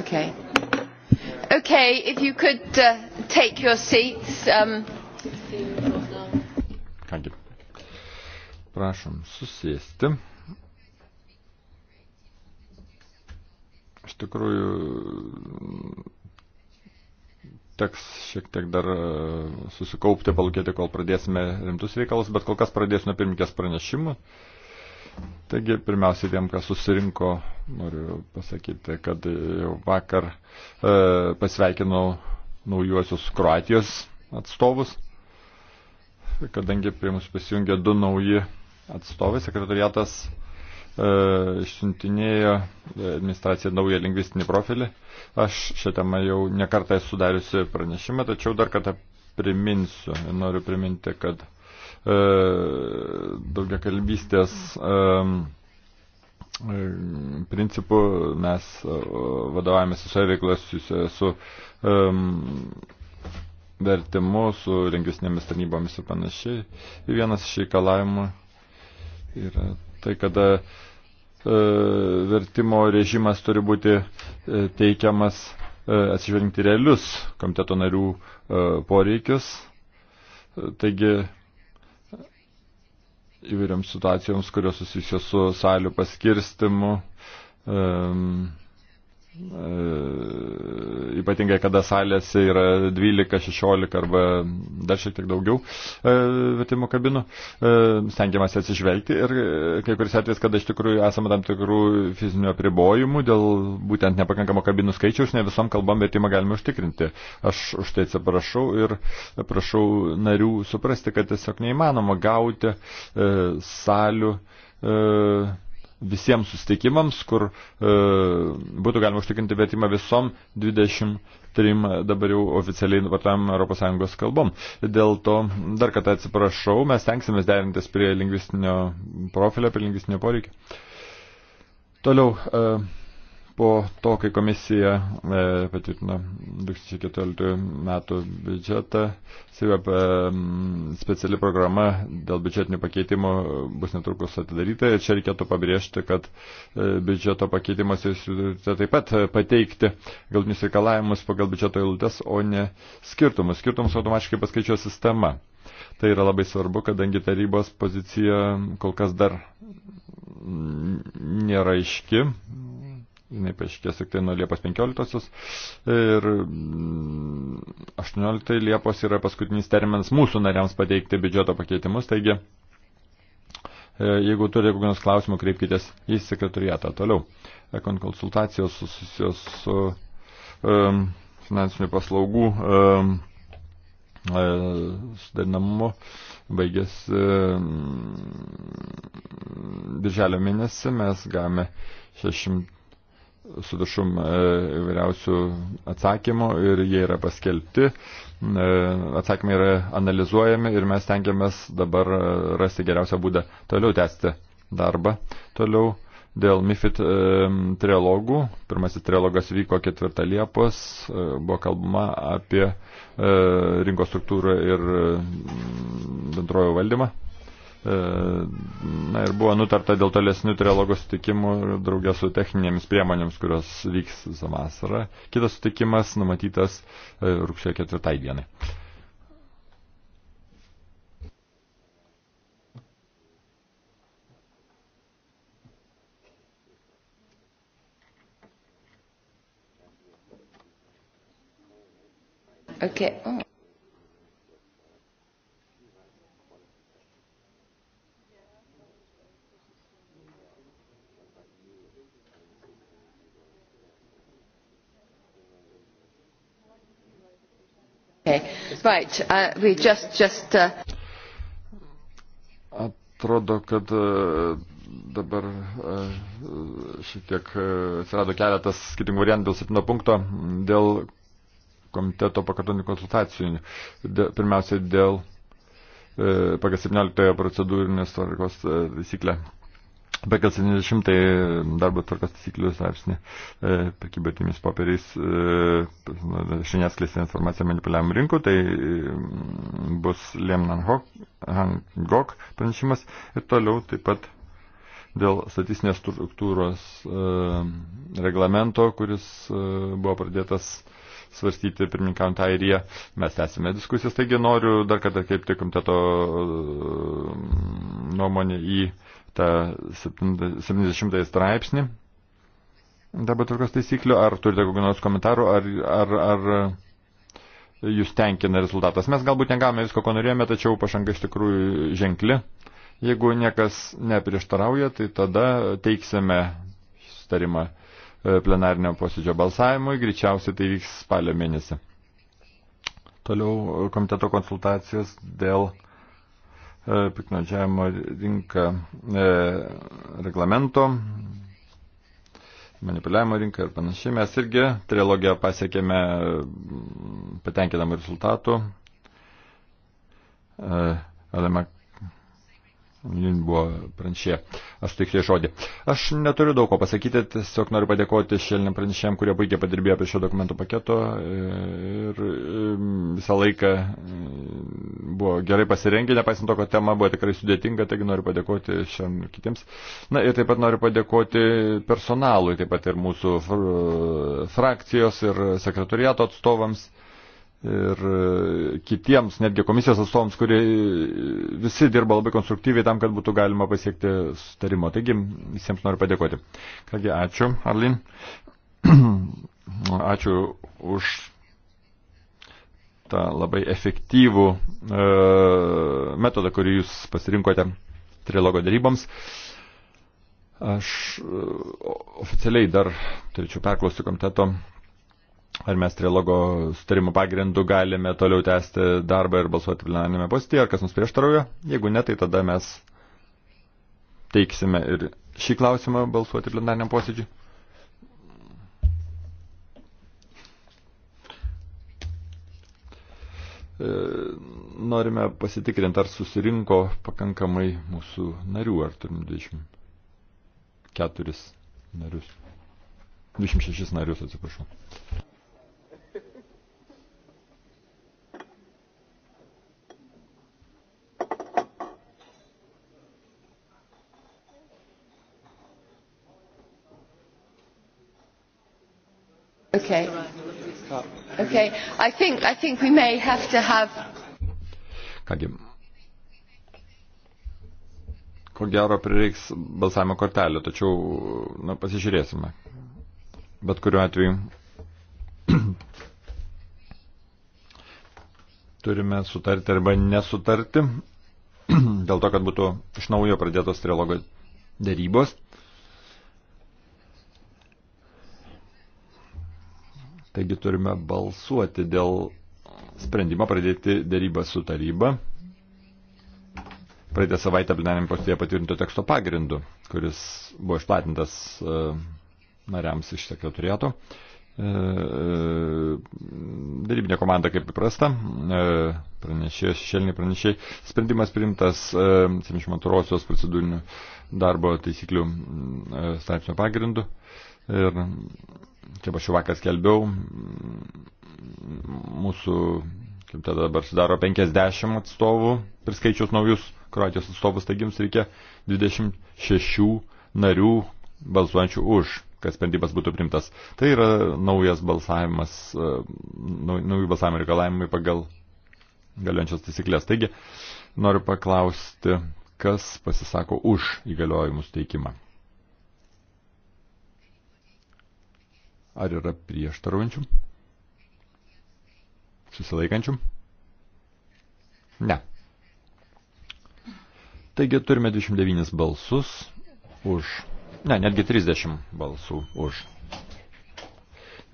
Okay. Okay, if you could uh, take your seats. Um... Kągi, prašom susėsti. Iš tikrųjų, teks šiek tiek dar e, susikaupti, palūkėti, kol pradėsime rimtus reikalus, bet kol kas pradėsime pirmikės pranešimu. Uh, Taigi, pirmiausia, tiem, kas susirinko, noriu pasakyti, kad jau vakar e, pasveikinau naujuosius Kroatijos atstovus, kadangi prie mūsų prisijungė du nauji atstovai, sekretariatas e, išsiuntinėjo e, administraciją naują lingvistinį profilį. Aš šią temą jau nekartą esu dariusi pranešimą, tačiau dar kartą priminsiu, noriu priminti, kad E, daugia kalbystės e, e, principų mes vadovavomės visoje veikloje susijusioje su um, vertimu, su lengvesnėmis tarnybomis ir panašiai. Ir vienas iš reikalavimų yra tai, kada e, vertimo režimas turi būti e, teikiamas e, atsižvelgti realius komiteto narių e, poreikius. Taigi įvairioms situacijoms, kurios susijusios su salių paskirstimu. Um, E, ypatingai kada salėse yra 12, 16 arba dar šiek tiek daugiau e, vertimo kabinų, e, stengiamas atsižvelgti ir kai kuris atvejs, kada iš tikrųjų esame tam tikrų fizinių apribojimų dėl būtent nepakankamo kabinų skaičiaus, ne visom kalbam vertimą galime užtikrinti. Aš už tai atsiprašau ir prašau narių suprasti, kad tiesiog neįmanoma gauti salių. E, visiems sustikimams, kur e, būtų galima užtikrinti vertimą visom 23 dabar jau oficialiai vartojam ES kalbom. Dėl to dar kartą atsiprašau, mes tenksimės derintis prie lingvistinio profilio, prie lingvistinio poreikio. Toliau. E, po to, kai komisija e, patvirtino 2014 metų biudžetą, SIVEP e, speciali programa dėl biudžetinių pakeitimų bus netrukus atidaryta ir čia reikėtų pabrėžti, kad e, biudžeto pakeitimas jūs taip pat e, pateikti galtinius reikalavimus pagal biudžeto eilutes, o ne skirtumus. Skirtumus automatiškai paskaičiuoja sistema. Tai yra labai svarbu, kadangi tarybos pozicija kol kas dar nėra aiški, jinai paaiškės tik tai nuo Liepos 15 ir 18 mm, Liepos yra paskutinis terminas mūsų nariams pateikti biudžeto pakeitimus, taigi e, jeigu turite kokių nors klausimų, kreipkitės į sekretariatą. Toliau, ekon konsultacijos susijusios su um, finansinių paslaugų um, e, sudarinamumo baigės um, birželio mėnesį, mes gavome 600 sudušum e, įvairiausių atsakymų ir jie yra paskelbti. E, atsakymai yra analizuojami ir mes tengiamės dabar e, rasti geriausią būdą toliau tęsti darbą. Toliau dėl MIFID trilogų. Pirmasis trilogas vyko 4 Liepos, buvo kalbama apie rinkos struktūrą ir bendrojo valdymą. E, na ir buvo nutarta dėl tolesnių trialogo sutikimų draugės su techninėmis priemonėms, kurios vyks visą vasarą. Kitas sutikimas numatytas e, rugsėjo ketvirtai dienai. Okay. Oh. Okay. Right. Uh, just, just, uh... Atrodo, kad e, dabar e, šitiek e, atsirado keletas skirtingų variantų dėl 7 punkto, dėl komiteto pakartonių konsultacijų, dėl, pirmiausia dėl pagal 17 procedūrinės tvarkos taisyklę Pagal 70 darbo tvarkos taisyklių straipsnį e, pakybėtimis popieriais e, šiandien skleisti informaciją manipuliavimų rinkų, tai mm, bus Lemnan Hangok pranešimas ir toliau taip pat dėl statistinės struktūros e, reglamento, kuris e, buvo pradėtas svarstyti pirmininkaujant Airiją. Mes tęsime diskusijas, taigi noriu dar kartą kreipti komiteto e, nuomonę į tą 70 straipsnį dabar tokios taisyklių, ar turite kokių nors komentarų, ar, ar, ar jūs tenkina rezultatas. Mes galbūt negavome visko, ko norėjome, tačiau pažanga iš tikrųjų ženkli. Jeigu niekas neprieštarauja, tai tada teiksime sustarimą e, plenarinio posėdžio balsavimui, greičiausiai tai vyks spalio mėnesį. Toliau e, komiteto konsultacijos dėl E, piknodžiavimo rinką e, reglamento, manipuliavimo rinką ir panašiai. Mes irgi trilogiją pasiekėme patenkinamų rezultatų. Alema e, Lin buvo pranešė. Aš tiksliai žodį. Aš neturiu daug ko pasakyti, tiesiog noriu padėkoti šiandien pranešėjim, kurie puikiai padirbėjo prie šio dokumento paketo ir visą laiką buvo gerai pasirengę, nepaisant to, kad tema buvo tikrai sudėtinga, taigi noriu padėkoti šiandien kitiems. Na ir taip pat noriu padėkoti personalui, taip pat ir mūsų frakcijos ir sekretoriato atstovams ir kitiems, netgi komisijos atstovams, kurie visi dirba labai konstruktyviai tam, kad būtų galima pasiekti sutarimo. Taigi, visiems noriu padėkoti. Kągi, ačiū, Arlin. ačiū už tą labai efektyvų e, metodą, kurį jūs pasirinkote trilogo daryboms. Aš e, oficialiai dar turėčiau perklausti komiteto, ar mes trilogo sutarimo pagrindu galime toliau tęsti darbą ir balsuoti plenarinėme postėje, ar kas mums prieštarauja. Jeigu ne, tai tada mes teiksime ir šį klausimą balsuoti plenariniam posėdžiui. E, norime pasitikrinti, ar susirinko pakankamai mūsų narių, ar turim 24 narius. 26 narius, atsiprašau. Okay. Okay. I think, I think we may have to have... Kągi. Ko gero prireiks balsavimo kortelio, tačiau na, pasižiūrėsime. Bet kuriuo atveju turime sutarti arba nesutarti dėl to, kad būtų iš naujo pradėtos trilogo dėrybos. Taigi turime balsuoti dėl sprendimo pradėti dėrybą su taryba. Praeitą savaitę plenarėm posėdėje patvirtinto teksto pagrindu, kuris buvo išplatintas e, nariams iš sekretoriato. E, e, Darybinė komanda kaip įprasta, pranešė, šešėliniai pranešėjai. Sprendimas priimtas 72-osios procedūrinių darbo taisyklių straipsnio pagrindu. Ir kaip aš jau vakar skelbiau, mūsų, kaip tada dabar sudaro 50 atstovų, priskaičius naujus Kroatijos atstovus, taigi jums reikia 26 narių balsuojančių už, kad sprendimas būtų primtas. Tai yra naujas balsavimas, e, naujų balsavimo reikalavimai pagal galiojančias taisyklės. Taigi, noriu paklausti, kas pasisako už įgaliojimų steikimą. Ar yra prieštaraujančių? Susilaikančių? Ne. Taigi turime 29 balsus už, ne, netgi 30 balsų už.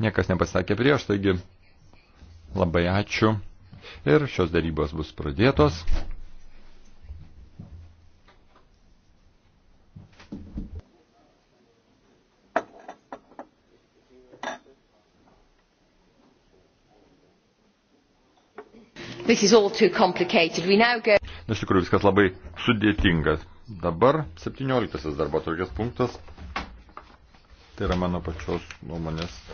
Niekas nepasakė prieš, taigi labai ačiū. Ir šios darybos bus pradėtos. Go... Na, iš tikrųjų, viskas labai sudėtingas. Dabar 17 darbo tokias punktas. Tai yra mano pačios nuomonės e,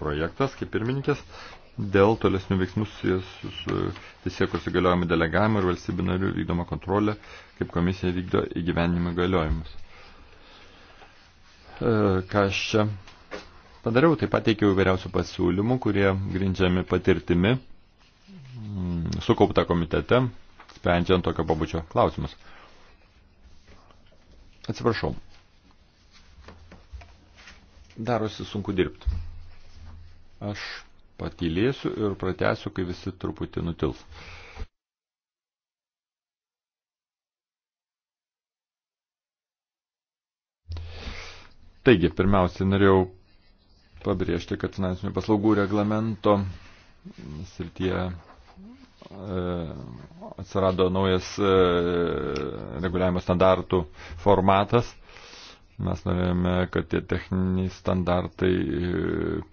projektas kaip pirmininkės dėl tolesnių veiksmų susijusių su teisėkos įgaliojimų delegavimu ir valstybių narių vykdoma kontrolė, kaip komisija vykdo įgyvenimo įgaliojimus. E, ką aš čia padariau, tai pateikiau įvairiausių pasiūlymų, kurie grindžiami patirtimi sukaupta komitete, sprendžiant tokio pabučio klausimus. Atsiprašau. Darosi sunku dirbti. Aš patylėsiu ir pratęsiu, kai visi truputį nutils. Taigi, pirmiausia, norėjau pabrėžti, kad finansinių paslaugų reglamento srityje e, atsirado naujas e, reguliavimo standartų formatas. Mes norėjome, kad tie techniniai standartai, e,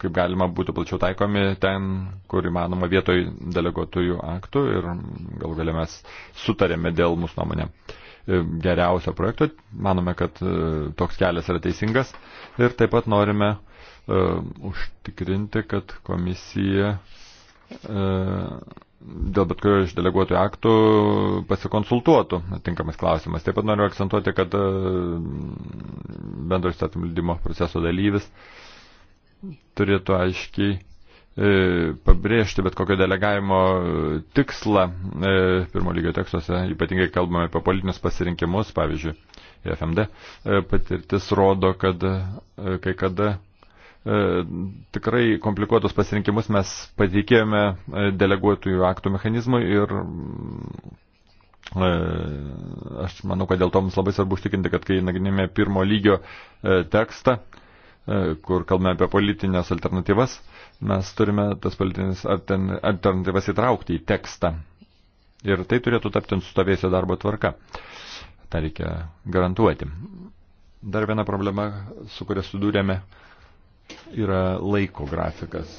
kaip galima, būtų plačiau taikomi ten, kur įmanoma vietoj deleguotųjų aktų ir gal galia mes sutarėme dėl mūsų nuomonė geriausio projekto. Manome, kad toks kelias yra teisingas ir taip pat norime užtikrinti, kad komisija uh, E, dėl bet kurio iš deleguotojų aktų pasikonsultuotų atinkamas klausimas. Taip pat noriu akcentuoti, kad e, bendro įstatymų leidimo proceso dalyvis turėtų aiškiai e, pabrėžti bet kokio delegavimo tikslą pirmo lygio tekstuose, ypatingai kalbame apie politinius pasirinkimus, pavyzdžiui, FMD patirtis rodo, kad kai kada E, tikrai komplikuotus pasirinkimus mes pateikėjome e, deleguotųjų aktų mechanizmui ir e, aš manau, kad dėl to mums labai svarbu užtikinti, kad kai nagrinėme pirmo lygio tekstą, kur kalbame apie politinės alternatyvas, mes turime tas politinės alternatyvas įtraukti į tekstą. Ir tai turėtų tapti nusistovėjusio darbo tvarka. Ta reikia garantuoti. Dar viena problema, su kuria sudūrėme, yra laiko grafikas.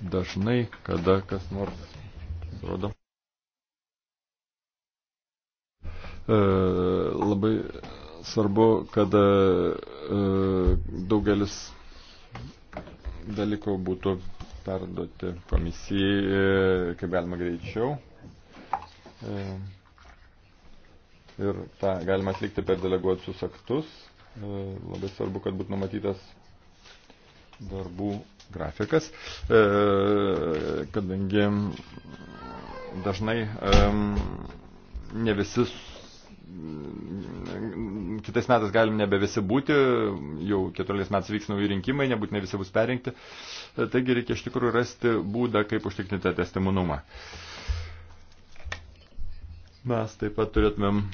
Dažnai, kada kas nors, atrodo, e, labai svarbu, kad e, daugelis dalykų būtų perduoti komisijai, e, kaip galima greičiau. E, ir tą galima atlikti per deleguotus aktus. E, labai svarbu, kad būtų numatytas darbų grafikas, e, kadangi dažnai ne visi kitais metais galim nebe visi būti, jau 14 metais vyks nauji rinkimai, nebūtinai visi bus perinkti. E, taigi reikia iš tikrųjų rasti būdą, kaip užtikrinti tą testimonumą. Mes taip pat turėtumėm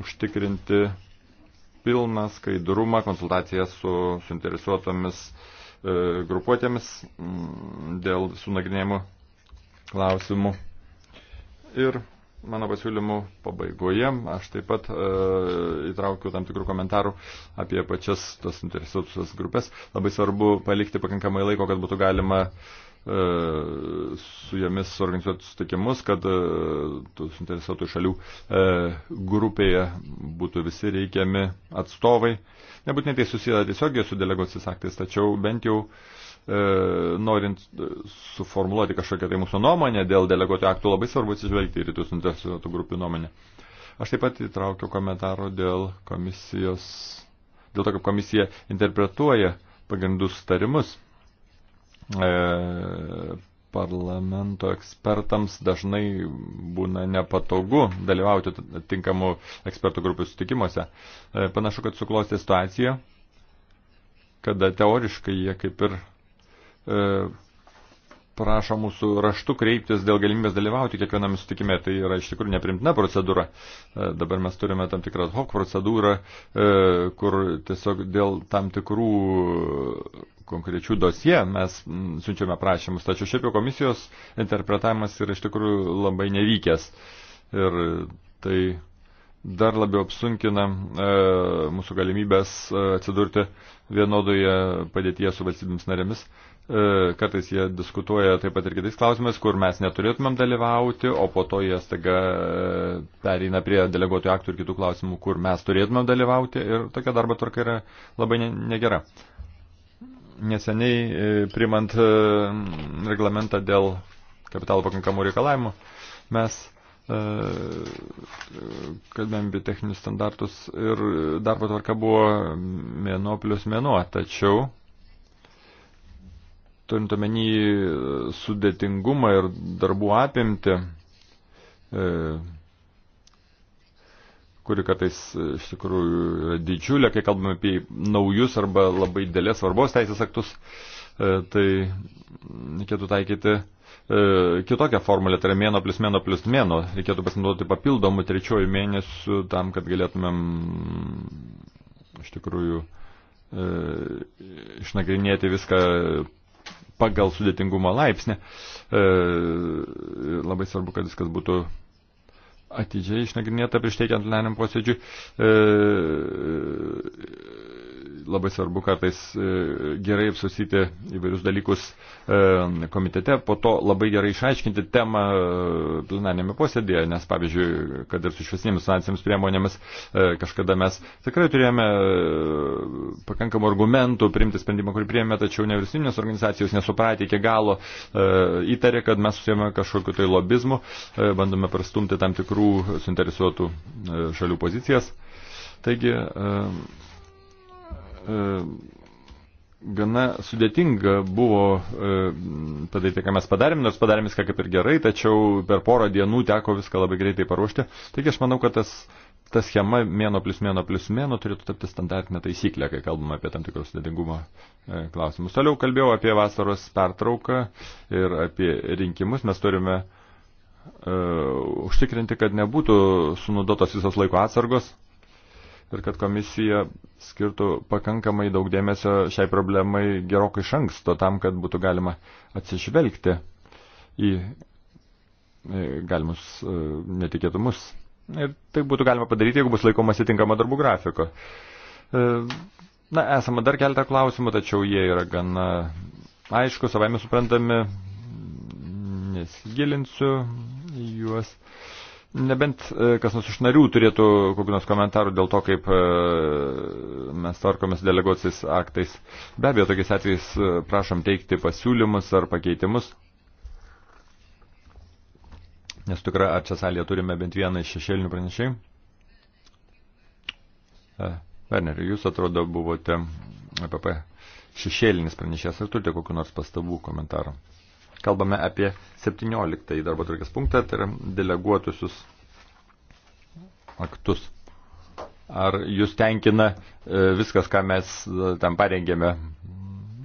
užtikrinti pilną skaidrumą, konsultaciją su suinteresuotomis e, grupuotėmis m, mm, dėl visų nagrinėjimų klausimų. Ir mano pasiūlymų pabaigoje aš taip pat e, įtraukiu tam tikrų komentarų apie pačias tas interesuotusias grupės. Labai svarbu palikti pakankamai laiko, kad būtų galima e, E, su jomis organizuoti sutikimus, kad e, tų suinteresuotų šalių e, grupėje būtų visi reikiami atstovai. Nebūtinai tai susiję tiesiogiai su delegacijos aktais, tačiau bent jau norint suformuluoti kažkokią tai mūsų nuomonę dėl deleguotų aktų, labai svarbu atsižvelgti ir į tų suinteresuotų grupių nuomonę. Aš taip pat įtraukiau komentaro dėl komisijos, dėl to, kaip komisija interpretuoja pagrindų sutarimus E, parlamento ekspertams dažnai būna nepatogu dalyvauti tinkamų ekspertų grupių sutikimuose. E, panašu, kad suklostė situacija, kada teoriškai jie kaip ir e, prašo mūsų raštu kreiptis dėl galimybės dalyvauti kiekviename sutikime. Tai yra iš tikrųjų neprimtina procedūra. Dabar mes turime tam tikrą hoc procedūrą, kur tiesiog dėl tam tikrų konkrečių dosie mes siunčiame prašymus, tačiau šiaip jau komisijos interpretavimas yra iš tikrųjų labai nevykęs. Ir tai dar labiau apsunkina e, mūsų galimybės e, atsidurti vienodoje padėtyje su valstybėms narėmis. E, kartais jie diskutuoja taip pat ir kitais klausimais, kur mes neturėtumėm dalyvauti, o po to jie staiga e, pereina prie deleguotojų aktų ir kitų klausimų, kur mes turėtumėm dalyvauti ir tokia darbo tvarka yra labai ne, negera. E, neseniai e, primant e, reglamentą dėl kapitalo pakankamų reikalavimų, mes e, kalbėjom apie techninius standartus ir darbo tvarka buvo mėnuo plus mėnuo, tačiau turint omeny sudėtingumą ir darbų apimti, kuri kartais e, iš tikrųjų yra didžiulė, kai kalbame apie naujus arba labai dėlės svarbos teisės aktus, e, tai reikėtų taikyti e, kitokią formulę, tai yra mėno plus mėno plus mėno. Reikėtų pasinaudoti papildomų trečiojų mėnesių tam, kad galėtumėm iš tikrųjų išnagrinėti viską pagal sudėtingumo laipsnį. Labai svarbu, kad viskas būtų atidžiai išnagrinėta prieš teikiant pleniniam posėdžiui. E, labai svarbu kartais e, gerai apsusyti įvairius dalykus e, komitete, po to labai gerai išaiškinti temą e, plenarnėme posėdėje, nes pavyzdžiui, kad ir su švesnėmis finansinėmis priemonėmis kažkada mes tikrai turėjome pakankamų argumentų priimti sprendimą, kurį priėmė, tačiau nevyriausybinės organizacijos nesupratė iki galo, įtarė, kad mes susijame kažkokiu tai lobizmu, bandome prastumti tam tikrų suinteresuotų šalių pozicijas. Taigi, E, gana sudėtinga buvo e, padaryti, ką mes padarėm, nors padarėm viską kaip ir gerai, tačiau per porą dienų teko viską labai greitai paruošti. Taigi aš manau, kad tas, ta schema mėno plus mėno plus mėno turėtų tapti standartinę taisyklę, kai kalbame apie tam tikrus sudėtingumo e, klausimus. Toliau kalbėjau apie vasaros pertrauką ir apie rinkimus. Mes turime uh, užtikrinti, kad nebūtų sunaudotos visos laiko atsargos. Uh, ir kad komisija skirtų pakankamai daug dėmesio šiai problemai gerokai iš anksto tam, kad būtų galima atsižvelgti į galimus e, netikėtumus. Ir tai būtų galima padaryti, jeigu bus laikomasi tinkama darbų grafiko. E, na, esame dar keletą klausimų, tačiau jie yra gana aišku, savaime suprantami, nesigilinsiu juos. Nebent e, kas nors iš narių turėtų kokių nors komentarų dėl to, kaip e, mes tvarkomės deleguotis aktais. Be abejo, tokiais atvejais e, prašom teikti pasiūlymus ar pakeitimus. Nes tikrai, ar čia salėje turime bent vieną iš šešėlinių pranešėjų? Werneri, jūs atrodo buvote APP šešėlinis pranešėjas. Ar turite kokiu nors pastabų komentarų? kalbame apie 17 darbo tvarkės punktą, tai yra deleguotusius aktus. Ar jūs tenkina e, viskas, ką mes e, tam parengėme?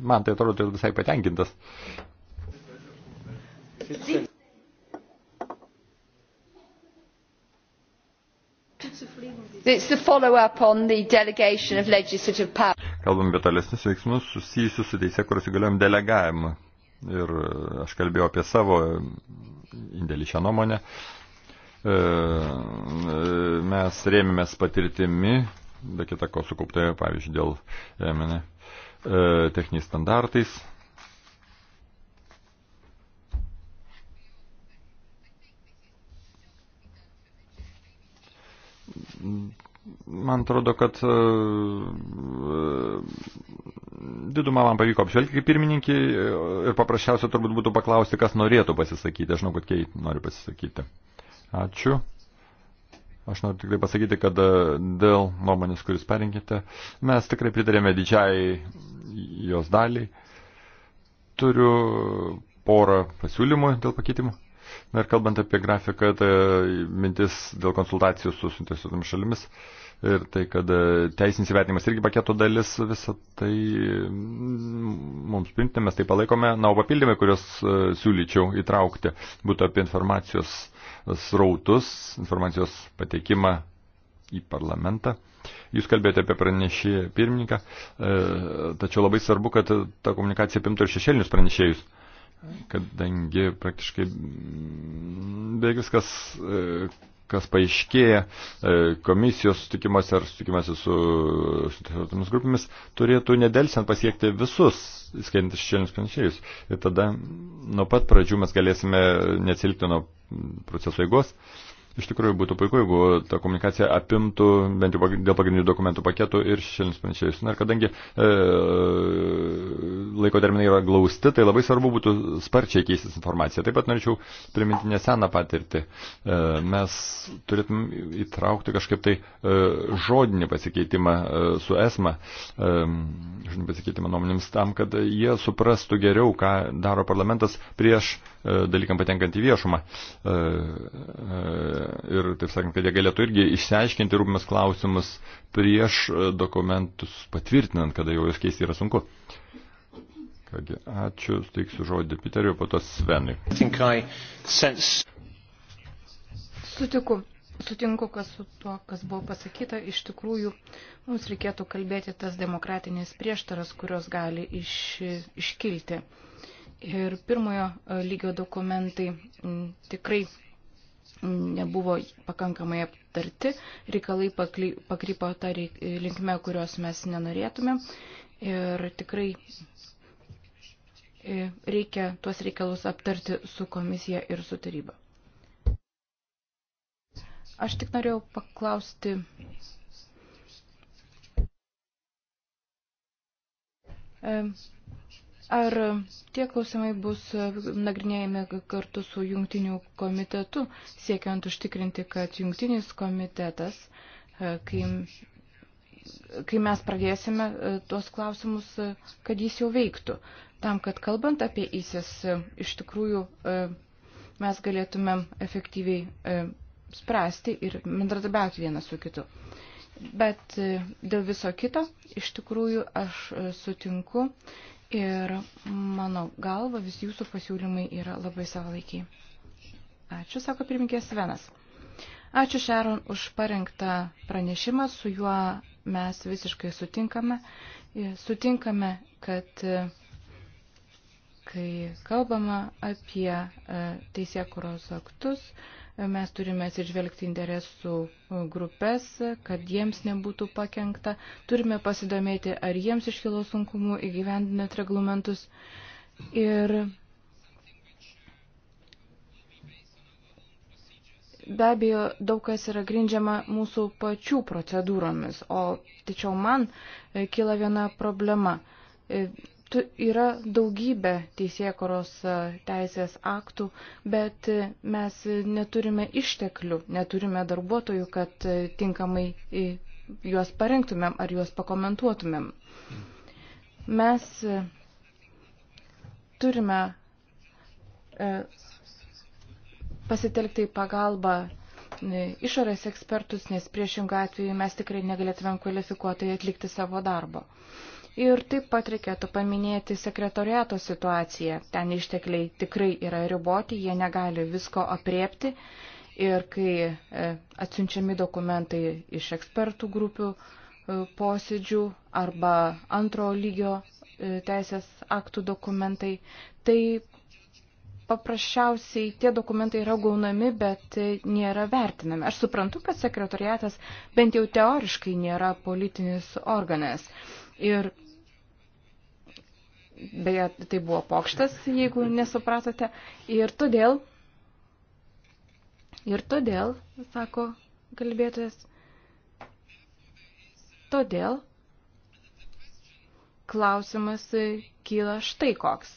Man tai atrodo, tai visai patenkintas. Kalbam apie tolesnius veiksmus susijusius su teisėkuros įgaliojimų delegavimu ir e, aš kalbėjau apie savo indėlį šią nuomonę. E, e, mes rėmėmės patirtimi, be kita ko sukauptoje, pavyzdžiui, dėl MN techniniais standartais. Man atrodo, kad didumą man pavyko apžvelgti kaip pirmininkį ir paprasčiausia turbūt būtų paklausti, kas norėtų pasisakyti. Aš žinau, kad Keit nori pasisakyti. Ačiū. Aš noriu tikrai pasakyti, kad e, dėl nuomonės, kuris perinkite, mes tikrai pritarėme didžiai jos daliai. Turiu porą pasiūlymų dėl pakeitimų. Na ir kalbant apie grafiką, tai mintis dėl konsultacijų su suinteresuotomis šalimis. Uh, ir tai, kad e, teisinis įvertinimas irgi paketo dalis, visą tai mums priimtina, mes tai palaikome. Na, o papildymai, kuriuos e, siūlyčiau įtraukti, būtų apie informacijos srautus, informacijos pateikimą į parlamentą. Jūs kalbėjote apie pranešį pirmininką, e, tačiau labai svarbu, kad ta komunikacija apimtų ir šešėlinius pranešėjus kadangi praktiškai beveik viskas, kas paaiškėja e, komisijos sutikimas ar sutikimas su sutartomis grupėmis, turėtų nedelsiant pasiekti visus, skaitant šešėlinius pranešėjus. Ir tada nuo pat pradžių mes galėsime neatsilikti nuo proceso eigos. E, Iš tikrųjų būtų puiku, jeigu ta komunikacija apimtų bent jau dėl pagrindinių dokumentų paketų ir šilins panašiais. Na ir kadangi e, laiko terminai yra glausti, tai labai svarbu būtų sparčiai keistis informaciją. Taip pat norėčiau priminti neseną patirtį. E, mes turėtum įtraukti kažkaip tai e, žodinį pasikeitimą e, su esma, e, žodinį pasikeitimą nuomonėms tam, kad jie suprastų geriau, ką daro parlamentas prieš e, dalykam patenkant į viešumą. E, e, ir, taip sakant, kad jie galėtų irgi išsiaiškinti rūpimas klausimus prieš e, dokumentus patvirtinant, kada jau juos keisti yra sunku. Kągi, ačiū, steiksiu žodį Piteriu, po to Svenui. Sense... Sutiku, sutinku, kas su tuo, kas buvo pasakyta, iš tikrųjų mums reikėtų kalbėti tas demokratinės prieštaras, kurios gali iš, iškilti. Ir pirmojo e, lygio dokumentai m, tikrai nebuvo pakankamai aptarti, reikalai pakrypo tą linkme, kurios mes nenorėtume. Ir tikrai e, reikia tuos reikalus aptarti su komisija ir su taryba. Aš tik norėjau paklausti. E, Ar tie klausimai bus nagrinėjami kartu su jungtiniu komitetu, siekiant užtikrinti, kad jungtinis komitetas, e, kai, kai mes pradėsime e, tuos klausimus, e, kad jis jau veiktų, tam, kad kalbant apie įsės, iš tikrųjų mes galėtumėm efektyviai spręsti ir bendradarbiauti vienas su kitu. Bet dėl viso kito, iš tikrųjų, aš sutinku Ir mano galva vis jūsų pasiūlymai yra labai savalaikiai. Ačiū, sako pirmininkės Svenas. Ačiū Šeron už parengtą pranešimą, su juo mes visiškai sutinkame. Sutinkame, kad e, kai kalbama apie e, teisėkuros aktus, mes turime atsižvelgti interesų grupės, kad jiems nebūtų pakengta, turime pasidomėti, ar jiems iškilo sunkumų įgyvendinant reglamentus ir be abejo daug kas yra grindžiama mūsų pačių procedūromis, o tačiau man e, kyla viena problema e, yra daugybė teisėkoros e, teisės aktų, bet e, mes neturime išteklių, neturime darbuotojų, kad e, tinkamai juos parengtumėm ar juos pakomentuotumėm. Mes turime pasitelkti į pagalbą išorės ekspertus, nes priešingą atveju mes tikrai negalėtumėm kvalifikuotai atlikti savo darbo. Ir taip pat reikėtų paminėti sekretoriato situaciją. Ten ištekliai tikrai yra riboti, jie negali visko apriepti. Ir kai e, atsiunčiami dokumentai iš ekspertų grupių e, posėdžių arba antro lygio e, teisės aktų dokumentai, tai paprasčiausiai tie dokumentai yra gaunami, bet nėra vertinami. Aš suprantu, kad sekretariatas bent jau teoriškai nėra politinis organas. Ir beje, tai buvo pokštas, jeigu nesupratote. Ir todėl, ir todėl, sako kalbėtojas, todėl klausimas kyla štai koks.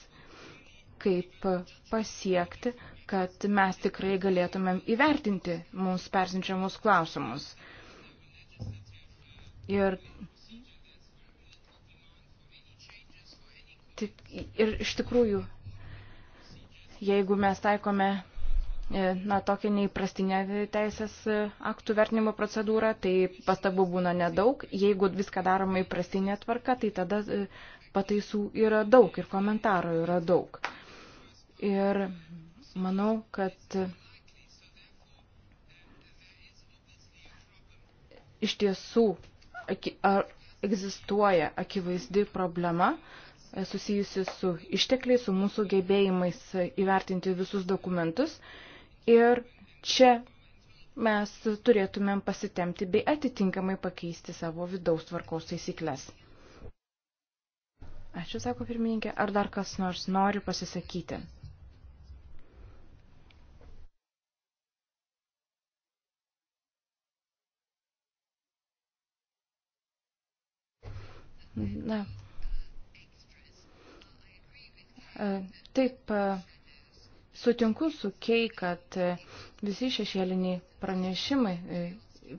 Kaip pasiekti, kad mes tikrai galėtumėm įvertinti mums persinčiamus klausimus. Ir tik, ir iš tikrųjų, jeigu mes taikome e, na, tokią neįprastinę teisės e, aktų vertinimo procedūrą, tai pastabų būna nedaug. Jeigu viską daroma įprastinė tvarka, tai tada e, pataisų yra daug ir komentarų yra daug. Ir manau, kad iš tiesų egzistuoja akivaizdi problema, uh, susijusi su ištekliais, su mūsų gebėjimais įvertinti visus dokumentus. Ir čia mes turėtumėm pasitemti bei atitinkamai pakeisti savo vidaus tvarkos taisyklės. Ačiū, sako pirmininkė. Ar dar kas nors nori pasisakyti? Na, E, taip, e, sutinku su Kei, kad e, visi šešėliniai pranešimai,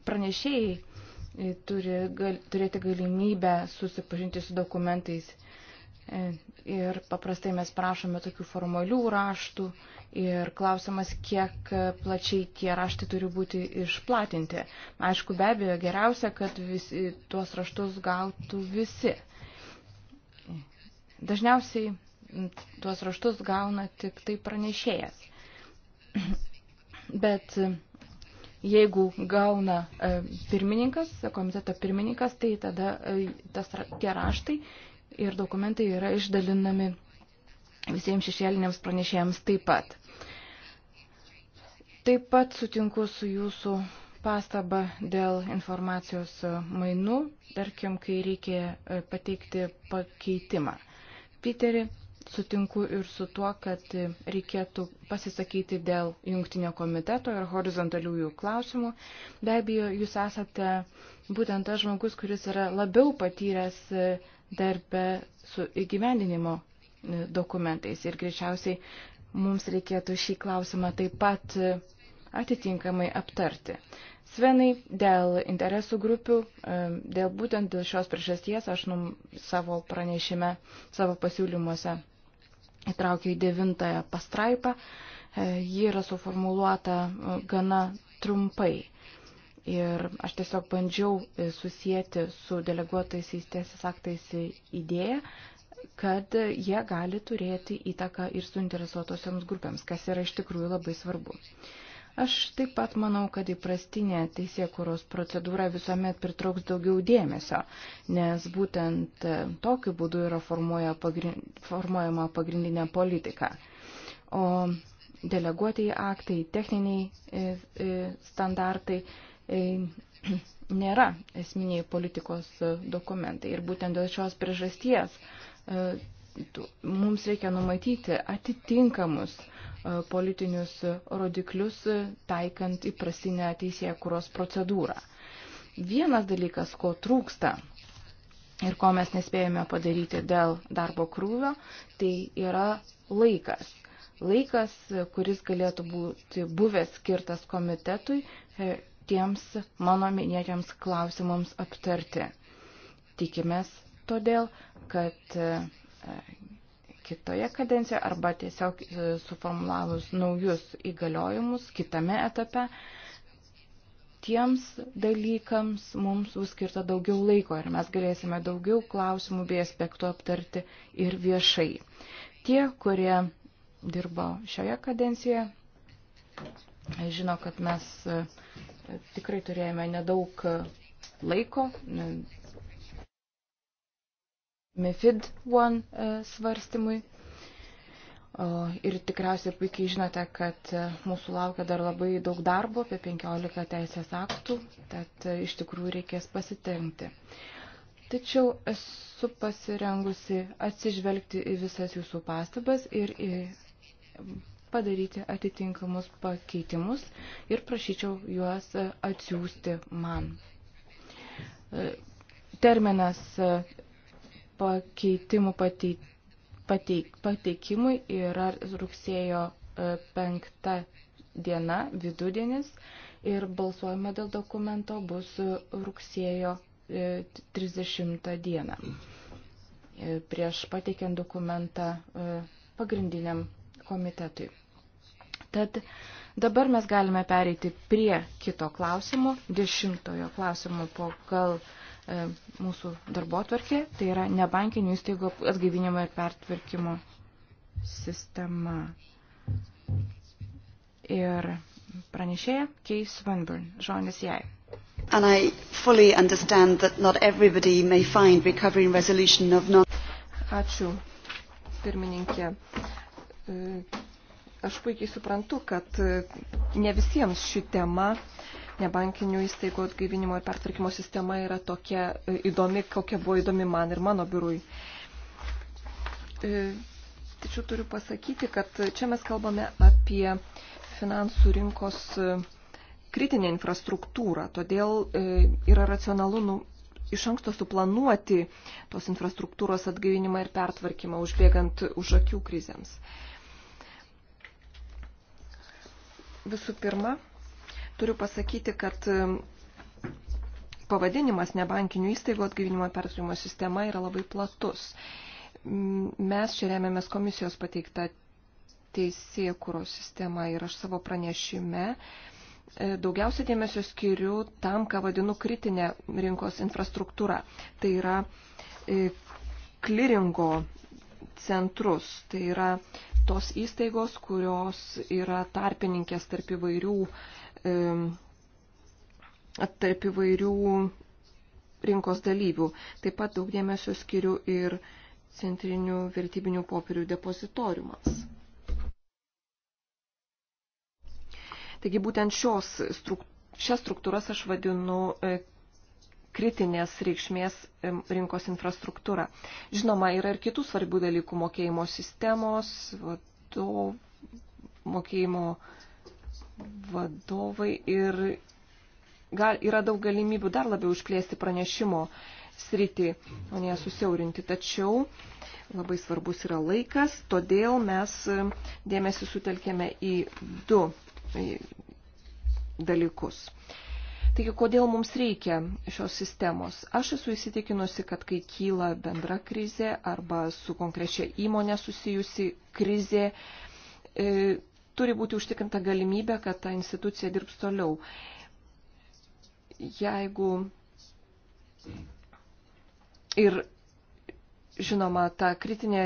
pranešėjai turi gal, turėti galimybę susipažinti su dokumentais. Ir paprastai mes prašome tokių formalių raštų ir klausimas, kiek plačiai tie raštai turi būti išplatinti. Aišku, be abejo, geriausia, kad visi, tuos raštus gautų visi. Dažniausiai tuos raštus gauna tik tai pranešėjas. Bet jeigu gauna e, pirmininkas, komiteto pirmininkas, tai tada e, tas, tie raštai ir dokumentai yra išdalinami visiems šešėliniams pranešėjams taip pat. Taip pat sutinku su jūsų pastaba dėl informacijos mainų, tarkim, kai reikia e, pateikti pakeitimą. Piterį sutinku ir su tuo, kad reikėtų pasisakyti dėl jungtinio komiteto ir horizontaliųjų klausimų. Be abejo, jūs esate būtent tas žmogus, kuris yra labiau patyręs darbę su įgyvendinimo e, dokumentais ir greičiausiai mums reikėtų šį klausimą taip pat atitinkamai aptarti. Svenai, dėl interesų grupių, e, dėl būtent dėl šios priežasties aš num, savo pranešime, savo pasiūlymuose įtraukiu į devintąją pastraipą. E, ji yra suformuoluota e, gana trumpai. Ir aš tiesiog bandžiau e, susijęti su deleguotais teisės aktais idėją, kad jie gali turėti įtaką ir suinteresuotosioms grupėms, kas yra iš tikrųjų labai svarbu. Uh, Aš taip pat manau, kad įprastinė teisėkuros procedūra visuomet pritrauks daugiau dėmesio, nes būtent e, tokiu būdu yra formuojama pagrindinė politika. O deleguotieji aktai, techniniai e, e, standartai nėra esminiai politikos dokumentai. Ir būtent dėl šios priežasties mums reikia numatyti atitinkamus uh, E, politinius rodiklius, taikant įprasinę teisėje kuros procedūrą. Vienas dalykas, ko trūksta ir ko mes nespėjome padaryti dėl darbo krūvio, tai yra laikas. Laikas, kuris galėtų būti buvęs skirtas komitetui e, tiems mano minėtiems klausimams aptarti. Tikimės todėl, kad e, kitoje kadencijoje arba tiesiog e, suformulavus naujus įgaliojimus kitame etape, tiems dalykams mums bus skirta daugiau laiko ir mes galėsime daugiau klausimų bei aspektų aptarti ir viešai. Tie, kurie dirbo šioje kadencijoje, žino, kad mes e, tikrai turėjome nedaug e, laiko, MIFID 1 e, svarstymui. Ir tikriausiai puikiai žinote, kad e, mūsų laukia dar labai daug darbo, apie 15 teisės aktų, tad e, iš tikrųjų reikės pasitengti. Tačiau esu pasirengusi atsižvelgti į visas jūsų pastabas ir į padaryti atitinkamus pakeitimus ir prašyčiau juos atsiųsti man. Terminas pakeitimų pateik, pateik, pateikimui yra rugsėjo 5 e, diena, vidudienis, ir balsuojama dėl dokumento bus rugsėjo 30 e, dieną. E, prieš pateikiant dokumentą pagrindiniam komitetui. Tad dabar mes galime pereiti prie kito klausimo, dešimtojo klausimo pagal E, mūsų darbotvarkė, tai yra nebankinių įstaigų atgaivinimo ir pertvarkymo sistema. Ir pranešėja Keis Vanburn, žodis jai. And I fully understand that not everybody may find recovery and resolution of non... Ačiū, pirmininkė. E, aš puikiai suprantu, kad e, ne visiems ši tema uh, nebankinių įstaigų atgaivinimo ir pertvarkymo sistema yra tokia e, įdomi, kokia buvo įdomi man ir mano biurui. E, tačiau turiu pasakyti, kad čia mes kalbame apie finansų rinkos e, kritinę infrastruktūrą, todėl yra racionalu nu, iš anksto suplanuoti tos infrastruktūros atgaivinimą ir pertvarkymą, užbėgant už akių krizėms. Visų pirma, Turiu pasakyti, kad pavadinimas nebankinių įstaigų atgaivinimo pertvarkymo sistema yra labai platus. Mes čia remiamės komisijos pateiktą teisėkūros sistemą ir aš savo pranešime e, daugiausia dėmesio skiriu tam, ką vadinu kritinė rinkos infrastruktūra. Tai yra e, kliringo centrus, tai yra tos įstaigos, kurios yra tarpininkės tarp įvairių tarp įvairių rinkos dalyvių. Taip pat daug dėmesio skiriu ir centrinių vertybinių popierių depozitoriumams. Taigi būtent šios struk šias struktūras aš vadinu e, kritinės reikšmės rinkos infrastruktūra. Žinoma, yra ir kitų svarbių dalykų - mokėjimo sistemos, vadovų, mokėjimo uh, vadovai ir gal, yra daug galimybių dar labiau išplėsti pranešimo sritį, o ne susiaurinti. Tačiau labai svarbus yra laikas, todėl mes dėmesį sutelkėme į du dalykus. Taigi, kodėl mums reikia šios sistemos? Aš esu įsitikinusi, kad kai kyla bendra krizė arba su konkrečia įmonė susijusi krizė, e, turi būti užtikrinta galimybė, kad ta institucija dirbs toliau. Jeigu ir, žinoma, ta kritinė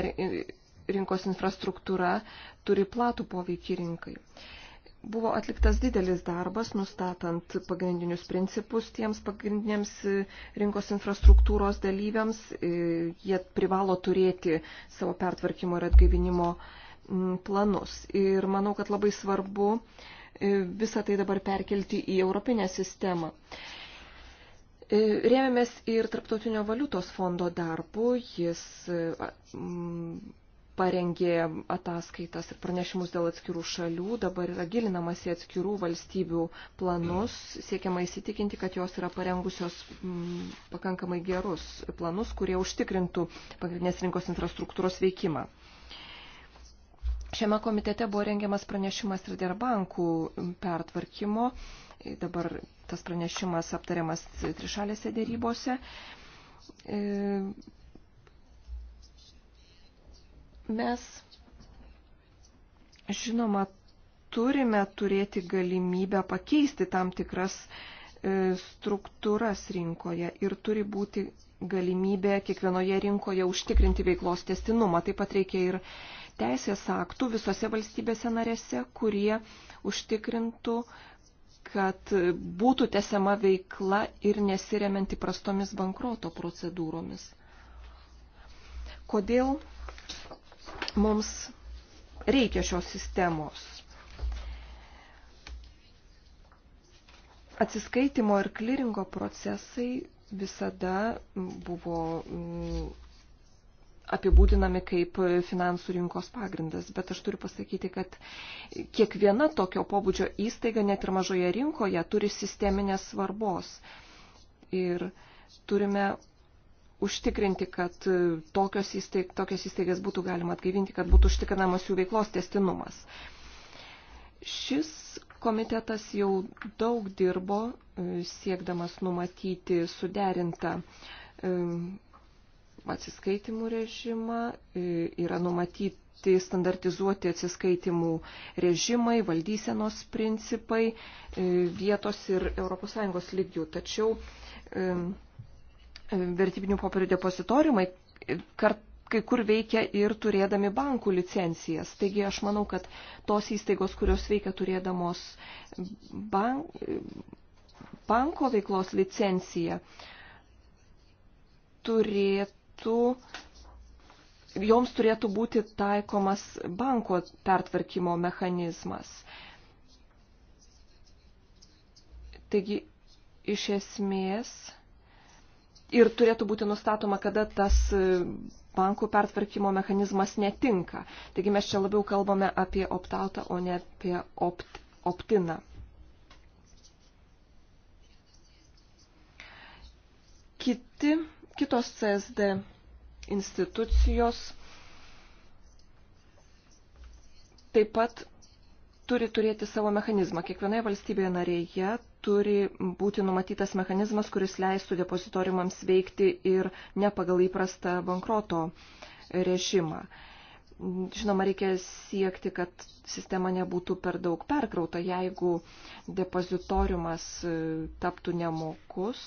rinkos infrastruktūra turi platų poveikį rinkai. Buvo atliktas didelis darbas, nustatant pagrindinius principus tiems pagrindiniams e, rinkos infrastruktūros dalyviams. E, jie privalo turėti savo pertvarkymo ir atgaivinimo uh, Mm, planus. Ir manau, kad labai svarbu e, visą tai dabar perkelti į europinę sistemą. E, Rėmėmės ir Tarptautinio valiutos fondo darbu. Jis e, mm, parengė ataskaitas ir pranešimus dėl atskirų šalių. Dabar yra gilinamas į atskirų valstybių planus, siekiama įsitikinti, kad jos yra parengusios m, mm, pakankamai gerus planus, kurie užtikrintų pagrindinės rinkos infrastruktūros veikimą. Šiame komitete buvo rengiamas pranešimas ir dėl bankų pertvarkymo. Dabar tas pranešimas aptariamas trišalėse dėrybose. E, mes, žinoma, turime turėti galimybę pakeisti tam tikras e, struktūras rinkoje ir turi būti galimybė kiekvienoje rinkoje užtikrinti veiklos testinumą. Taip pat reikia ir teisės aktų visose valstybėse narėse, kurie užtikrintų, kad būtų tesiama veikla ir nesiremiant įprastomis bankroto procedūromis. Kodėl mums reikia šios sistemos? Atsiskaitimo ir kliringo procesai visada buvo mm, apibūdinami kaip finansų rinkos pagrindas, bet aš turiu pasakyti, kad kiekviena tokio pobūdžio įstaiga, net ir mažoje rinkoje, turi sisteminės svarbos. Ir turime užtikrinti, kad tokios, įstaig, tokios įstaigas būtų galima atgaivinti, kad būtų užtikrinamas jų veiklos testinumas. Šis komitetas jau daug dirbo e, siekdamas numatyti suderintą e, atsiskaitimų režimą, e, yra numatyti standartizuoti atsiskaitimų režimai, valdysenos principai e, vietos ir ES lygių. Tačiau e, vertybinių popierių depozitoriumai kart kai kur veikia ir turėdami bankų licencijas. Taigi aš manau, kad tos įstaigos, kurios veikia turėdamos bank, banko veiklos licenciją, turėtų metu joms turėtų būti taikomas banko pertvarkymo mechanizmas. Taigi, iš esmės, ir turėtų būti nustatoma, kada tas bankų pertvarkymo mechanizmas netinka. Taigi mes čia labiau kalbame apie optautą, o ne apie opt, optiną. Kiti kitos CSD institucijos taip pat turi turėti savo mechanizmą. Kiekvienoje valstybėje narėje turi būti numatytas mechanizmas, kuris leistų depozitorimams veikti ir ne pagal įprastą bankroto režimą. Žinoma, reikia siekti, kad sistema nebūtų per daug perkrauta. Jeigu depozitoriumas taptų nemokus,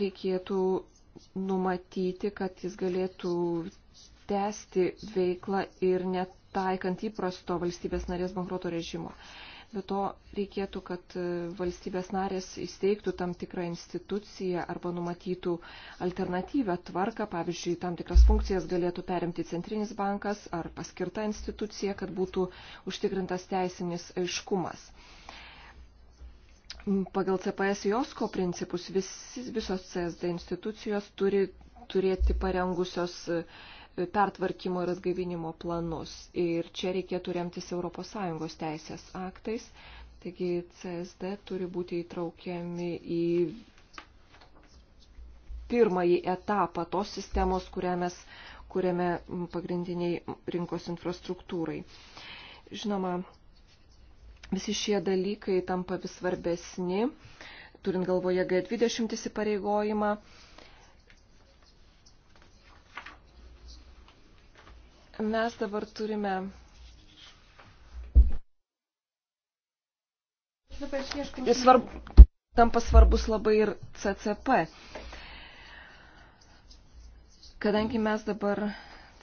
reikėtų numatyti, kad jis galėtų tęsti veiklą ir netaikant įprasto valstybės narės bankruoto režimo. Be to reikėtų, kad e, valstybės narės įsteigtų tam tikrą instituciją arba numatytų alternatyvę tvarką, pavyzdžiui, tam tikras funkcijas galėtų perimti centrinis bankas ar paskirta institucija, kad būtų užtikrintas teisinis aiškumas pagal CPS Josko principus vis, visos CSD institucijos turi turėti parengusios e, pertvarkymo ir atgaivinimo planus. Ir čia reikėtų remtis ES teisės aktais. Taigi CSD turi būti įtraukiami į pirmąjį etapą tos sistemos, kurią mes kuriame pagrindiniai rinkos infrastruktūrai. Žinoma, Visi šie dalykai tampa vis svarbesni, turint galvoje G20 įsipareigojimą. Mes dabar turime Svarb, tampa svarbus labai ir CCP. Kadangi mes dabar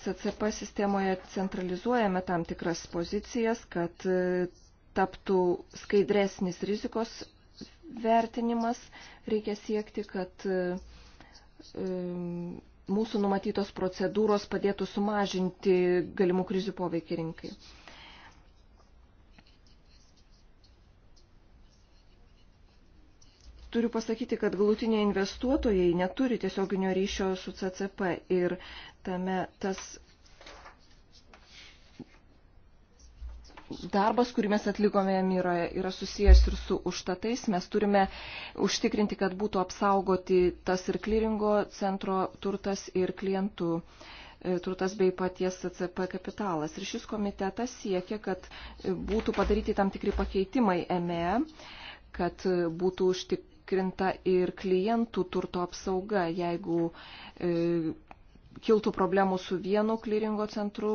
CCP sistemoje centralizuojame tam tikras pozicijas, kad taptų skaidresnis rizikos vertinimas, reikia siekti, kad mūsų numatytos procedūros padėtų sumažinti galimų krizių poveikį rinkai. Turiu pasakyti, kad galutiniai investuotojai neturi tiesioginio ryšio su CCP ir tame tas darbas, kurį mes atlikome Myroje, yra susijęs ir su užtatais. Mes turime užtikrinti, kad būtų apsaugoti tas ir kliringo centro turtas ir klientų e, turtas bei paties CCP kapitalas. Ir šis komitetas siekia, kad būtų padaryti tam tikri pakeitimai ME, kad būtų užtikrinta ir klientų turto apsauga, jeigu e, kiltų problemų su vienu klyringo centru,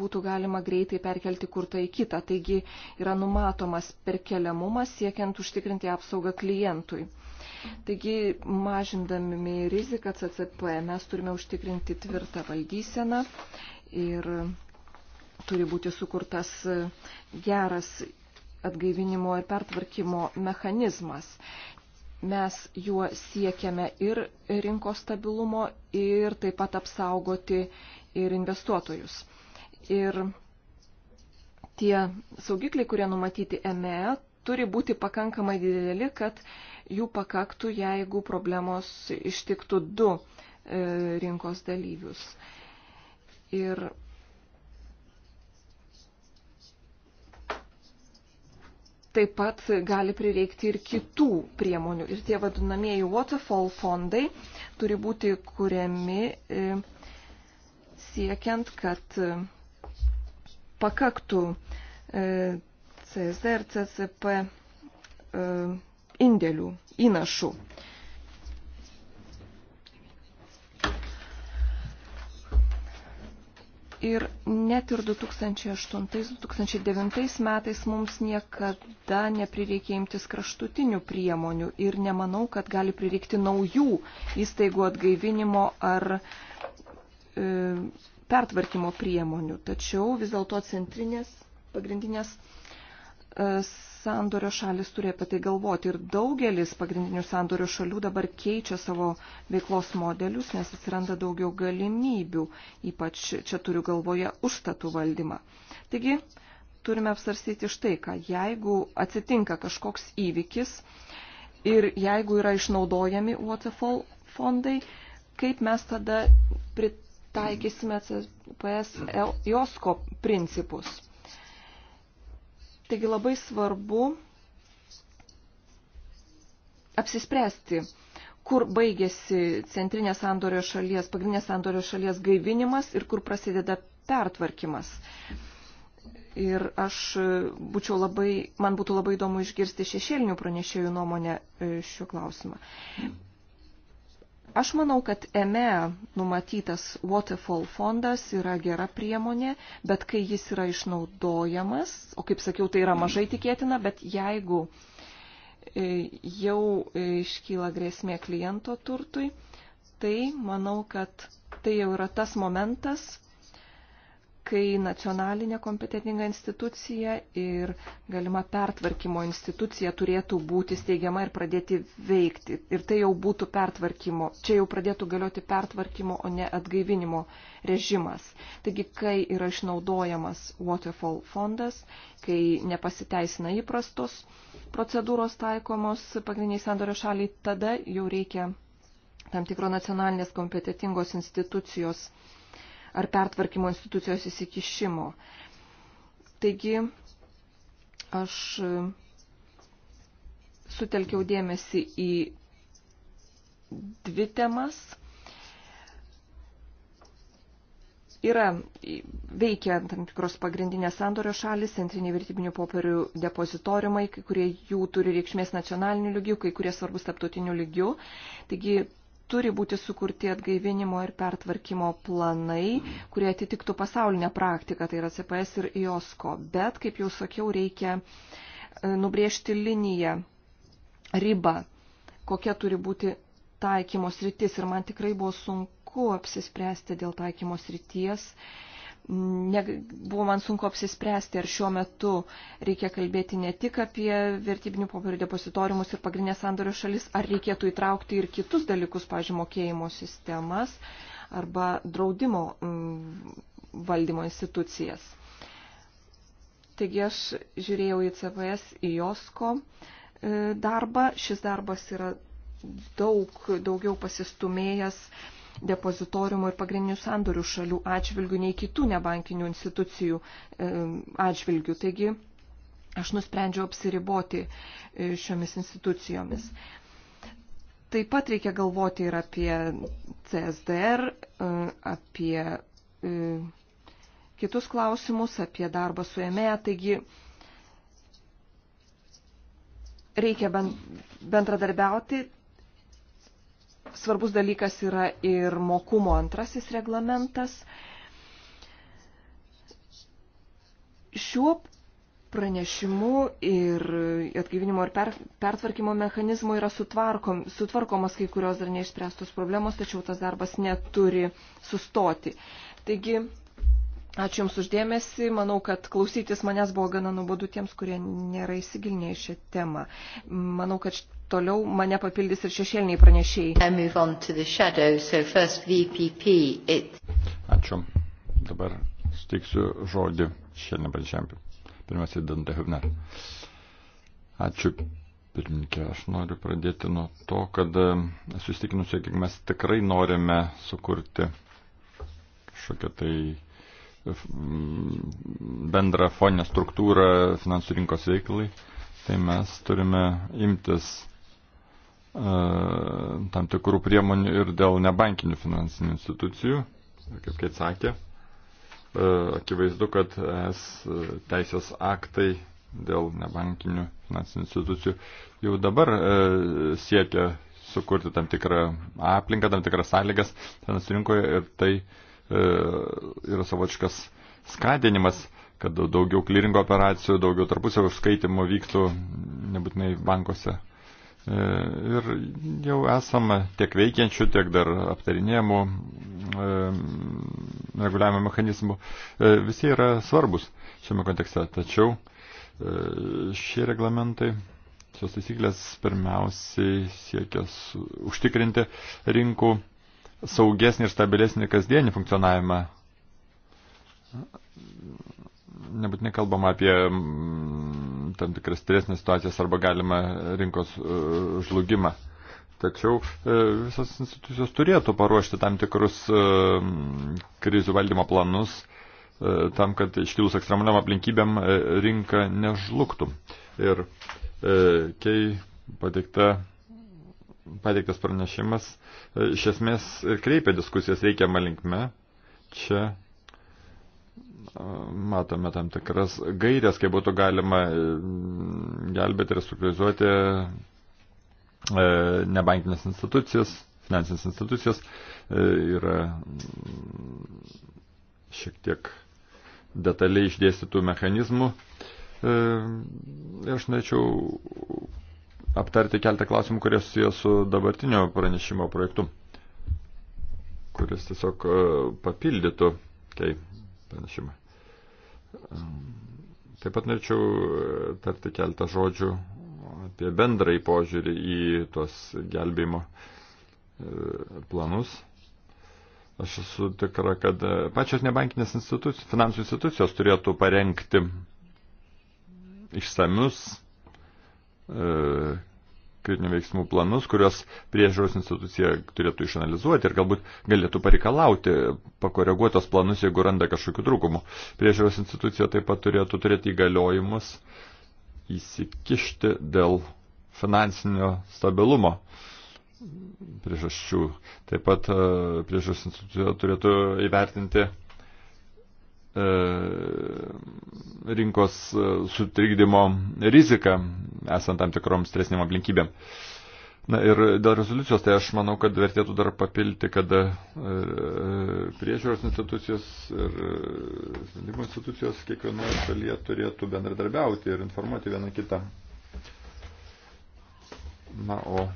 būtų galima greitai perkelti kur tai kitą. Taigi yra numatomas perkeliamumas siekiant užtikrinti apsaugą klientui. Taigi, mažindami riziką CCP, mes turime užtikrinti tvirtą valdyseną ir turi būti sukurtas geras atgaivinimo ir pertvarkymo mechanizmas mes juo siekiame ir rinkos stabilumo, ir taip pat apsaugoti ir investuotojus. Ir tie saugikliai, kurie numatyti ME, turi būti pakankamai dideli, kad jų pakaktų, jeigu problemos ištiktų du e, rinkos dalyvius. Ir taip pat gali prireikti ir kitų priemonių. Ir tie vadinamieji waterfall fondai turi būti kuriami e, siekiant, kad e, pakaktų e, CSD ir CCP indėlių įnašų. Ir net ir 2008-2009 metais mums niekada neprireikė imtis kraštutinių priemonių ir nemanau, kad gali prireikti naujų įstaigų atgaivinimo ar e, pertvarkymo priemonių. Tačiau vis dėlto centrinės pagrindinės e, sandorio šalis turi apie tai galvoti ir daugelis pagrindinių sandorio šalių dabar keičia savo veiklos modelius, nes atsiranda daugiau galimybių, ypač čia turiu galvoje užstatų valdymą. Taigi, turime apsarstyti štai ką, jeigu atsitinka kažkoks įvykis ir jeigu yra išnaudojami waterfall fondai, kaip mes tada pritaikysime CPS JOSKO principus. Taigi labai svarbu apsispręsti, kur baigėsi centrinės sandorio šalies, pagrindinės sandorio šalies gaivinimas ir kur prasideda pertvarkymas. Ir aš būčiau labai, man būtų labai įdomu išgirsti šešėlinių pranešėjų nuomonę e, šiuo klausimą. Aš manau, kad EME e numatytas Waterfall fondas yra gera priemonė, bet kai jis yra išnaudojamas, o kaip sakiau, tai yra mažai tikėtina, bet jeigu e, jau e, iškyla grėsmė kliento turtui, tai manau, kad tai jau yra tas momentas, kai nacionalinė kompetentinga institucija ir galima pertvarkymo institucija turėtų būti steigiama ir pradėti veikti. Ir tai jau būtų pertvarkymo, čia jau pradėtų galioti pertvarkymo, o ne atgaivinimo režimas. Taigi, kai yra išnaudojamas Waterfall fondas, kai nepasiteisina įprastos procedūros taikomos pagrindiniai sandorio šaliai, tada jau reikia tam tikro nacionalinės kompetitingos institucijos ar pertvarkymo institucijos įsikišimo. Taigi aš sutelkiau dėmesį į dvi temas. Yra veikia tam tikros pagrindinės sandorio šalis, centriniai vertybinių popierių depozitoriumai, kai kurie jų turi reikšmės nacionaliniu lygiu, kai kurie svarbus taptautiniu lygiu. Taigi turi būti sukurti atgaivinimo ir pertvarkymo planai, kurie atitiktų pasaulinę praktiką, tai yra CPS ir IOSCO. Bet, kaip jau sakiau, reikia e, nubriežti liniją, ribą, kokia turi būti taikymos rytis. Ir man tikrai buvo sunku apsispręsti dėl taikymos ryties. Uh, ne, buvo man sunku apsispręsti, ar šiuo metu reikia kalbėti ne tik apie vertybinių popierių depozitoriumus ir pagrindinės sandorio šalis, ar reikėtų įtraukti ir kitus dalykus, pažiūrėjau, mokėjimo sistemas arba draudimo mm, valdymo institucijas. Taigi aš žiūrėjau į CVS, į JOSKO e, darbą. Šis darbas yra daug, daugiau pasistumėjęs depozitoriumo ir pagrindinių sandorių šalių atžvilgių nei kitų nebankinių institucijų e, atžvilgių. Taigi aš nusprendžiau apsiriboti e, šiomis institucijomis. Taip pat reikia galvoti ir apie CSDR, e, apie kitus klausimus, apie darbą su EME. Taigi, reikia bendradarbiauti svarbus dalykas yra ir mokumo antrasis reglamentas. Šiuo pranešimu ir atgyvinimo ir per, pertvarkymo mechanizmu yra sutvarkom, sutvarkomas kai kurios dar neišspręstos problemos, tačiau tas darbas neturi sustoti. Taigi, ačiū Jums uždėmesi, manau, kad klausytis manęs buvo gana nuobodu tiems, kurie nėra įsigilinę į šią temą. Manau, kad toliau mane papildys ir šešėliniai pranešėjai. Ačiū. Dabar steiksiu žodį šiandien pačiam. Pirmiausia, Dante Hübner. Ačiū, pirmininkė. Aš noriu pradėti nuo to, kad e, esu įstikinusi, kiek mes tikrai norime sukurti kažkokią tai e, bendrą foninę struktūrą finansų rinkos veiklai, tai mes turime imtis E, tam tikrų priemonių ir dėl nebankinių finansinių institucijų, kaip kai sakė. E, akivaizdu, kad es teisės aktai dėl nebankinių finansinių institucijų jau dabar e, siekia sukurti tam tikrą aplinką, tam tikras sąlygas finansų rinkoje ir tai yra savotiškas skatinimas kad daugiau kliringo operacijų, daugiau tarpusavio skaitimų vyktų nebūtinai bankuose E, ir jau esama tiek veikiančių, tiek dar aptarinėjimų e, reguliavimo mechanizmų. E, visi yra svarbus šiame kontekste, tačiau šie reglamentai, šios taisyklės pirmiausiai siekia užtikrinti rinkų saugesnį ir stabilesnį kasdienį funkcionavimą. Nebūtinai kalbama apie tam tikras stresnės situacijas arba galima rinkos e, žlugimą. Tačiau e, visas institucijos turėtų paruošti tam tikrus e, krizių valdymo planus tam, kad iškilus ekstremaliam aplinkybėm rinka nežlugtų. Ir kai pateikta pateiktas pranešimas iš esmės kreipia diskusijas reikiamą linkme. Čia matome tam tikras gairias, kaip būtų galima mm, gelbėti ir struktūrizuoti e, nebankinės institucijas, finansinės institucijas. E, yra mm, šiek tiek detaliai išdėstytų mechanizmų. E, ir aš norėčiau aptarti keltą klausimų, kurie susiję su dabartinio pranešimo projektu, kuris tiesiog papildytų, kai pranešimą. Ehm, taip pat norėčiau e, tarti keltą žodžių apie bendrąjį požiūrį į tos gelbėjimo e, planus. Aš esu tikra, kad e, pačios nebankinės institucijos, finansų institucijos turėtų parengti išsamius kritinių veiksmų planus, kuriuos priežiūros institucija turėtų išanalizuoti ir galbūt galėtų pareikalauti pakoreguotos planus, jeigu randa kažkokių trūkumų. Priežiūros institucija taip pat turėtų turėti įgaliojimus įsikišti dėl finansinio stabilumo priežasčių. Taip pat e, priežiūros institucija turėtų įvertinti E, rinkos e, sutrikdymo riziką, esant tam tikrom stresiniam aplinkybėm. Na ir dėl rezoliucijos, tai aš manau, kad vertėtų dar papilti, kad e, priežiūros institucijos ir sprendimo institucijos kiekvienoje šalyje turėtų bendradarbiauti ir informuoti vieną kitą. Na, o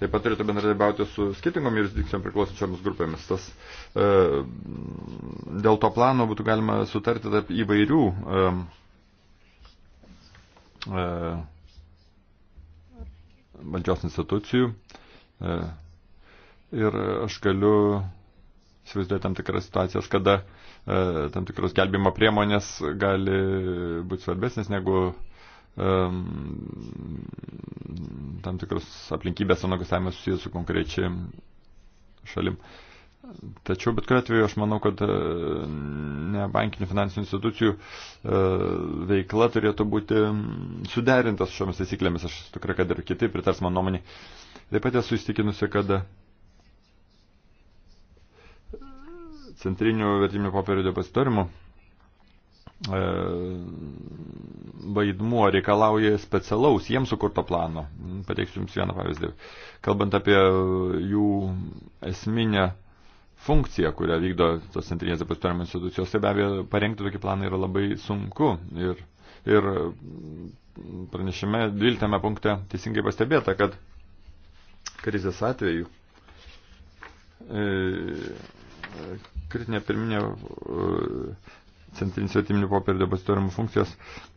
taip pat turėtų bendradarbiauti su skirtingom jurisdikcijom priklausančiomis grupėmis. Tas, e, dėl to plano būtų galima sutarti tarp įvairių e, e, valdžios institucijų. E, ir aš galiu įsivaizduoti tam tikras situacijas, kada e, tam tikros gelbimo priemonės gali būti svarbesnės negu tam tikras aplinkybės nuogastavimas susijęs su konkrečiai šalim. Tačiau bet kuriuo atveju aš manau, kad e, ne bankinių finansinių institucijų e, veikla turėtų būti suderinta su šiomis taisyklėmis. Aš tikrai, kad ir kiti pritars mano nuomonį. Taip pat esu įstikinusi, kad centrinių vertiminių popierių depozitorimų E, vaidmuo reikalauja specialaus jiems sukurto plano. Pateiksiu Jums vieną pavyzdį. Kalbant apie jų esminę funkciją, kurią vykdo tos centrinės depozitoriumo institucijos, tai be abejo parengti tokį planą yra labai sunku. Ir, ir pranešime 12 punkte teisingai pastebėta, kad krizės atveju e, kritinė pirminė e, centrinis vertiminių popierių depozitoriumų funkcijos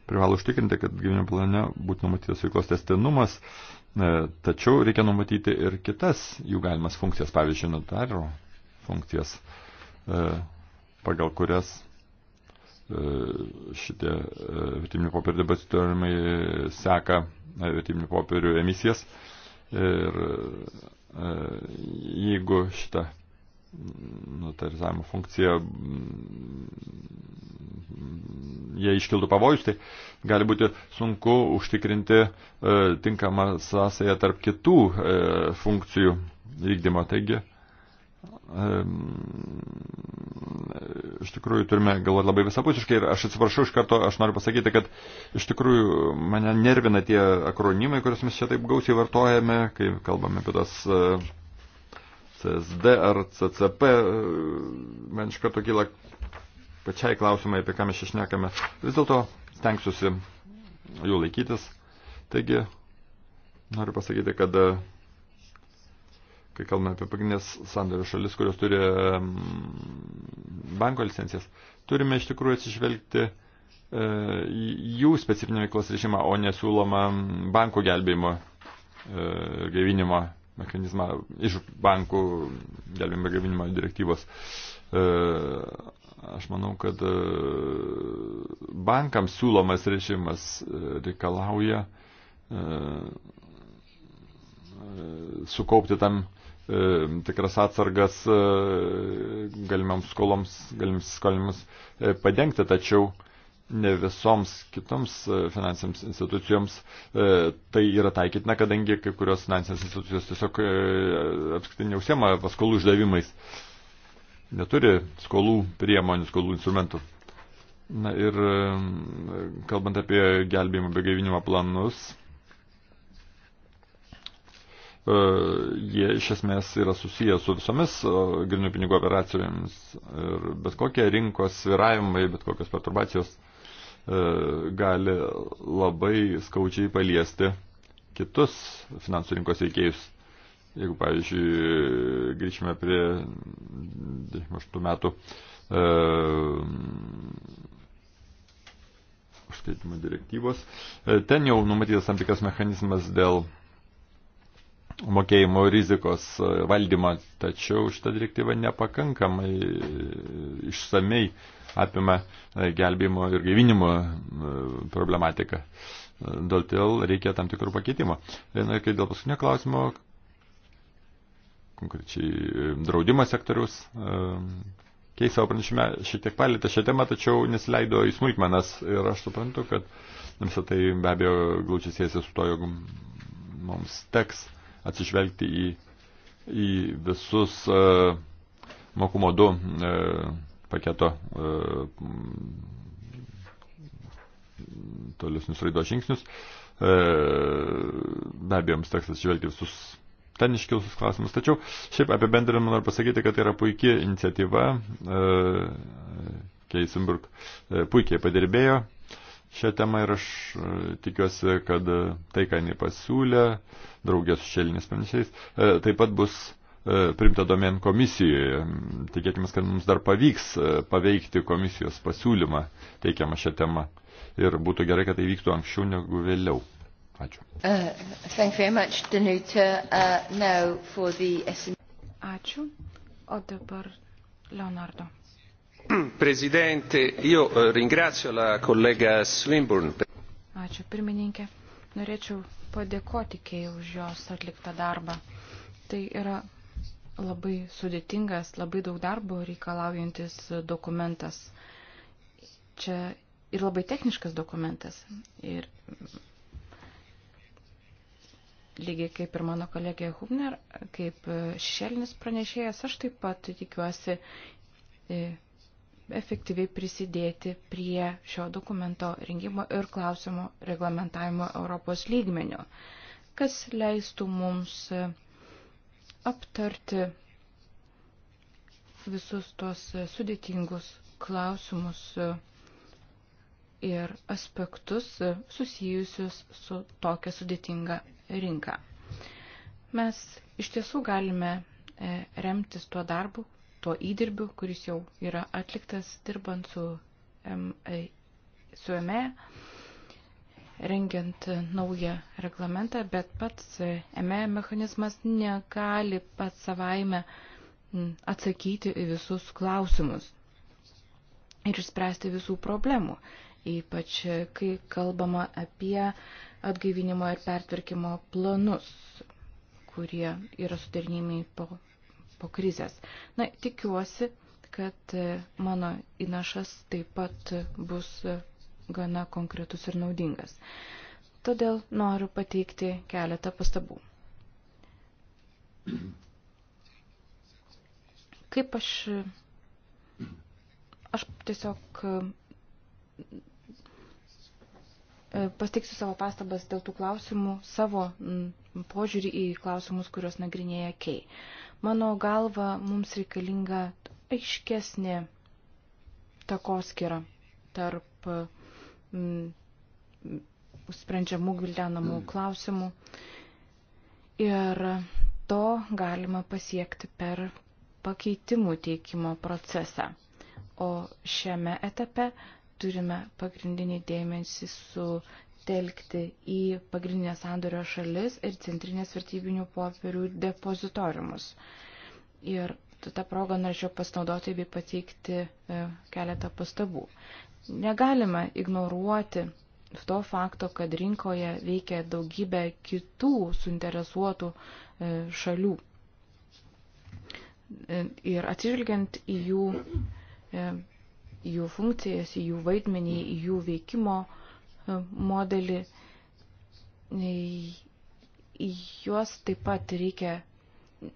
privalo užtikrinti, kad gyvenimo plane būtų numatytas veiklos testinumas, e, tačiau reikia numatyti ir kitas jų galimas funkcijas, pavyzdžiui, notaro funkcijas, e, pagal kurias e, šitie vertiminių popierių depozitoriumai seka vertiminių popierių emisijas ir jeigu šitą notarizavimo funkcija, mm, jei iškiltų pavojus, tai gali būti sunku užtikrinti e, tinkamą sąsąją tarp kitų e, funkcijų vykdymo. Taigi, e, mm, iš tikrųjų turime galvoti labai visapusiškai ir aš atsiprašau iš karto, aš noriu pasakyti, kad iš tikrųjų mane nervina tie akronimai, kuriuos mes čia taip gausiai vartojame, kai kalbame apie tas e, CSD ar CCP, e, man iš karto kyla pačiai klausimai, apie ką mes išnekame. Vis dėlto stengsiuosi jų laikytis. Taigi, noriu pasakyti, kad e, kai kalbame apie pagrindinės sandorio šalis, kurios turi e, banko licencijas, turime iš tikrųjų atsižvelgti e, jų specifinį veiklos režimą, o nesiūloma banko gelbėjimo ir e, gaivinimo mechanizmą iš bankų gelbėjimo gavinimo direktyvos. E, aš manau, kad e, bankams siūlomas režimas e, reikalauja sukaupti tam tikras atsargas galimams skoloms, galimams skolimus padengti, tačiau ne visoms kitoms e, finansinėms institucijoms e, tai yra taikytina, kadangi kai kurios finansinės institucijos tiesiog e, apskritai neusiema paskolų išdavimais, neturi skolų priemonių, skolų instrumentų. Na ir kalbant apie gelbėjimo bei gaivinimo planus, jie iš esmės yra susiję su visomis grinių pinigų operacijomis ir bet kokie rinkos sviravimai, bet kokios perturbacijos E, gali labai skaučiai paliesti kitus finansų rinkos veikėjus. Jeigu, pavyzdžiui, grįžtume prie 28 metų e, užskaitimo direktyvos, e, ten jau numatytas tam tikras mechanizmas dėl mokėjimo rizikos valdymą, tačiau šita direktyva nepakankamai išsamei apima gelbėjimo ir gaivinimo e, problematiką. Dėl tėl reikia tam tikrų pakeitimų. Na ir kai dėl paskutinio klausimo, konkrečiai e, draudimo sektoriaus, e, keis savo pranešime šiek tiek palėtė šią temą, tačiau nesileido į smulkmenas ir aš suprantu, kad visą tai be abejo glaučiai siejasi su to, jog mums teks uh, atsižvelgti į, į visus e, mokumo 2 e, paketo e, tolesnius raidos žingsnius. E, be abejo, mums teks atsižvelgti visus ten iškilusius klausimus. Tačiau šiaip apie bendrinimą noriu pasakyti, kad tai yra puikia iniciatyva. E, Keisimburg e, puikiai padirbėjo, šią temą ir aš e, tikiuosi, kad e, tai, ką jie pasiūlė, draugės su šeliniais panašiais, e, taip pat bus primta domen komisijoje. Tikėkime, kad mums dar pavyks paveikti komisijos pasiūlymą teikiamą šią temą. Ir būtų gerai, kad tai vyktų anksčiau negu vėliau. Ačiū. Uh, much, Danuta. Uh, Ačiū. O dabar Leonardo. Presidente, io eh, ringrazio la collega Swinburne. Ačiū pirmininkė. Norėčiau padėkoti Kei už jos atliktą darbą. Tai yra labai sudėtingas, labai daug darbo reikalaujantis dokumentas. Čia ir labai techniškas dokumentas. Ir lygiai kaip ir mano kolegė Hubner, kaip šešėlinis pranešėjas, aš taip pat tikiuosi e, efektyviai prisidėti prie šio dokumento rengimo ir klausimo reglamentavimo Europos lygmenių, kas leistų mums aptarti visus tos sudėtingus klausimus ir aspektus susijusius su tokia sudėtinga rinka. Mes iš tiesų galime e, remtis tuo darbu, tuo įdirbiu, kuris jau yra atliktas dirbant su, MA, su ME, rengiant naują reglamentą, bet pats ME mechanizmas negali pats savaime atsakyti į visus klausimus ir išspręsti visų problemų, ypač kai kalbama apie atgaivinimo ir pertvarkymo planus, kurie yra sudarinimi po po krizės. Na, tikiuosi, kad e, mano įnašas taip pat bus e, gana konkretus ir naudingas. Todėl noriu pateikti keletą pastabų. Kaip aš. Aš tiesiog e, pasteiksiu savo pastabas dėl tų klausimų, savo požiūrį į klausimus, kuriuos nagrinėja Kei. Mano galva, mums reikalinga aiškesnė takoskira tarp m, mm, sprendžiamų gvildenamų mm. klausimų ir to galima pasiekti per pakeitimų teikimo procesą. O šiame etape turime pagrindinį dėmesį su telkti į pagrindinę sandorio šalis ir centrinės vertybinių popierių depozitoriumus. Ir tą progą norėčiau pasinaudoti bei pateikti e, keletą pastabų. Negalime ignoruoti to fakto, kad rinkoje veikia daugybė kitų suinteresuotų e, šalių. E, ir atsižvelgiant į jų, jų funkcijas, į jų vaidmenį, į jų veikimo modelį. Juos taip pat reikia,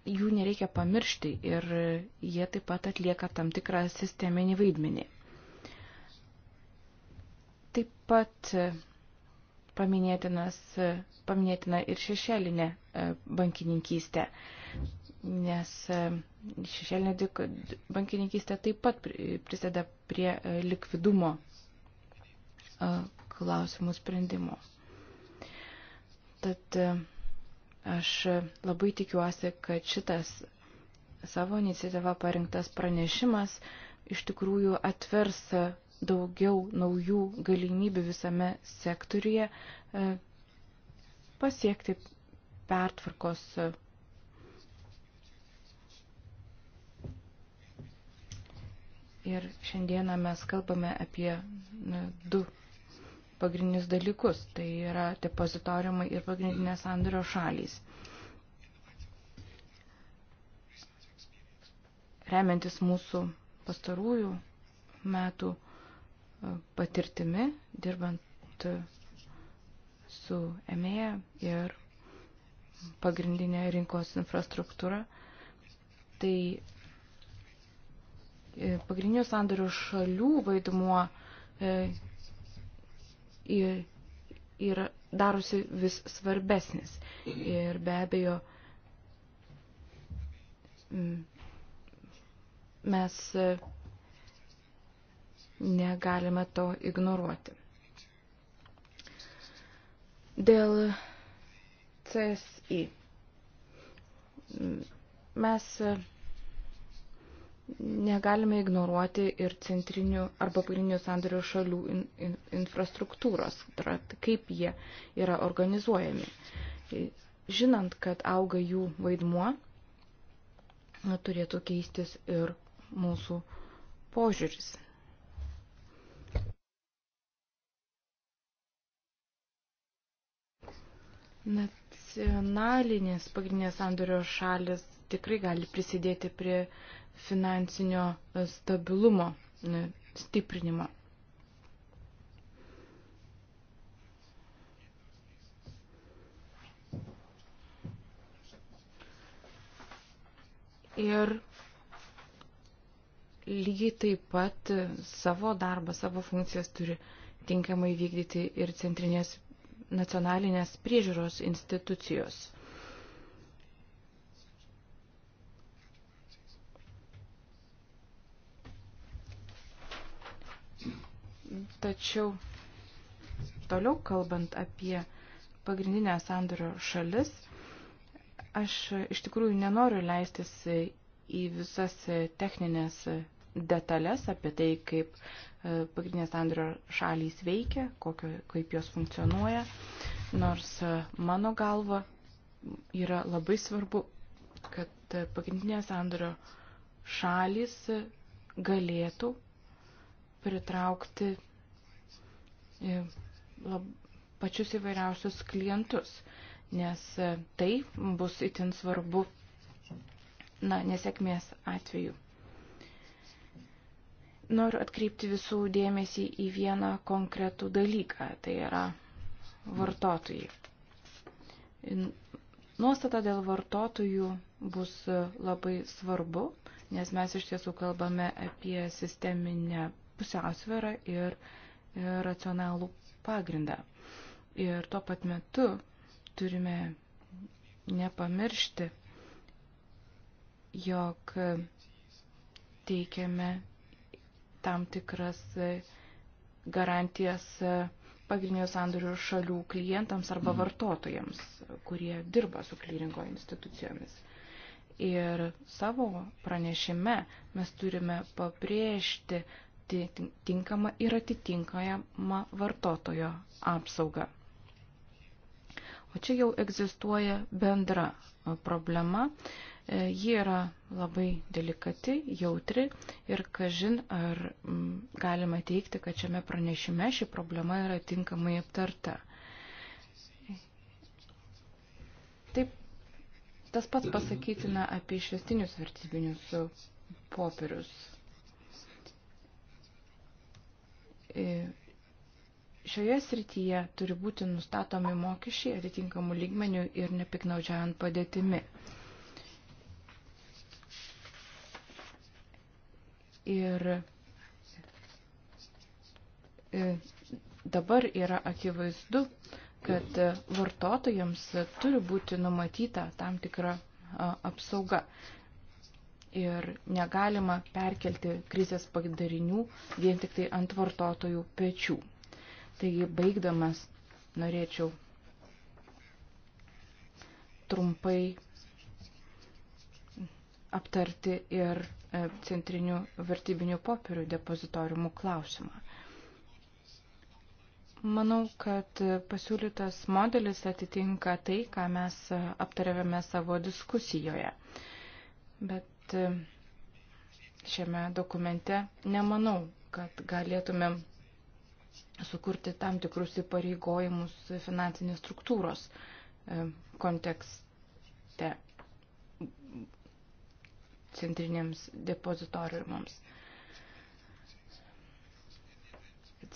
jų nereikia pamiršti ir jie taip pat atlieka tam tikrą sisteminį vaidmenį. Taip pat e, paminėtinas, e, paminėtina ir šešėlinė e, bankininkystė, nes šešėlinė bankininkystė taip pat prisideda prie likvidumo klausimų sprendimo. Tad e, aš labai tikiuosi, kad šitas savo iniciatyva parinktas pranešimas iš tikrųjų atvers daugiau naujų galimybių visame sektoriuje e, pasiekti pertvarkos e, Ir šiandieną mes kalbame apie du pagrindinius dalykus, tai yra depozitoriumai ir pagrindinės sandorio šalys. Remiantis mūsų pastarųjų metų e, patirtimi, dirbant e, su EMEA ir pagrindinė rinkos infrastruktūra, tai e, pagrindinių sandorių šalių vaidmuo yra darosi vis svarbesnis. Ir be abejo, mes e, negalime to ignoruoti. Dėl CSI mes e, negalime ignoruoti ir centrinių arba pagrindinių sandorių šalių in, in, infrastruktūros, tai kaip jie yra organizuojami. E, žinant, kad auga jų vaidmuo, turėtų keistis ir mūsų požiūris. Nacionalinės pagrindinės sandorio šalis tikrai gali prisidėti prie finansinio stabilumo e, stiprinimo. Ir lygiai taip pat savo darbą, savo funkcijas turi tinkamai vykdyti ir centrinės nacionalinės priežiūros institucijos. Tačiau toliau kalbant apie pagrindinę sandorio šalis, aš iš tikrųjų nenoriu leistis į visas techninės detalės apie tai, kaip e, pagrindinės sandorio šalys veikia, kokio, kaip jos funkcionuoja, nors e, mano galva yra labai svarbu, kad pagrindinės sandorio šalys galėtų pritraukti pačius įvairiausius klientus, nes e, tai bus itin svarbu na, nesėkmės atveju. Noriu atkreipti visų dėmesį į vieną konkretų dalyką, tai yra vartotojai. Nuostata dėl vartotojų bus e, labai svarbu, nes mes iš tiesų kalbame apie sisteminę pusiausvyrą ir uh, racionalų pagrindą. Ir tuo pat metu turime nepamiršti, jog teikiame tam tikras garantijas pagrindinių sandorių šalių klientams arba mhm. vartotojams, kurie dirba su klyringo institucijomis. Ir savo pranešime mes turime pabrėžti tinkamą ir atitinkamą vartotojo apsaugą. O čia jau egzistuoja bendra problema. E, ji yra labai delikati, jautri ir kažin ar galima teikti, kad šiame pranešime ši problema yra tinkamai aptarta. Taip, tas pats pasakytina apie išvestinius vertybinius popierius E, šioje srityje turi būti nustatomi mokesčiai atitinkamų lygmenių ir nepiknaudžiant padėtimi. Ir e, dabar yra akivaizdu, kad vartotojams turi būti numatyta tam tikra apsauga ir negalima perkelti krizės padarinių vien tik tai ant vartotojų pečių. Taigi, baigdamas, norėčiau trumpai aptarti ir e, centrinių vertybinių popierių depozitoriumų klausimą. Manau, kad pasiūlytas modelis atitinka tai, ką mes e, aptarėme savo diskusijoje. Bet kad e, šiame dokumente nemanau, kad galėtumėm sukurti tam tikrus įpareigojimus finansinės struktūros e, kontekste centrinėms depozitoriumams.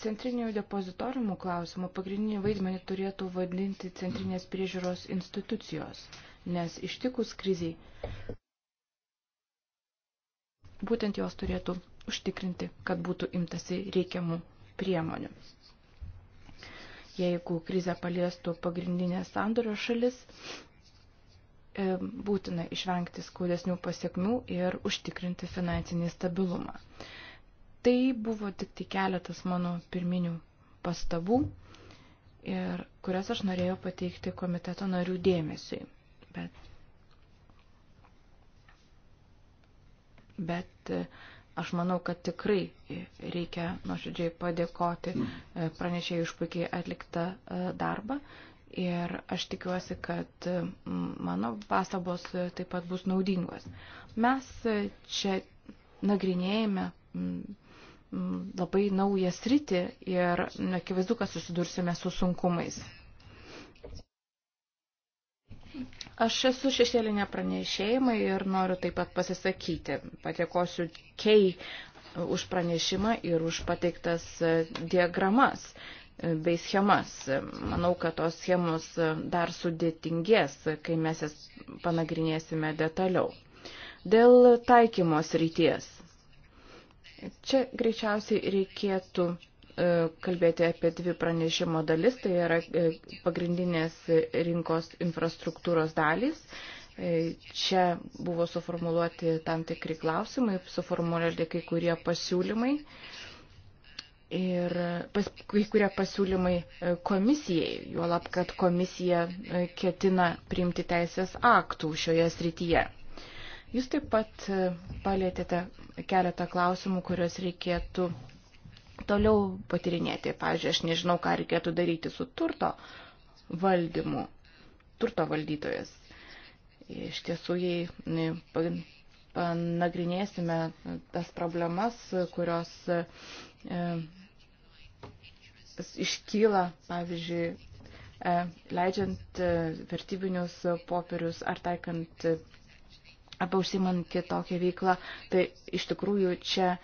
Centrinių depozitoriumų klausimų pagrindinį vaidmenį turėtų vadinti centrinės priežiūros institucijos, nes ištikus kriziai būtent jos turėtų užtikrinti, kad būtų imtasi reikiamų priemonių. Jeigu krizę paliestų pagrindinės sandorio šalis, e, būtina išvengti skaudesnių pasiekmių ir užtikrinti finansinį stabilumą. Tai buvo tik tai keletas mano pirminių pastabų, ir kurias aš norėjau pateikti komiteto narių dėmesiui. Bet bet e, aš manau, kad tikrai reikia nuoširdžiai padėkoti mm. e, pranešėjai už puikiai atliktą e, darbą. Ir aš tikiuosi, kad mano pastabos taip pat bus naudingos. Mes čia nagrinėjame labai naują sritį ir akivaizdu, kad susidursime su sunkumais. Aš esu šešėlinė pranešėjimai ir noriu taip pat pasisakyti. Patiekosiu Kei už pranešimą ir už pateiktas diagramas bei schemas. Manau, kad tos schemos dar sudėtingės, kai mes jas panagrinėsime detaliau. Dėl taikymos ryties. Čia greičiausiai reikėtų E, kalbėti apie dvi pranešimo dalis, tai yra e, pagrindinės rinkos infrastruktūros dalys. E, čia buvo suformuoluoti tam tikri klausimai, suformuoluoti kai kurie pasiūlymai ir pas, kai kurie pasiūlymai komisijai, juolab, kad komisija ketina priimti teisės aktų šioje srityje. Jūs taip pat palėtėte keletą klausimų, kuriuos reikėtų toliau patirinėti. Pavyzdžiui, aš nežinau, ką reikėtų daryti su turto valdymu, turto valdytojas. Iš tiesų, jei panagrinėsime tas problemas, kurios e, iškyla, pavyzdžiui, e, leidžiant e, vertybinius popierius ar taikant e, arba užsimant kitokią veiklą, tai iš tikrųjų čia e,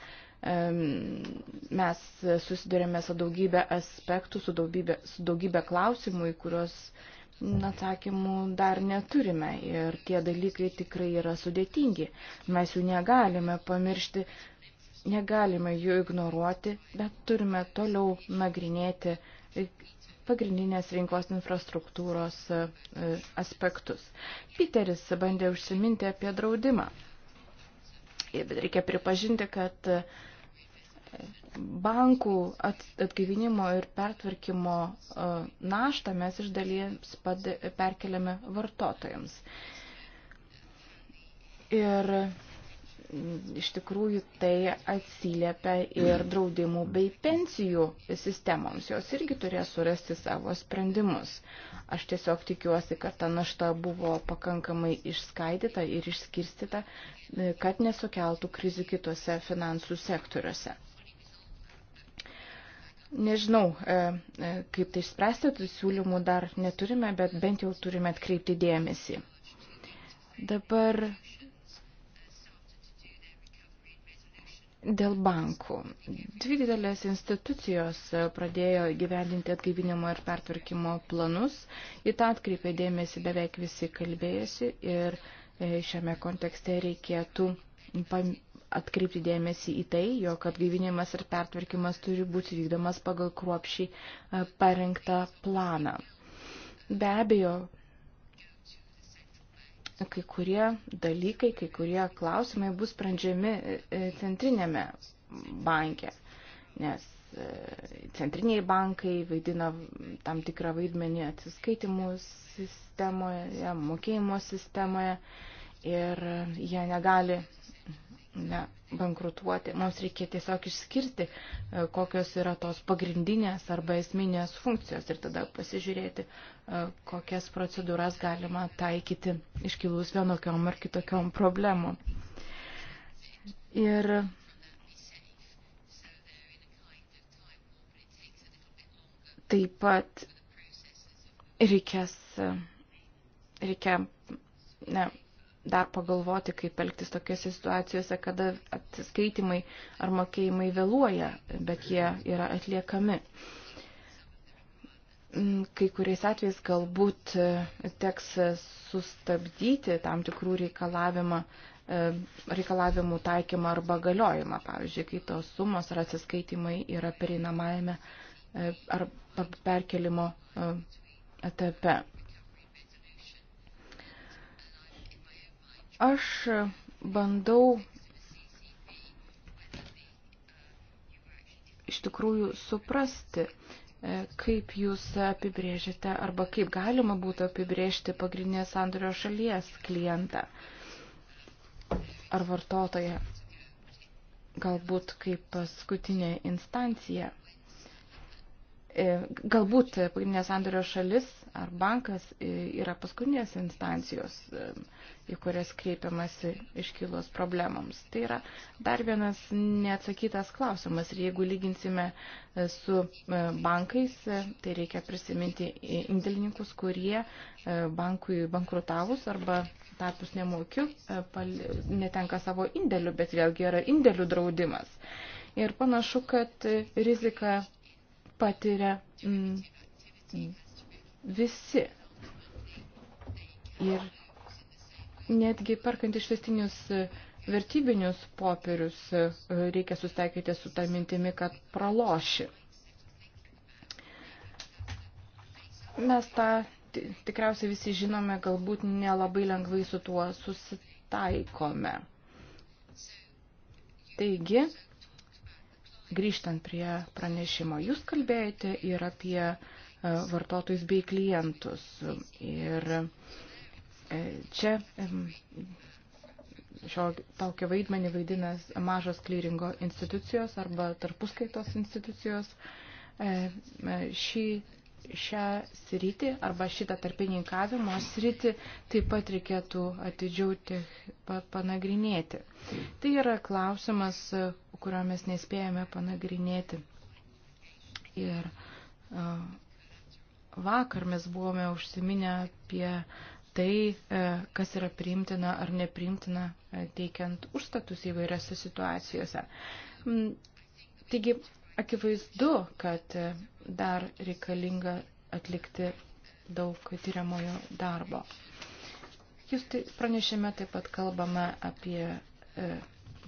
Mes susidurėme su daugybė aspektų, su daugybė, su daugybė klausimų, į kuriuos atsakymų dar neturime. Ir tie dalykai tikrai yra sudėtingi. Mes jų negalime pamiršti, negalime jų ignoruoti, bet turime toliau nagrinėti pagrindinės rinkos infrastruktūros e, aspektus. Piteris bandė užsiminti apie draudimą. Bet reikia pripažinti, kad bankų atgaivinimo ir pertvarkymo e, naštą mes iš dalies perkeliame vartotojams. Ir mm, iš tikrųjų tai atsiliepia ir draudimų bei pensijų sistemoms. Jos irgi turės surasti savo sprendimus. Aš tiesiog tikiuosi, kad ta našta buvo pakankamai išskaidyta ir išskirstita, e, kad nesukeltų krizių kitose finansų sektoriuose. Nežinau, e, e, kaip tai spręsti, tų siūlymų dar neturime, bet bent jau turime atkreipti dėmesį. Dabar dėl bankų. Dvi didelės institucijos pradėjo gyvendinti atgaivinimo ir pertvarkymo planus. Į tą atkreipė dėmesį beveik visi kalbėjusi ir e, šiame kontekste reikėtų atkreipti dėmesį į tai, jog atgaivinimas ir pertvarkymas turi būti vykdomas pagal kruopšį e, parengtą planą. Be abejo, kai kurie dalykai, kai kurie klausimai bus sprendžiami e, e, centrinėme banke, nes centriniai bankai vaidina tam tikrą vaidmenį atsiskaitimų sistemoje, mokėjimo sistemoje ir jie negali ne, bankrutuoti. Mums reikia tiesiog išskirti, e, kokios yra tos pagrindinės arba esminės funkcijos ir tada pasižiūrėti, e, kokias procedūras galima taikyti iškilus vienokiom ar kitokiom problemom. Ir taip pat reikės, e, reikia ne, dar pagalvoti, kaip elgtis tokiuose situacijose, kada atsiskaitimai ar mokėjimai vėluoja, bet jie yra atliekami. Mm, kai kuriais atvejais galbūt e, teks sustabdyti tam tikrų reikalavimą, e, reikalavimų taikymą arba galiojimą. Pavyzdžiui, kai tos sumos ar atsiskaitimai yra pereinamajame e, ar perkelimo etape. Aš bandau iš tikrųjų suprasti, e, kaip jūs apibrėžiate arba kaip galima būtų apibrėžti pagrindinę sandorio šalies klientą ar vartotoją, galbūt kaip paskutinė instancija. E, galbūt pagrindinė sandorio šalis ar bankas e, yra paskutinės instancijos, e, į kurias kreipiamasi iškilos problemams. Tai yra dar vienas neatsakytas klausimas. Ir jeigu lyginsime su bankais, tai reikia prisiminti indėlininkus, kurie bankui bankrutavus arba tapus nemokiu netenka savo indėlių, bet vėlgi yra indėlių draudimas. Ir panašu, kad rizika patiria mm, visi. Ir netgi perkant išvestinius e, vertybinius popierius e, reikia sustaikyti su tą mintimi, kad praloši. Mes tą tikriausiai visi žinome, galbūt nelabai lengvai su tuo susitaikome. Taigi, grįžtant prie pranešimo, jūs kalbėjote ir apie e, vartotojus bei klientus. Ir e, čia šio tokio vaidmenį vaidina mažos klyringo institucijos arba tarpuskaitos institucijos. E, šį, šią sritį arba šitą tarpininkavimo sritį taip pat reikėtų atidžiau tik panagrinėti. Tai yra klausimas, kurio mes nespėjome panagrinėti. Ir vakar mes buvome užsiminę apie tai, kas yra priimtina ar nepriimtina teikiant užstatus įvairiose situacijose. Taigi, akivaizdu, kad dar reikalinga atlikti daug tyriamojo darbo. Jūs tai pranešime taip pat kalbame apie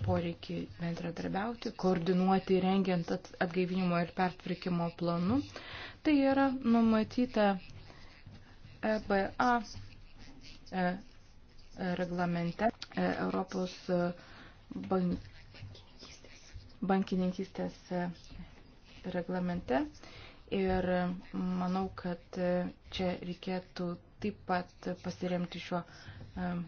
poreikį bendradarbiauti, koordinuoti rengiant atgaivinimo ir pertvarkymo planu. Tai yra numatyta EBA e, reglamente e, Europos e, bankininkystės reglamente. Ir manau, kad čia reikėtų taip pat pasiremti šiuo Um,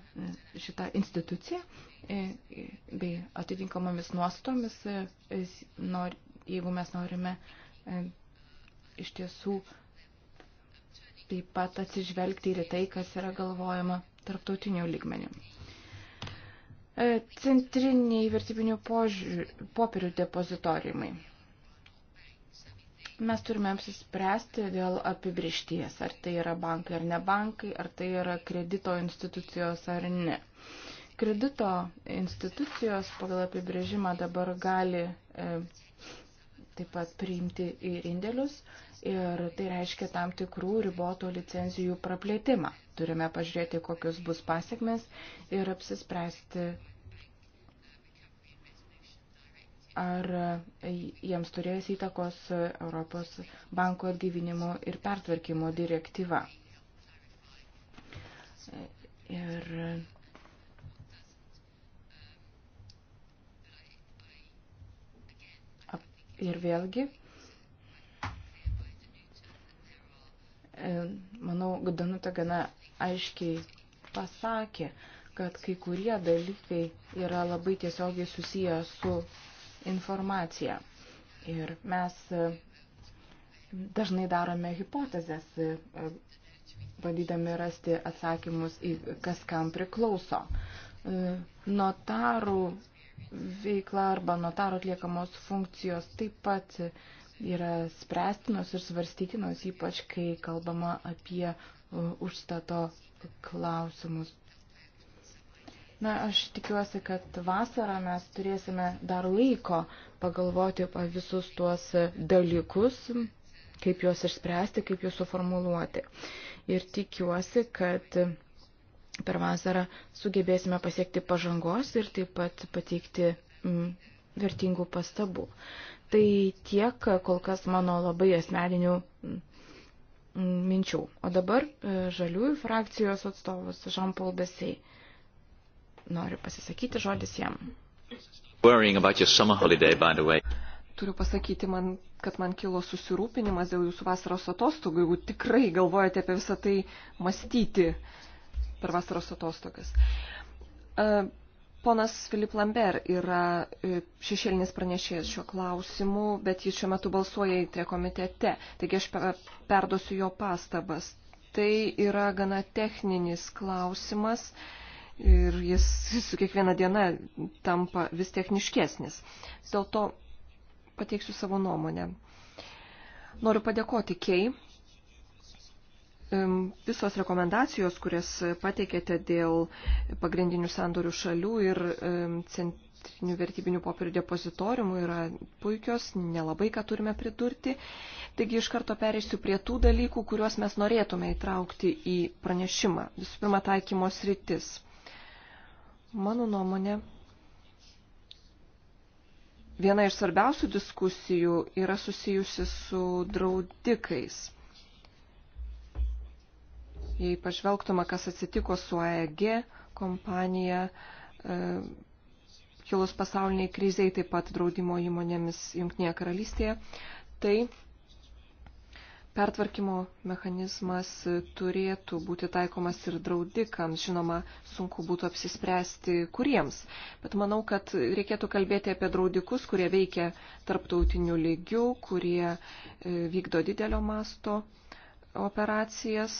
šitą instituciją e, e, bei atitinkamomis nuostomis, e, jeigu mes norime iš tiesų taip pat atsižvelgti ir į tai, kas yra galvojama tarptautinių lygmenių. Centriniai vertybinių požiūrių, popierių depozitoriumai mes turime apsispręsti dėl apibriešties, ar tai yra bankai ar ne bankai, ar tai yra kredito institucijos ar ne. Kredito institucijos pagal apibrėžimą dabar gali e, taip pat priimti ir indėlius ir tai reiškia tam tikrų riboto licencijų praplėtimą. Turime pažiūrėti, kokios bus pasiekmes ir apsispręsti, ar jiems turės įtakos Europos banko atgyvinimo ir pertvarkymo direktyva. Ir Ir vėlgi, e, manau, Danuta gana aiškiai pasakė, kad kai kurie dalykai yra labai tiesiogiai susiję su informaciją. Ir mes e, dažnai darome hipotezės, e, bandydami rasti atsakymus į kas kam priklauso. E, notarų veikla arba notarų atliekamos funkcijos taip pat yra spręstinos ir svarstytinos, ypač kai kalbama apie užstato klausimus Na, aš tikiuosi, kad vasarą mes turėsime dar laiko pagalvoti apie visus tuos dalykus, kaip juos išspręsti, kaip juos suformuluoti. Ir tikiuosi, kad per vasarą sugebėsime pasiekti pažangos ir taip pat pateikti mm, vertingų pastabų. Tai tiek kol kas mano labai asmeninių mm, minčių. O dabar e, žaliųjų frakcijos atstovas Žampol Besiai nori pasisakyti žodis jam. Holiday, Turiu pasakyti, man, kad man kilo susirūpinimas dėl jūsų vasaros atostogų, jeigu tikrai galvojate apie visą tai mąstyti per vasaros atostogas. Uh, Ponas Filip Lambert yra e, šešėlinis pranešėjas šiuo klausimu, bet jis šiuo metu balsuoja į tie komitete, taigi aš perduosiu jo pastabas. Tai yra gana techninis klausimas, ir jis su kiekviena diena tampa vis techniškesnis. Dėl to pateiksiu savo nuomonę. Noriu padėkoti Kei. Visos rekomendacijos, kurias pateikėte dėl pagrindinių sandorių šalių ir centrinių vertybinių popierių depozitoriumų yra puikios, nelabai ką turime pridurti. Taigi iš karto pereisiu prie tų dalykų, kuriuos mes norėtume įtraukti į pranešimą. Visų pirma, taikymos rytis Mano nuomonė, viena iš svarbiausių diskusijų yra susijusi su draudikais. Jei pažvelgtume, kas atsitiko su AEG kompanija, e, kilus pasauliniai kriziai, taip pat draudimo įmonėmis Junktinėje karalystėje, tai Pertvarkymo mechanizmas turėtų būti taikomas ir draudikams, žinoma, sunku būtų apsispręsti kuriems, bet manau, kad reikėtų kalbėti apie draudikus, kurie veikia tarptautiniu lygiu, kurie e, vykdo didelio masto operacijas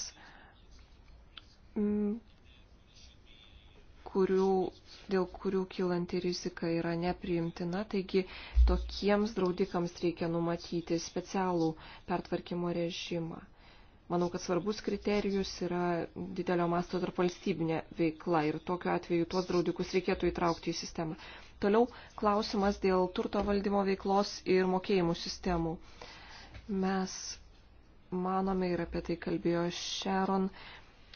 mm, kurių, dėl kurių kilanti rizika yra nepriimtina, taigi tokiems draudikams reikia numatyti specialų pertvarkymo režimą. Manau, kad svarbus kriterijus yra didelio masto tarp valstybinė veikla ir tokiu atveju tuos draudikus reikėtų įtraukti į sistemą. Toliau klausimas dėl turto valdymo veiklos ir mokėjimų sistemų. Mes manome ir apie tai kalbėjo Sharon,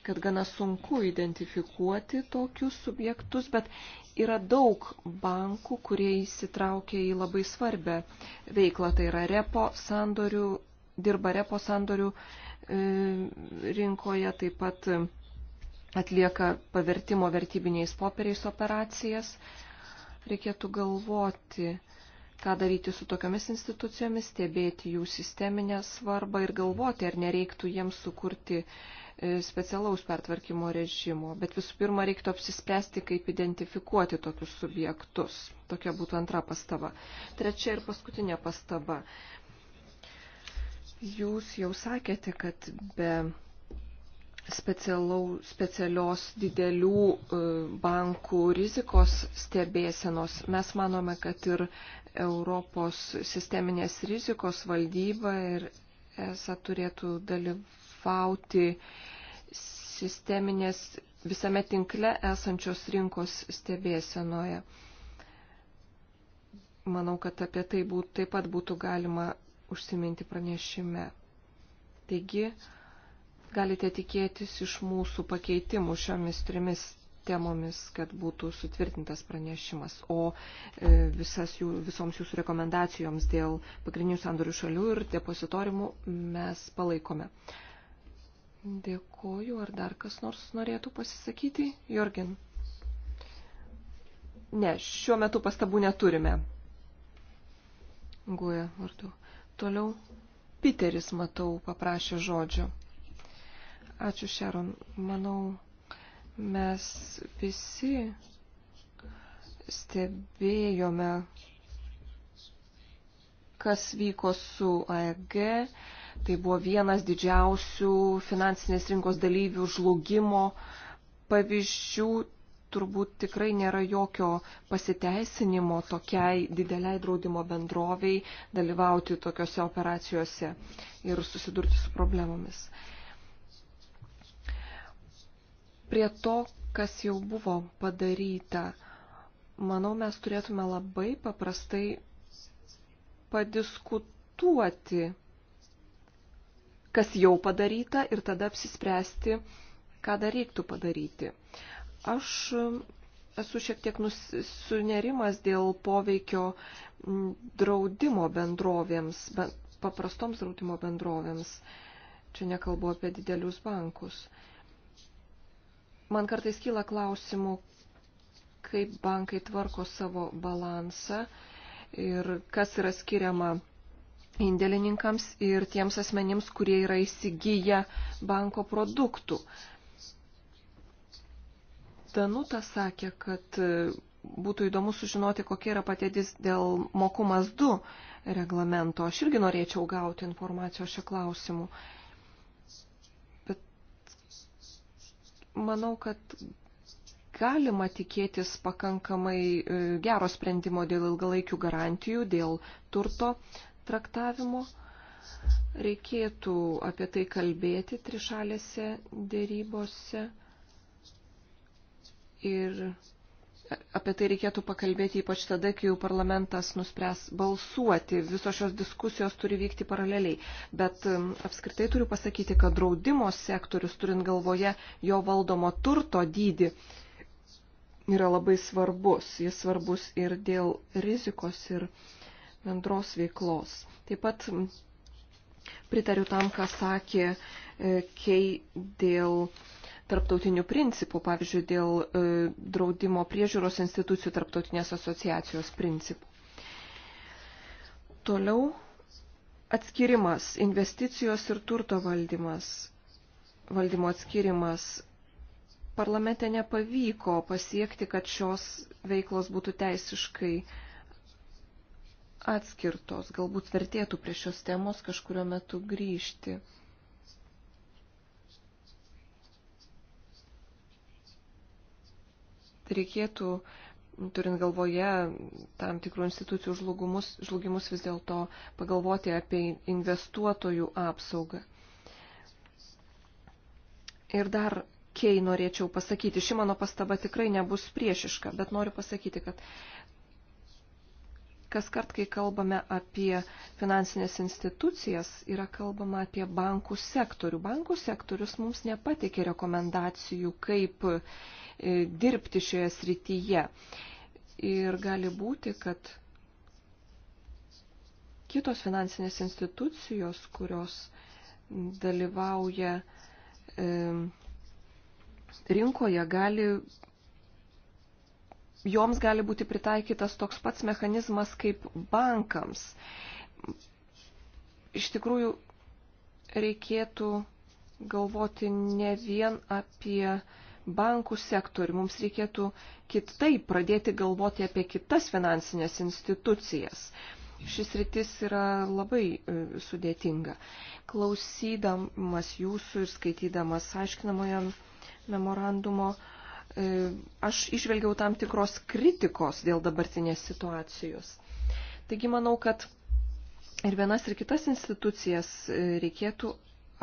kad gana sunku identifikuoti tokius subjektus, bet yra daug bankų, kurie įsitraukia į labai svarbę veiklą, tai yra repo sandorių, dirba repo sandorių e, rinkoje, taip pat atlieka pavertimo vertybiniais popieriais operacijas. Reikėtų galvoti, ką daryti su tokiamis institucijomis, stebėti jų sisteminę svarbą ir galvoti, ar nereiktų jiems sukurti e, E, specialaus pertvarkymo režimo, bet visų pirma reiktų apsispręsti, kaip identifikuoti tokius subjektus. Tokia būtų antra pastaba. Trečia ir paskutinė pastaba. Jūs jau sakėte, kad be specialau, specialios didelių e, bankų rizikos stebėsenos mes manome, kad ir Europos sisteminės rizikos valdyba ir ESA turėtų dalyvauti dalyvauti sisteminės visame tinkle esančios rinkos stebėsenoje. Manau, kad apie tai būt, taip pat būtų galima užsiminti pranešime. Taigi, galite tikėtis iš mūsų pakeitimų šiomis trimis temomis, kad būtų sutvirtintas pranešimas, o e, visas jų, visoms jūsų rekomendacijoms dėl pagrindinių sandorių šalių ir depozitorimų mes palaikome. Dėkoju. Ar dar kas nors norėtų pasisakyti? Jorgin. Ne, šiuo metu pastabų neturime. Guja, vardu. Toliau Piteris, matau, paprašė žodžio. Ačiū, Šeron. Manau, mes visi stebėjome, kas vyko su AEG Tai buvo vienas didžiausių finansinės rinkos dalyvių žlugimo pavyzdžių. Turbūt tikrai nėra jokio pasiteisinimo tokiai dideliai draudimo bendroviai dalyvauti tokiuose operacijose ir susidurti su problemomis. Prie to, kas jau buvo padaryta, manau, mes turėtume labai paprastai padiskutuoti kas jau padaryta ir tada apsispręsti, ką dar reiktų padaryti. Aš esu šiek tiek sunerimas dėl poveikio draudimo bendrovėms, paprastoms draudimo bendrovėms. Čia nekalbu apie didelius bankus. Man kartais kyla klausimų, kaip bankai tvarko savo balansą ir kas yra skiriama indėlininkams ir tiems asmenims, kurie yra įsigiję banko produktų. Danuta sakė, kad e, būtų įdomu sužinoti, kokia yra patėdis dėl mokumas 2 reglamento. Aš irgi norėčiau gauti informacijos šio klausimu. Bet manau, kad galima tikėtis pakankamai e, gero sprendimo dėl ilgalaikių garantijų, dėl turto traktavimo. Reikėtų apie tai kalbėti trišalėse dėrybose ir apie tai reikėtų pakalbėti ypač tada, kai jau parlamentas nuspręs balsuoti. Visos šios diskusijos turi vykti paraleliai. Bet um, apskritai turiu pasakyti, kad draudimo sektorius, turint galvoje jo valdomo turto dydį, yra labai svarbus. Jis svarbus ir dėl rizikos, ir bendros veiklos. Taip pat pritariu tam, ką sakė e, Kei dėl tarptautinių principų, pavyzdžiui, dėl e, draudimo priežiūros institucijų tarptautinės asociacijos principų. Toliau atskirimas, investicijos ir turto valdymas, valdymo atskirimas. Parlamente nepavyko pasiekti, kad šios veiklos būtų teisiškai uh, atskirtos. Galbūt vertėtų prie šios temos kažkurio metu grįžti. Reikėtų, turint galvoje tam tikrų institucijų žlugumus, žlugimus, vis dėlto pagalvoti apie investuotojų apsaugą. Ir dar kei norėčiau pasakyti, ši mano pastaba tikrai nebus priešiška, bet noriu pasakyti, kad Kas kart, kai kalbame apie finansinės institucijas, yra kalbama apie bankų sektorių. Bankų sektorius mums nepatikė rekomendacijų, kaip e, dirbti šioje srityje. Ir gali būti, kad kitos finansinės institucijos, kurios dalyvauja e, rinkoje, gali joms gali būti pritaikytas toks pats mechanizmas kaip bankams. Iš tikrųjų, reikėtų galvoti ne vien apie bankų sektorių, mums reikėtų kitaip pradėti galvoti apie kitas finansinės institucijas. Šis rytis yra labai e, sudėtinga. Klausydamas jūsų ir skaitydamas aiškinamojo memorandumo E, aš išvelgiau tam tikros kritikos dėl dabartinės situacijos. Taigi manau, kad ir vienas ir kitas institucijas e, reikėtų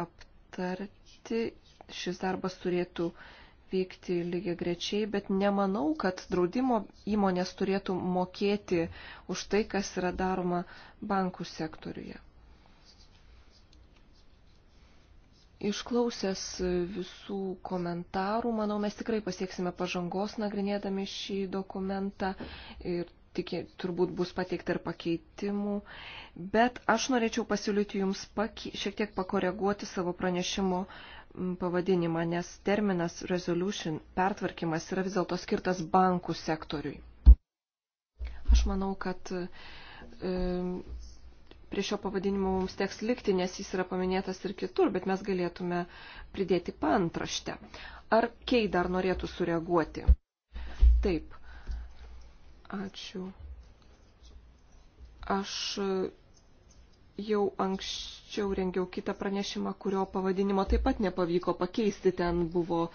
aptarti. Šis darbas turėtų vykti lygiai grečiai, bet nemanau, kad draudimo įmonės turėtų mokėti už tai, kas yra daroma bankų sektoriuje. Išklausęs visų komentarų, manau, mes tikrai pasieksime pažangos nagrinėdami šį dokumentą ir tik, turbūt bus pateikta ir pakeitimų. Bet aš norėčiau pasiūlyti Jums pake, šiek tiek pakoreguoti savo pranešimo pavadinimą, nes terminas resolution pertvarkymas yra vis dėlto skirtas bankų sektoriui. Aš manau, kad. E, prie šio pavadinimo mums teks likti, nes jis yra paminėtas ir kitur, bet mes galėtume pridėti pantraštę. Ar Kei dar norėtų sureaguoti? Taip. Ačiū. Aš jau anksčiau rengiau kitą pranešimą, kurio pavadinimo taip pat nepavyko pakeisti. Ten buvo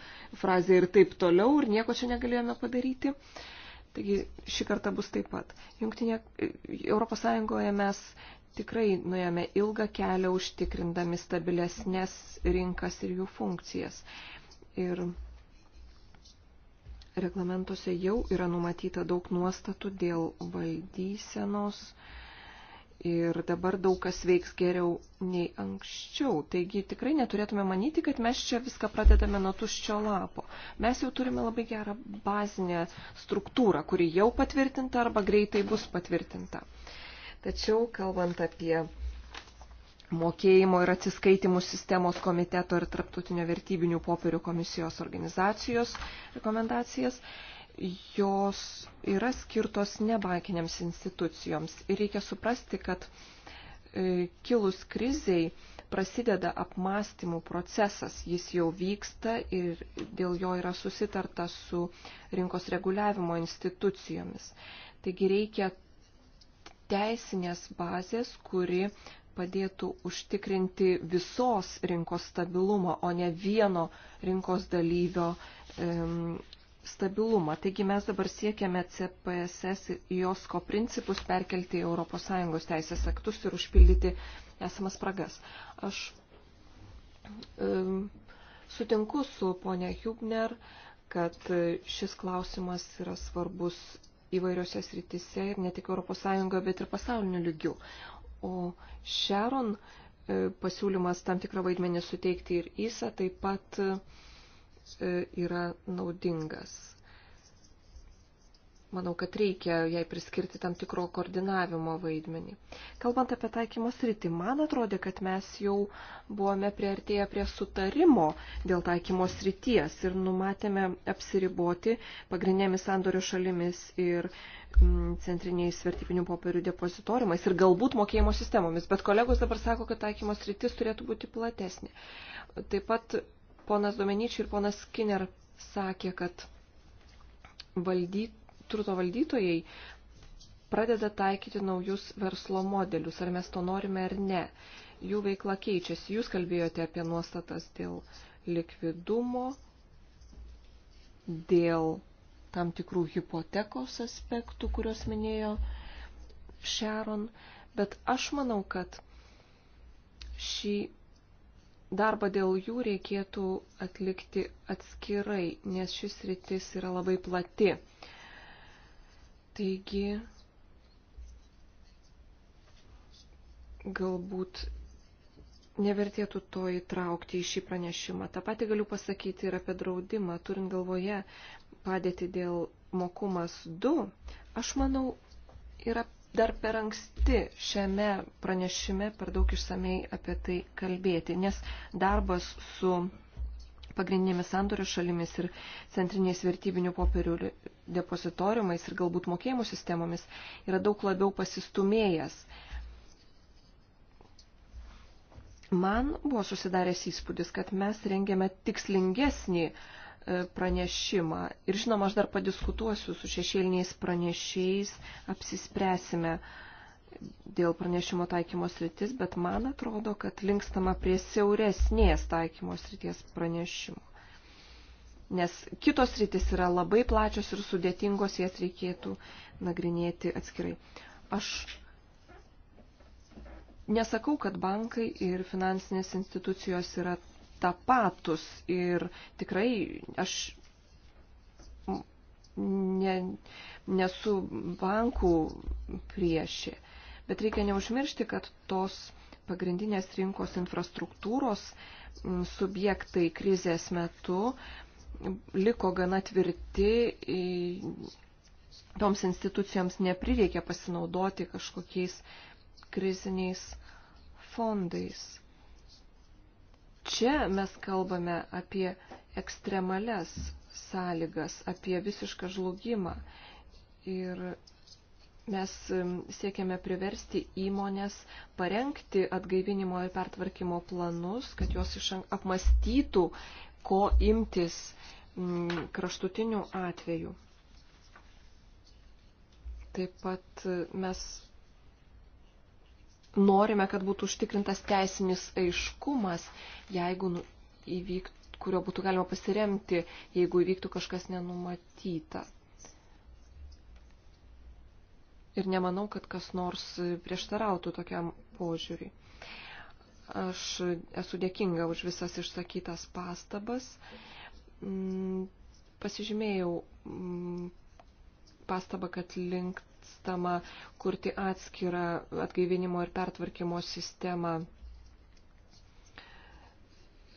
frazė ir taip toliau ir nieko čia negalėjome padaryti. Taigi šį kartą bus taip pat. Jungtinė, Europos Sąjungoje mes tikrai nuėjome ilgą kelią užtikrindami stabilesnės rinkas ir jų funkcijas. Ir reglamentuose jau yra numatyta daug nuostatų dėl valdysenos ir dabar daug kas veiks geriau nei anksčiau. Taigi tikrai neturėtume manyti, kad mes čia viską pradedame nuo tuščio lapo. Mes jau turime labai gerą bazinę struktūrą, kuri jau patvirtinta arba greitai bus patvirtinta. Tačiau, kalbant apie mokėjimo ir atsiskaitimų sistemos komiteto ir traptutinio vertybinių popierių komisijos organizacijos rekomendacijas, jos yra skirtos nebankiniams institucijoms. Ir reikia suprasti, kad e, kilus kriziai prasideda apmąstymų procesas, jis jau vyksta ir dėl jo yra susitarta su rinkos reguliavimo institucijomis. Taigi reikia teisinės bazės, kuri padėtų užtikrinti visos rinkos stabilumą, o ne vieno rinkos dalyvio um, stabilumą. Taigi mes dabar siekiame CPSS ir JOSKO principus perkelti į ES teisės aktus ir užpildyti esamas spragas. Aš um, sutinku su ponia Hubner, kad šis klausimas yra svarbus įvairiose sritise ir ne tik ES, bet ir pasauliniu lygiu. O Sharon e, pasiūlymas tam tikrą vaidmenį suteikti ir ISA taip pat e, yra naudingas manau, kad reikia jai priskirti tam tikro koordinavimo vaidmenį. Kalbant apie taikymo sritį, man atrodė, kad mes jau buvome prieartėję prie sutarimo dėl taikymo srities ir numatėme apsiriboti pagrindinėmis sandorio šalimis ir mm, centriniais vertybinių popierių depozitorimais ir galbūt mokėjimo sistemomis, bet kolegos dabar sako, kad taikymo sritis turėtų būti platesnė. Taip pat ponas Domeničiai ir ponas Skinner sakė, kad valdyt turto valdytojai pradeda taikyti naujus verslo modelius, ar mes to norime ar ne. Jų veikla keičiasi. Jūs kalbėjote apie nuostatas dėl likvidumo, dėl tam tikrų hipotekos aspektų, kuriuos minėjo Sharon, bet aš manau, kad šį darbą dėl jų reikėtų atlikti atskirai, nes šis rytis yra labai plati. Taigi, galbūt nevertėtų to įtraukti į šį pranešimą. Ta pati galiu pasakyti ir apie draudimą, turint galvoje padėti dėl mokumas 2. Aš manau, yra dar per anksti šiame pranešime per daug išsamei apie tai kalbėti, nes darbas su pagrindinėmis sandorių šalimis ir centriniais vertybinių popierių depozitoriumais ir galbūt mokėjimų sistemomis yra daug labiau pasistumėjęs. Man buvo susidaręs įspūdis, kad mes rengiame tikslingesnį e, pranešimą. Ir žinoma, aš dar padiskutuosiu su šešėliniais pranešiais, apsispręsime, uh, dėl pranešimo taikymo sritis, bet man atrodo, kad linkstama prie siauresnės taikymo srities pranešimo. Nes kitos rytis yra labai plačios ir sudėtingos, jas reikėtų nagrinėti atskirai. Aš nesakau, kad bankai ir finansinės institucijos yra tapatus ir tikrai aš ne, nesu bankų priešė. Bet reikia neužmiršti, kad tos pagrindinės rinkos infrastruktūros subjektai krizės metu liko gana tvirti, toms institucijoms neprireikė pasinaudoti kažkokiais kriziniais fondais. Čia mes kalbame apie ekstremales sąlygas, apie visišką žlugimą. Ir mes siekiame priversti įmonės parengti atgaivinimo ir pertvarkymo planus, kad jos iš apmastytų, ko imtis kraštutinių atvejų. Taip pat e, mes norime, kad būtų užtikrintas teisinis aiškumas, jeigu nu, įvyktų kurio būtų galima pasiremti, jeigu įvyktų kažkas nenumatyta ir nemanau, kad kas nors prieštarautų tokiam požiūriui. Aš esu dėkinga už visas išsakytas pastabas. Mm, pasižymėjau mm, pastabą, kad linkstama kurti atskirą atgaivinimo ir pertvarkymo sistemą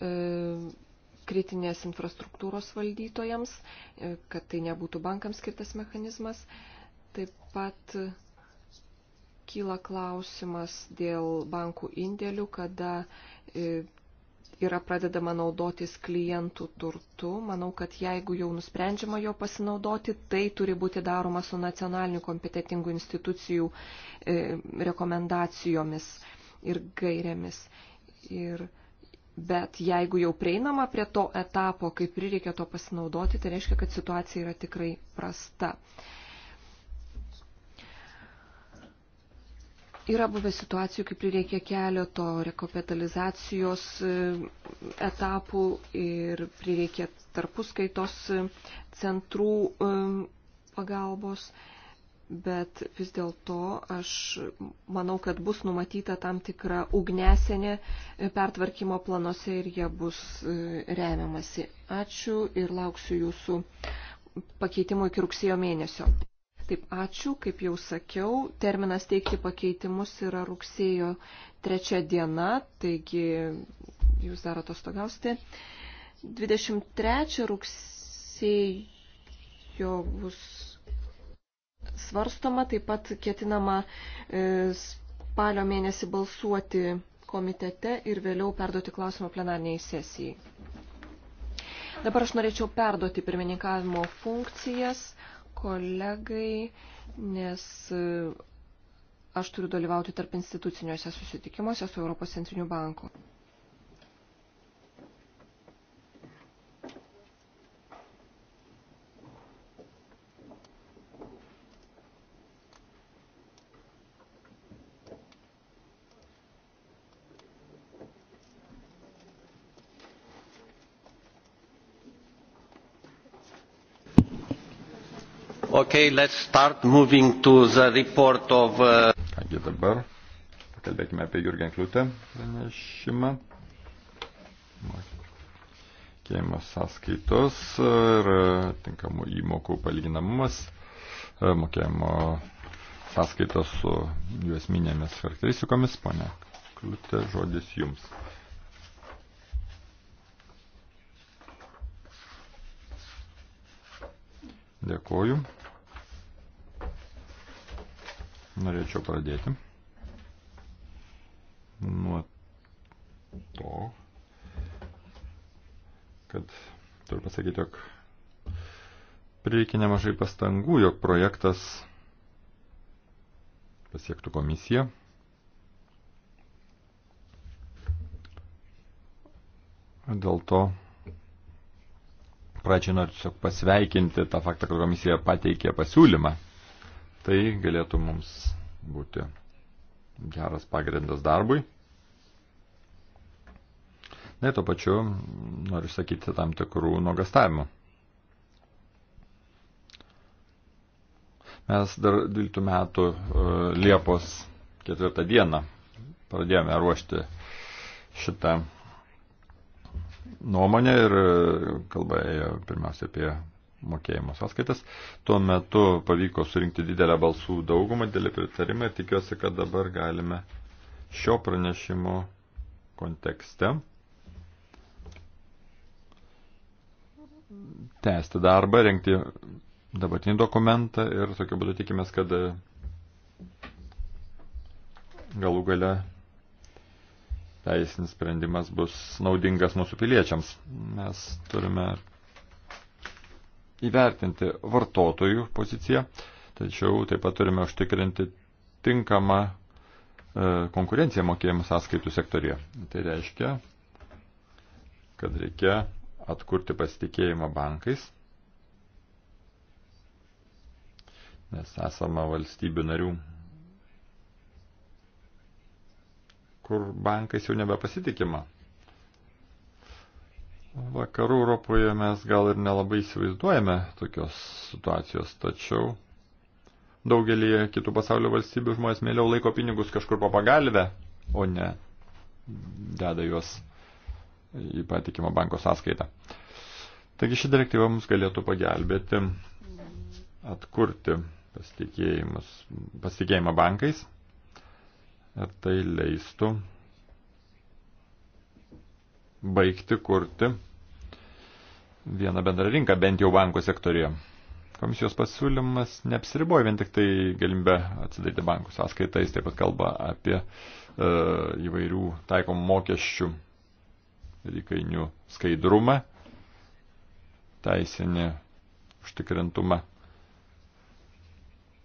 e, kritinės infrastruktūros valdytojams, e, kad tai nebūtų bankams skirtas mechanizmas. Taip pat kyla klausimas dėl bankų indėlių, kada e, yra pradedama naudotis klientų turtu. Manau, kad jeigu jau nusprendžiama jo pasinaudoti, tai turi būti daroma su nacionaliniu kompetitingu institucijų e, rekomendacijomis ir gairėmis. Ir Bet jeigu jau prieinama prie to etapo, kai prireikia to pasinaudoti, tai reiškia, kad situacija yra tikrai prasta. Uh, Yra buvę situacijų, kai prireikė keleto rekapitalizacijos e, etapų ir prireikė tarpuskaitos e, centrų e, pagalbos, bet vis dėlto aš manau, kad bus numatyta tam tikra ugnesenė pertvarkymo planuose ir jie bus remiamasi. Ačiū ir lauksiu jūsų pakeitimų iki rugsėjo mėnesio. Taip, ačiū, kaip jau sakiau, terminas teikti pakeitimus yra rugsėjo trečia diena, taigi jūs dar atostogausite. 23 rugsėjo bus svarstoma, taip pat ketinama e, spalio mėnesį balsuoti komitete ir vėliau perduoti klausimą plenarniai sesijai. Dabar aš norėčiau perduoti pirmininkavimo funkcijas kolegai, nes e, aš turiu dalyvauti tarp instituciniuose susitikimuose su Europos centriniu banku. Okay, let's start moving to the report of... Kągi uh, dabar, pakalbėkime apie Jurgen Kliūtę pranešimą. Mokėjimas sąskaitos ir e, tinkamų įmokų palyginamumas. E, mokėjimo sąskaitos su jų esminėmis charakteristikomis. Pone Kliūtė, žodis jums. Dėkoju. Norėčiau pradėti nuo to, kad turiu pasakyti, jog prireikia nemažai pastangų, jog projektas pasiektų komisiją. Dėl to pradžiai noriu tiesiog pasveikinti tą faktą, kad komisija pateikė pasiūlymą Tai galėtų mums būti geras pagrindas darbui. Na ir to pačiu noriu sakyti tam tikrų nuogastavimų. Mes dar 12 metų e, Liepos 4 dieną pradėjome ruošti šitą nuomonę ir e, kalba ėjo pirmiausia apie mokėjimo sąskaitas. Tuo metu pavyko surinkti didelę balsų daugumą, didelį pritarimą ir tikiuosi, kad dabar galime šio pranešimo kontekste tęsti darbą, renkti dabartinį dokumentą ir tokiu būdu tikimės, kad galų gale teisinis sprendimas bus naudingas mūsų piliečiams. Mes turime įvertinti vartotojų poziciją, tačiau taip pat turime užtikrinti tinkamą e, konkurenciją mokėjimų sąskaitų sektorija. Tai reiškia, kad reikia atkurti pasitikėjimą bankais, nes esama valstybių narių, kur bankais jau nebepasitikima. Vakarų Europoje mes gal ir nelabai įsivaizduojame tokios situacijos, tačiau daugelį kitų pasaulio valstybių žmonės mėliau laiko pinigus kažkur papagalvę, o ne deda juos į patikimą banko sąskaitą. Taigi ši direktyva mums galėtų pagelbėti atkurti pasitikėjimą bankais ir tai leistų baigti kurti vieną bendrą rinką, bent jau bankų sektorijoje. Komisijos pasiūlymas neapsiriboja vien tik tai galimybę atsidaryti bankų sąskaitą, jis taip pat kalba apie e, įvairių taikomų mokesčių ir įkainių skaidrumą, teisinį užtikrintumą.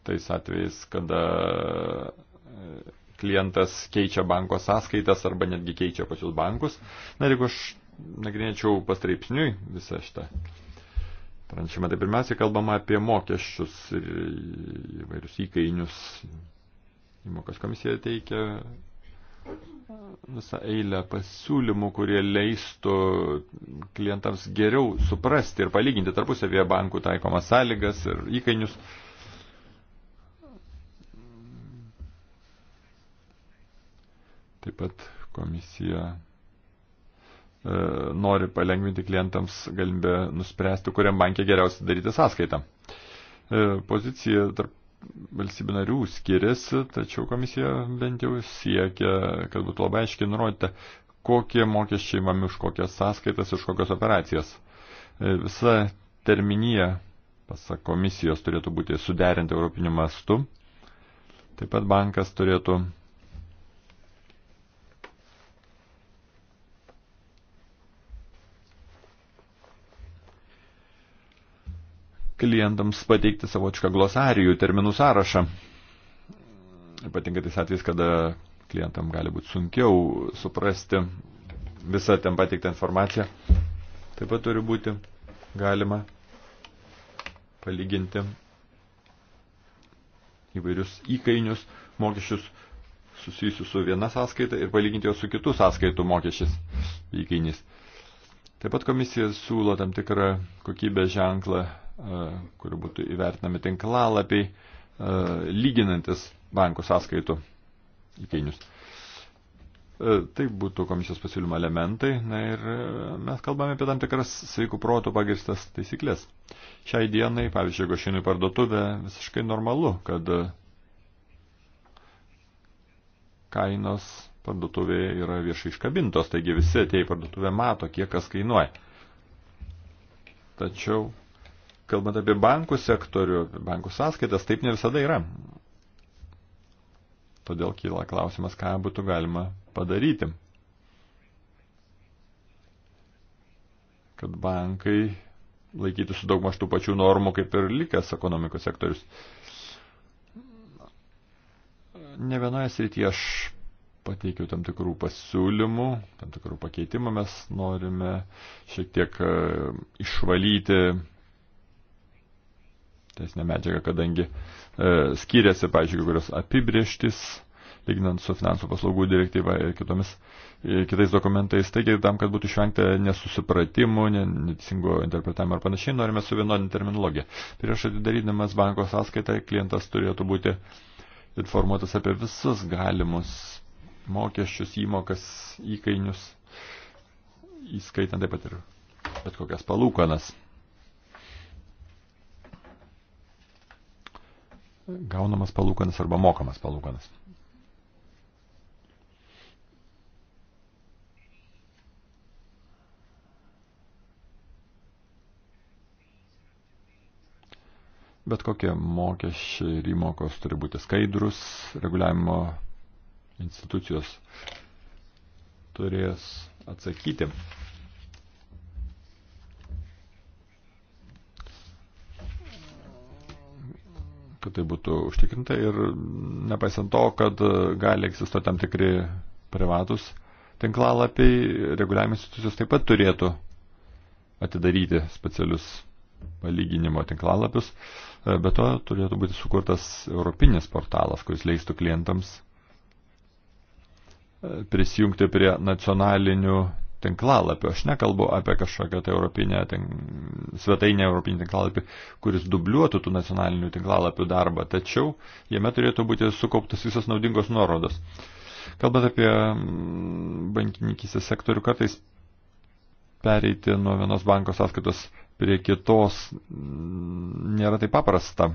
Tais atvejais, kada e, klientas keičia banko sąskaitas arba netgi keičia pačius bankus. Na ir jeigu aš nagrinėčiau pastraipsniui visą šitą pranešimą. Tai pirmiausia, kalbama apie mokesčius ir įvairius įkainius. Įmokas komisija teikia visą eilę pasiūlymų, kurie leistų klientams geriau suprasti ir palyginti tarpusavėje bankų taikomas sąlygas ir įkainius. Taip pat komisija E, nori palengvinti klientams galimybę nuspręsti, kuriam bankė geriausiai daryti sąskaitą. E, pozicija tarp valstybių narių skiriasi, tačiau komisija bent jau siekia, kad būtų labai aiškiai nurodyta, kokie mokesčiai mami už kokias sąskaitas, už kokias operacijas. E, visa terminija, pasak komisijos, turėtų būti suderinti europiniu mastu. Taip pat bankas turėtų klientams pateikti savočią glosarijų terminų sąrašą. Ypatingai tais atvejais, kada klientam gali būti sunkiau suprasti visą ten pateiktą informaciją. Taip pat turi būti galima palyginti įvairius įkainius, mokesčius susijusius su viena sąskaita ir palyginti juos su kitų sąskaitų mokesčiais įkainis. Taip pat komisija siūlo tam tikrą kokybės ženklą E, kur būtų įvertinami tinklalapiai, e, lyginantis bankų sąskaitų įkainius. E, tai būtų komisijos pasiūlymo elementai. Na ir mes kalbame apie tam tikras sveikų protų pagirstas taisyklės. Šiai dienai, pavyzdžiui, jeigu aš einu į parduotuvę, visiškai normalu, kad kainos parduotuvėje yra viešai iškabintos, taigi visi atėję į parduotuvę mato, kiek kas kainuoja. Tačiau kalbant apie bankų sektorių, bankų sąskaitas, taip ne visada yra. Todėl kyla klausimas, ką būtų galima padaryti. Kad bankai laikytųsi daug maž tų pačių normų, kaip ir likęs ekonomikos sektorius. Ne vienoje srityje aš pateikiau tam tikrų pasiūlymų, tam tikrų pakeitimų, mes norime šiek tiek e, išvalyti teisinę medžiagą, kadangi e, skiriasi, pažiūrėjau, kurios apibrieštis, lyginant su finansų paslaugų direktyva ir kitomis, ir e, kitais dokumentais. Taigi, tam, kad būtų išvengta nesusipratimų, neteisingo interpretavimo ar panašiai, norime suvienodinti terminologiją. Prieš atidarydamas banko sąskaitą, klientas turėtų būti informuotas apie visus galimus mokesčius, įmokas, įkainius, įskaitant taip pat ir bet kokias palūkanas. gaunamas palūkanas arba mokamas palūkanas. Bet kokie mokesčiai ir įmokos turi būti skaidrus, reguliavimo institucijos turės atsakyti kad tai būtų užtikrinta ir nepaisant to, kad gali egzistuoti tam tikri privatus tinklalapiai, reguliavimo institucijos taip pat turėtų atidaryti specialius palyginimo tinklalapius, bet to turėtų būti sukurtas europinis portalas, kuris leistų klientams prisijungti prie nacionalinių tinklalapio. Aš nekalbu apie kažkokią tai europinę ten, svetainę, europinį tinklalapį, kuris dubliuotų tų nacionalinių tinklalapių darbą, tačiau jame turėtų būti sukauptas visas naudingos nuorodos. Kalbant apie mm, bankininkysės sektorių, kartais pereiti nuo vienos banko sąskaitos prie kitos mm, nėra taip paprasta.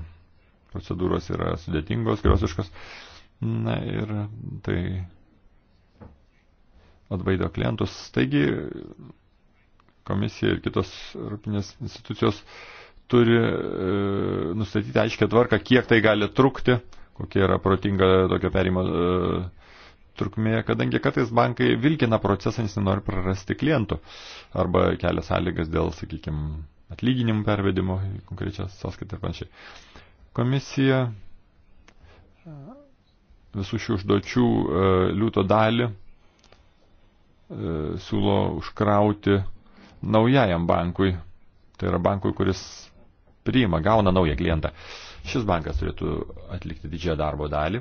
Procedūros yra sudėtingos, griosiškos. Na ir tai atbaido klientus. Taigi komisija ir kitos europinės institucijos turi e, nustatyti aiškę tvarką, kiek tai gali trukti, kokia yra protinga tokio perimo e, trukmė, kadangi kartais bankai vilkina procesą, nes nenori prarasti klientų arba kelia sąlygas dėl, sakykime, atlyginimų pervedimo į konkrečią sąskaitą ir panašiai. Komisija visų šių užduočių e, liūto dalį E, siūlo užkrauti naujajam bankui. Tai yra bankui, kuris priima, gauna naują klientą. Šis bankas turėtų atlikti didžiąją darbo dalį.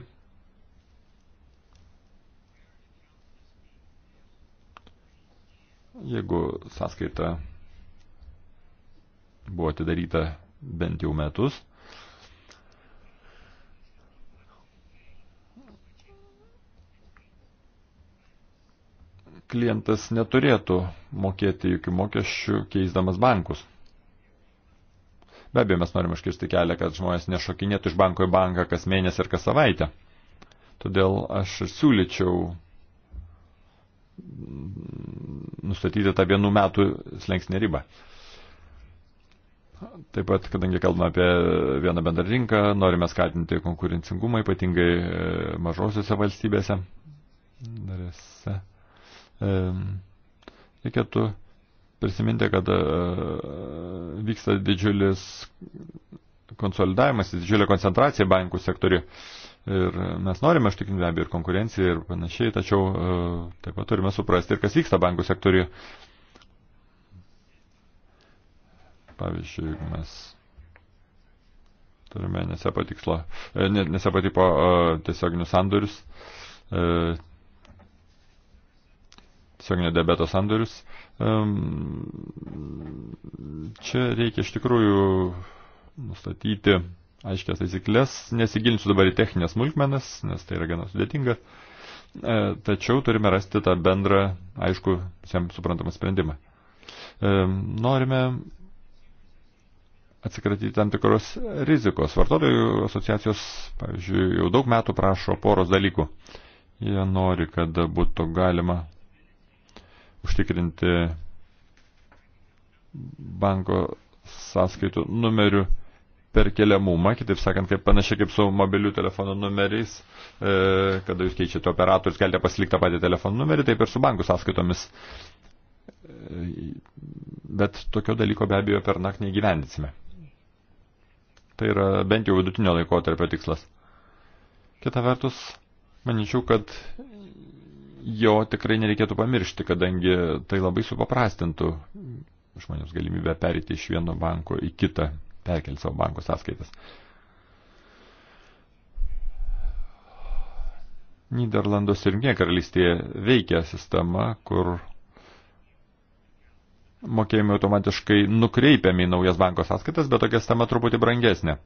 Jeigu sąskaita buvo atidaryta bent jau metus, klientas neturėtų mokėti jokių mokesčių keisdamas bankus. Be abejo, mes norime iškirsti kelią, kad žmonės nešokinėtų iš banko į banką kas mėnesį ir kas savaitę. Todėl aš siūlyčiau nustatyti tą vienų metų slengsnį ribą. Taip pat, kadangi kalbame apie vieną bendrą rinką, norime skatinti konkurencingumą, ypatingai e, mažosiuose valstybėse. Narėse. Reikėtų prisiminti, kad e, vyksta didžiulis konsolidavimas, didžiulė koncentracija bankų sektoriuje. Ir mes norime užtikrinti be abejo ir konkurenciją ir panašiai, tačiau e, taip pat turime suprasti ir kas vyksta bankų sektoriuje. Pavyzdžiui, jeigu mes turime nesepatikslo, e, nesepatipo tiesioginius sandorius, cukrinio diabeto sandorius. Čia reikia iš tikrųjų nustatyti aiškias taisyklės. Nesigilinsiu dabar į techninės smulkmenas, nes tai yra gana sudėtinga. E, tačiau turime rasti tą bendrą, aišku, visiems suprantamą sprendimą. E, norime atsikratyti tam tikros rizikos. Vartotojų asociacijos, pavyzdžiui, jau daug metų prašo poros dalykų. Jie nori, kad būtų galima užtikrinti banko sąskaitų numerių perkeliamumą, kitaip sakant, kaip panašiai kaip su mobilių telefonų numeriais, e, kada jūs keičiate operatorius, galite pasilikti tą patį telefonų numerį, taip ir su bankų sąskaitomis. E, bet tokio dalyko be abejo per naktį neįgyvendysime. Tai yra bent jau vidutinio laiko tarp tikslas. Kita vertus, manyčiau, kad jo tikrai nereikėtų pamiršti, kadangi tai labai supaprastintų žmonėms galimybę perėti iš vieno banko į kitą, perkelti savo banko sąskaitas. Niderlandos ir Mie karalystėje veikia sistema, kur mokėjimai automatiškai nukreipiami į naujas banko sąskaitas, bet tokia sistema truputį brangesnė.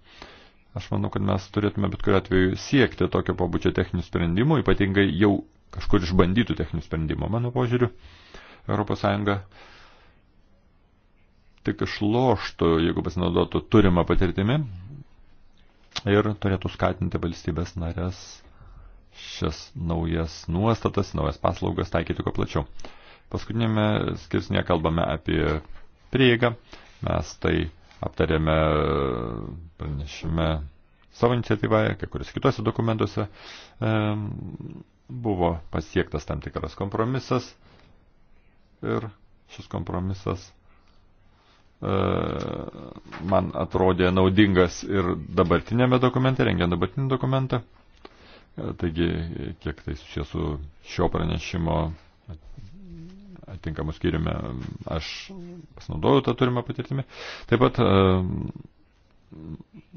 Aš manau, kad mes turėtume bet kuriu atveju siekti tokio pabučio techninių sprendimų, ypatingai jau kažkur išbandytų techninių sprendimų. Mano požiūriu, ES tik išloštų, jeigu pasinaudotų turimą patirtimį ir turėtų skatinti valstybės narės šias naujas nuostatas, naujas paslaugas taikyti kuo plačiau. Paskutinėme skirsnėje kalbame apie prieigą. Mes tai aptarėme pranešime savo iniciatyvoje, kai kuriuose kitose dokumentuose buvo pasiektas tam tikras kompromisas ir šis kompromisas e, man atrodė naudingas ir dabartinėme dokumente, rengiant dabartinį dokumentą. E, taigi, kiek tai susijęs su šio pranešimo atinkamus skyriumi, aš pasinaudoju tą turimą patirtimį. Taip pat e,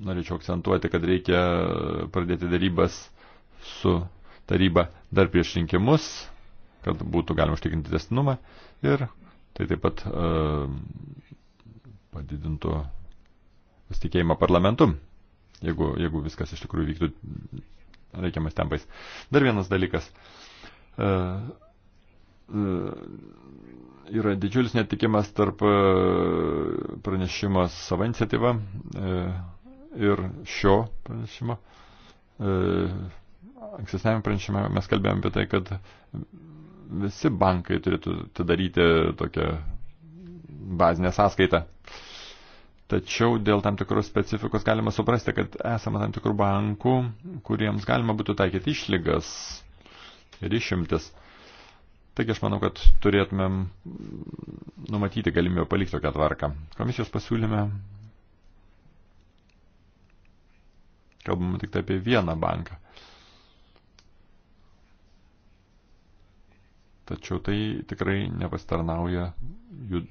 norėčiau akcentuoti, kad reikia pradėti darybas su tarybą dar prieš rinkimus, kad būtų galima užtikrinti testinumą ir tai taip pat e, padidintų pasitikėjimą parlamentu, jeigu, jeigu viskas iš tikrųjų vyktų reikiamais tempais. Dar vienas dalykas. E, e, yra didžiulis netikimas tarp e, pranešimo savo iniciatyva e, ir šio pranešimo. E, ankstesnėme pranešime mes kalbėjome apie tai, kad visi bankai turėtų atidaryti tokią bazinę sąskaitą. Tačiau dėl tam tikros specifikos galima suprasti, kad esama tam tikrų bankų, kuriems galima būtų taikyti išlygas ir išimtis. Taigi aš manau, kad turėtumėm numatyti galimybę palikti tokią tvarką. Komisijos pasiūlyme kalbama tik tai apie vieną banką. tačiau tai tikrai nepastarnauja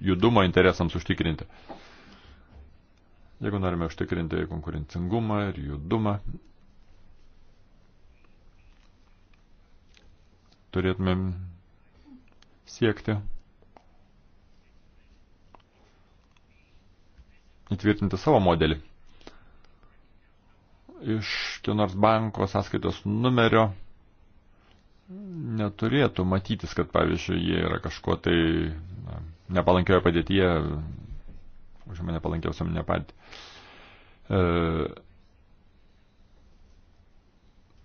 judumo interesams užtikrinti. Jeigu norime užtikrinti konkurencingumą ir judumą, turėtumėm siekti įtvirtinti savo modelį. Iš kieno nors banko sąskaitos numerio neturėtų matytis, kad, pavyzdžiui, jie yra kažko tai na, nepalankioje padėtyje, užima nepalankiausiam nepadėti. E,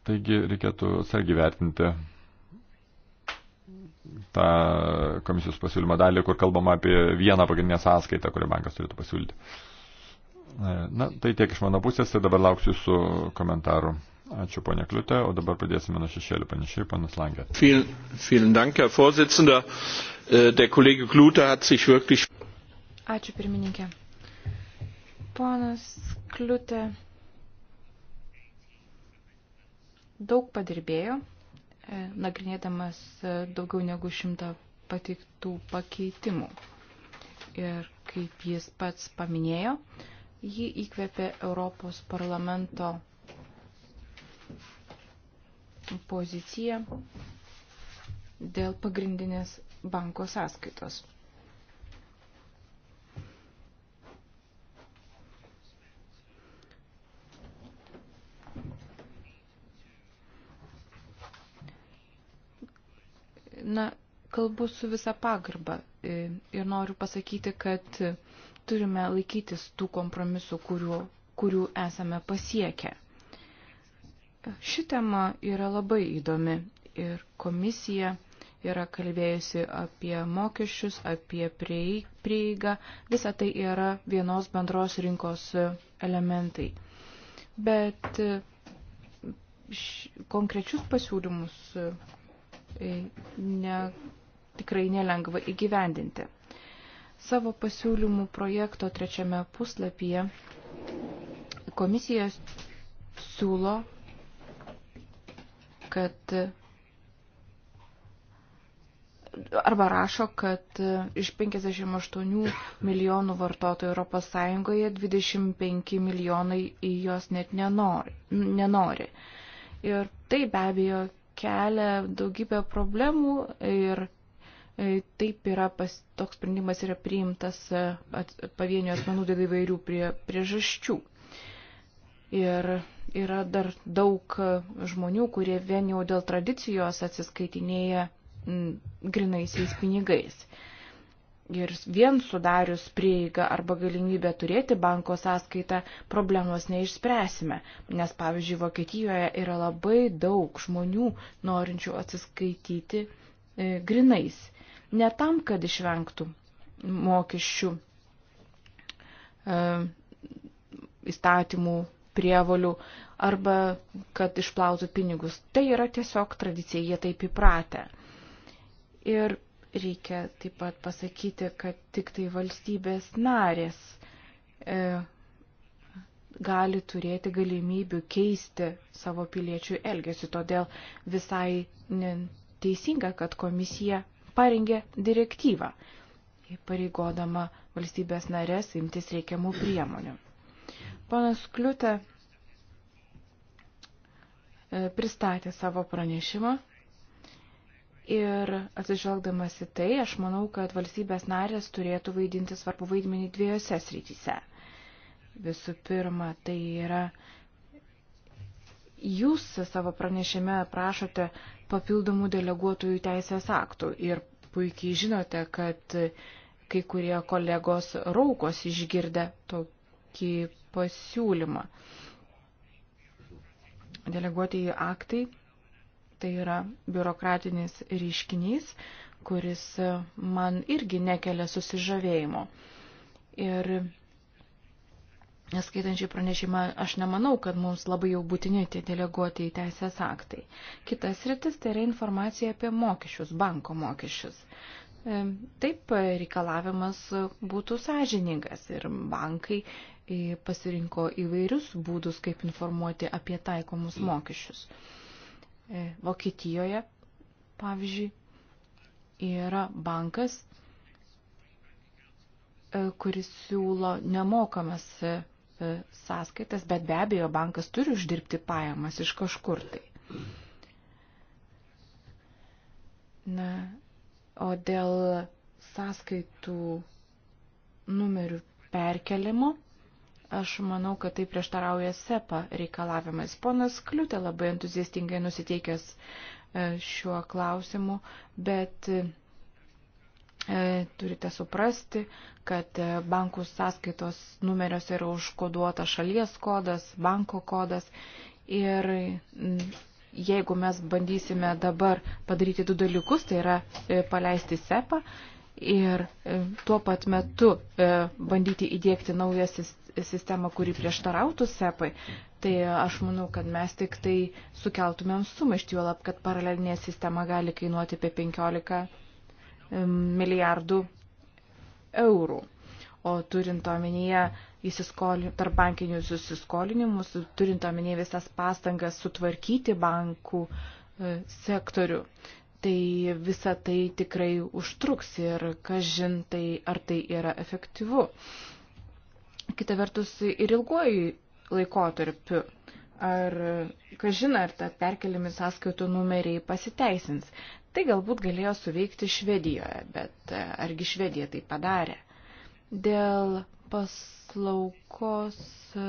taigi reikėtų atsargiai vertinti tą komisijos pasiūlymą dalį, kur kalbama apie vieną pagrindinę sąskaitą, kurią bankas turėtų pasiūlyti. E, na, tai tiek iš mano pusės ir tai dabar lauksiu su komentaru. Ačiū, ponia Kliutė, o dabar pradėsime nuo šešėlių panašiai, panas Langė. Vielen, vielen Dank, Herr Vorsitzender. Äh, der Kollege Klute hat sich wirklich. Ačiū, pirmininkė. Ponas Kliutė daug padirbėjo, e, nagrinėdamas e, daugiau negu šimtą pateiktų pakeitimų. Ir kaip jis pats paminėjo, jį įkvėpė Europos parlamento poziciją dėl pagrindinės banko sąskaitos. Na, kalbu su visa pagarba e, ir noriu pasakyti, kad turime laikytis tų kompromisų, kurių, kurių esame pasiekę. Ši tema yra labai įdomi ir komisija yra kalbėjusi apie mokesčius, apie prieigą. Visa tai yra vienos bendros rinkos elementai. Bet konkrečius pasiūlymus e, ne, tikrai nelengva įgyvendinti. Savo pasiūlymų projekto trečiame puslapyje komisija siūlo kad arba rašo, kad iš 58 milijonų vartotojų ES 25 milijonai į jos net nenori. nenori. Ir tai be abejo kelia daugybę problemų ir e, taip yra pas, toks sprendimas yra priimtas e, pavienio asmenų dėl įvairių prie, priežasčių. Prie Ir yra dar daug žmonių, kurie vien jau dėl tradicijos atsiskaitinėja mm, grinaisiais pinigais. Ir vien sudarius prieigą arba galimybę turėti banko sąskaitą problemos neišspręsime, nes pavyzdžiui, Vokietijoje yra labai daug žmonių norinčių atsiskaityti e, grinais. Ne tam, kad išvengtų mokesčių e, įstatymų prievolių arba kad išplautų pinigus. Tai yra tiesiog tradicija, jie taip įpratę. Ir reikia taip pat pasakyti, kad tik tai valstybės narės e, gali turėti galimybių keisti savo piliečių elgesį. Todėl visai teisinga, kad komisija parengė direktyvą, pareigodama valstybės narės imtis reikiamų priemonių. Panas Kliutė e, pristatė savo pranešimą ir atsižvelgdamas į tai, aš manau, kad valstybės narės turėtų vaidinti svarbu vaidmenį dviejose srityse. Visų pirma, tai yra jūs savo pranešime prašote papildomų deleguotojų teisės aktų ir puikiai žinote, kad kai kurie kolegos raukos išgirdę to, tokį pasiūlymą. Deleguotieji aktai tai yra biurokratinis ryškinys, kuris man irgi nekelia susižavėjimo. Ir skaitant šį pranešimą, aš nemanau, kad mums labai jau būtini tie deleguoti į teisės aktai. Kitas rytis tai yra informacija apie mokesčius, banko mokesčius. Taip, reikalavimas būtų sąžiningas ir bankai pasirinko įvairius būdus, kaip informuoti apie taikomus mokesčius. E, Vokietijoje, pavyzdžiui, yra bankas, e, kuris siūlo nemokamas e, sąskaitas, bet be abejo bankas turi uždirbti pajamas iš kažkur tai. Na, o dėl sąskaitų numerių perkelimo Aš manau, kad tai prieštarauja SEPA reikalavimais. Ponas Kliūtė labai entuziastingai nusiteikęs e, šiuo klausimu, bet e, e, turite suprasti, kad bankų sąskaitos numerios yra užkoduota šalies kodas, banko kodas ir jeigu mes bandysime dabar padaryti du dalykus, tai yra paleisti SEPA ir tuo pat metu bandyti įdėkti naują sistemą, kuri prieštarautų SEPai, tai aš manau, kad mes tik tai sukeltumėm sumaištį, juolab, kad paralelinė sistema gali kainuoti apie 15 milijardų eurų. O turint omenyje tarp bankinius įsiskolinimus, turint omenyje visas pastangas sutvarkyti bankų e, sektorių, tai visa tai tikrai užtruks ir kažin tai, ar tai yra efektyvu kita vertus ir ilguoju laikotarpiu. Ar kažina, ar ta perkeliami sąskaitų numeriai pasiteisins. Tai galbūt galėjo suveikti Švedijoje, bet e, argi Švedija tai padarė? Dėl paslaukos e,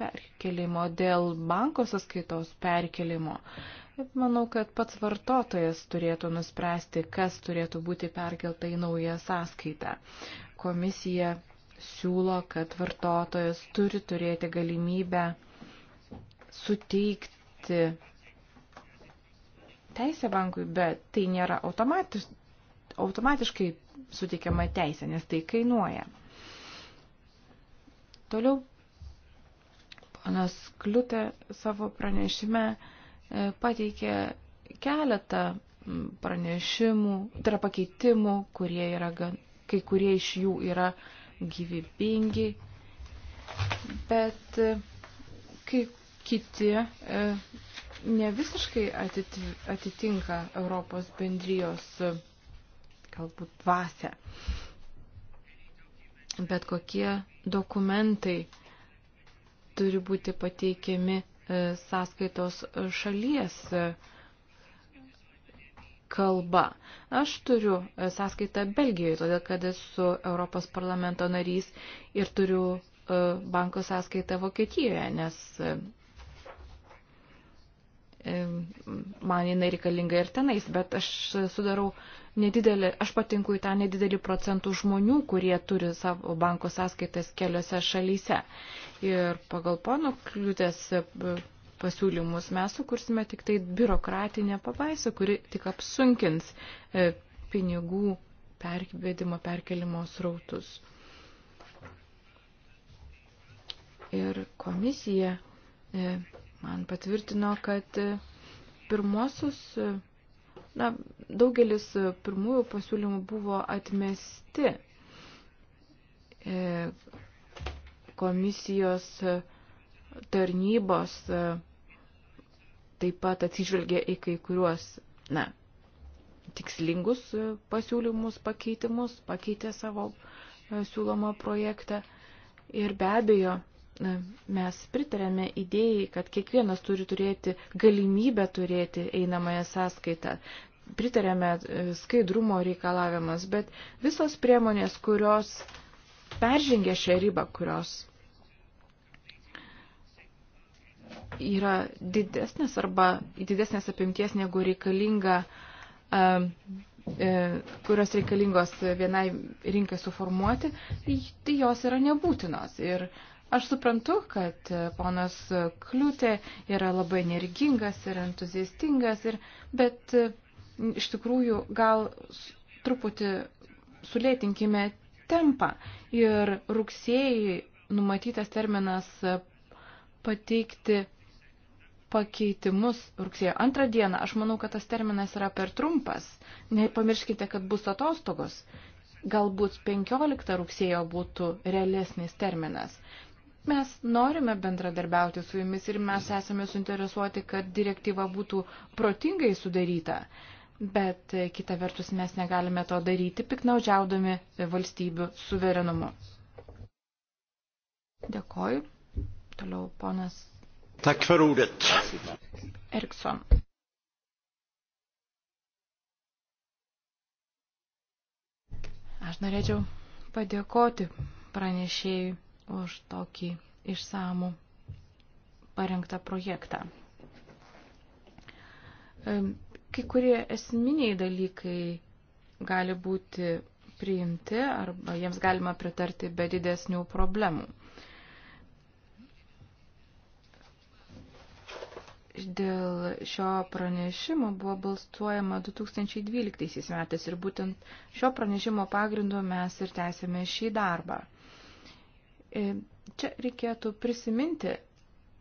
perkelimo, dėl banko sąskaitos perkelimo. Manau, kad pats vartotojas turėtų nuspręsti, kas turėtų būti perkelta į naują sąskaitą. Komisija siūlo, kad vartotojas turi turėti galimybę suteikti teisę bankui, bet tai nėra automatiš, automatiškai suteikiama teisė, nes tai kainuoja. Toliau Ponas Kliutė savo pranešime e, pateikė keletą pranešimų, tai yra pakeitimų, kurie yra gan, kai kurie iš jų yra gyvybingi, bet e, kai kiti e, ne visiškai atitinka Europos bendrijos e, galbūt dvasę. Bet kokie dokumentai turi būti pateikiami sąskaitos šalies kalba. Aš turiu e, sąskaitą Belgijoje, todėl kad esu Europos parlamento narys ir turiu e, banko sąskaitą Vokietijoje, nes e, man jinai reikalinga ir tenais, bet aš sudarau nedidelį, aš patinku į tą nedidelį procentų žmonių, kurie turi savo banko sąskaitas keliose šalyse. Ir pagal pono kliūtės pasiūlymus. Mes sukursime tik tai biurokratinę pabaisą, kuri tik apsunkins e, pinigų pervedimo, perkelimo srautus. Ir komisija e, man patvirtino, kad e, pirmosius, na, daugelis pirmųjų pasiūlymų buvo atmesti komisijos tarnybos taip pat atsižvelgia į kai kuriuos, na, tikslingus e, pasiūlymus, pakeitimus, pakeitė savo e, siūlomą projektą. Ir be abejo, e, mes pritarėme idėjai, kad kiekvienas turi turėti galimybę turėti einamąją sąskaitą. Pritarėme skaidrumo reikalavimas, bet visos priemonės, kurios peržengia šią ribą, kurios yra didesnės arba didesnės apimties negu reikalinga, e, kurios reikalingos vienai rinkai suformuoti, tai, tai jos yra nebūtinos. Ir Aš suprantu, kad e, ponas Kliūtė yra labai energingas ir entuziastingas, ir, bet e, iš tikrųjų gal truputį sulėtinkime tempą. Ir rugsėjai numatytas terminas pateikti pakeitimus rugsėjo antrą dieną. Aš manau, kad tas terminas yra per trumpas. Nepamirškite, kad bus atostogos. Galbūt 15 rugsėjo būtų realesnis terminas. Mes norime bendradarbiauti su jumis ir mes esame suinteresuoti, kad direktyva būtų protingai sudaryta. Bet e, kita vertus mes negalime to daryti, piknaudžiaudami valstybių suverenumu. Dėkoju. Toliau ponas Tack för ordet. Eriksson. Aš norėčiau padėkoti pranešėjui už tokį išsamų parengtą projektą. Kai kurie esminiai dalykai gali būti priimti arba jiems galima pritarti be didesnių problemų. dėl šio pranešimo buvo balstuojama 2012 metais ir būtent šio pranešimo pagrindu mes ir tęsėme šį darbą. E, čia reikėtų prisiminti,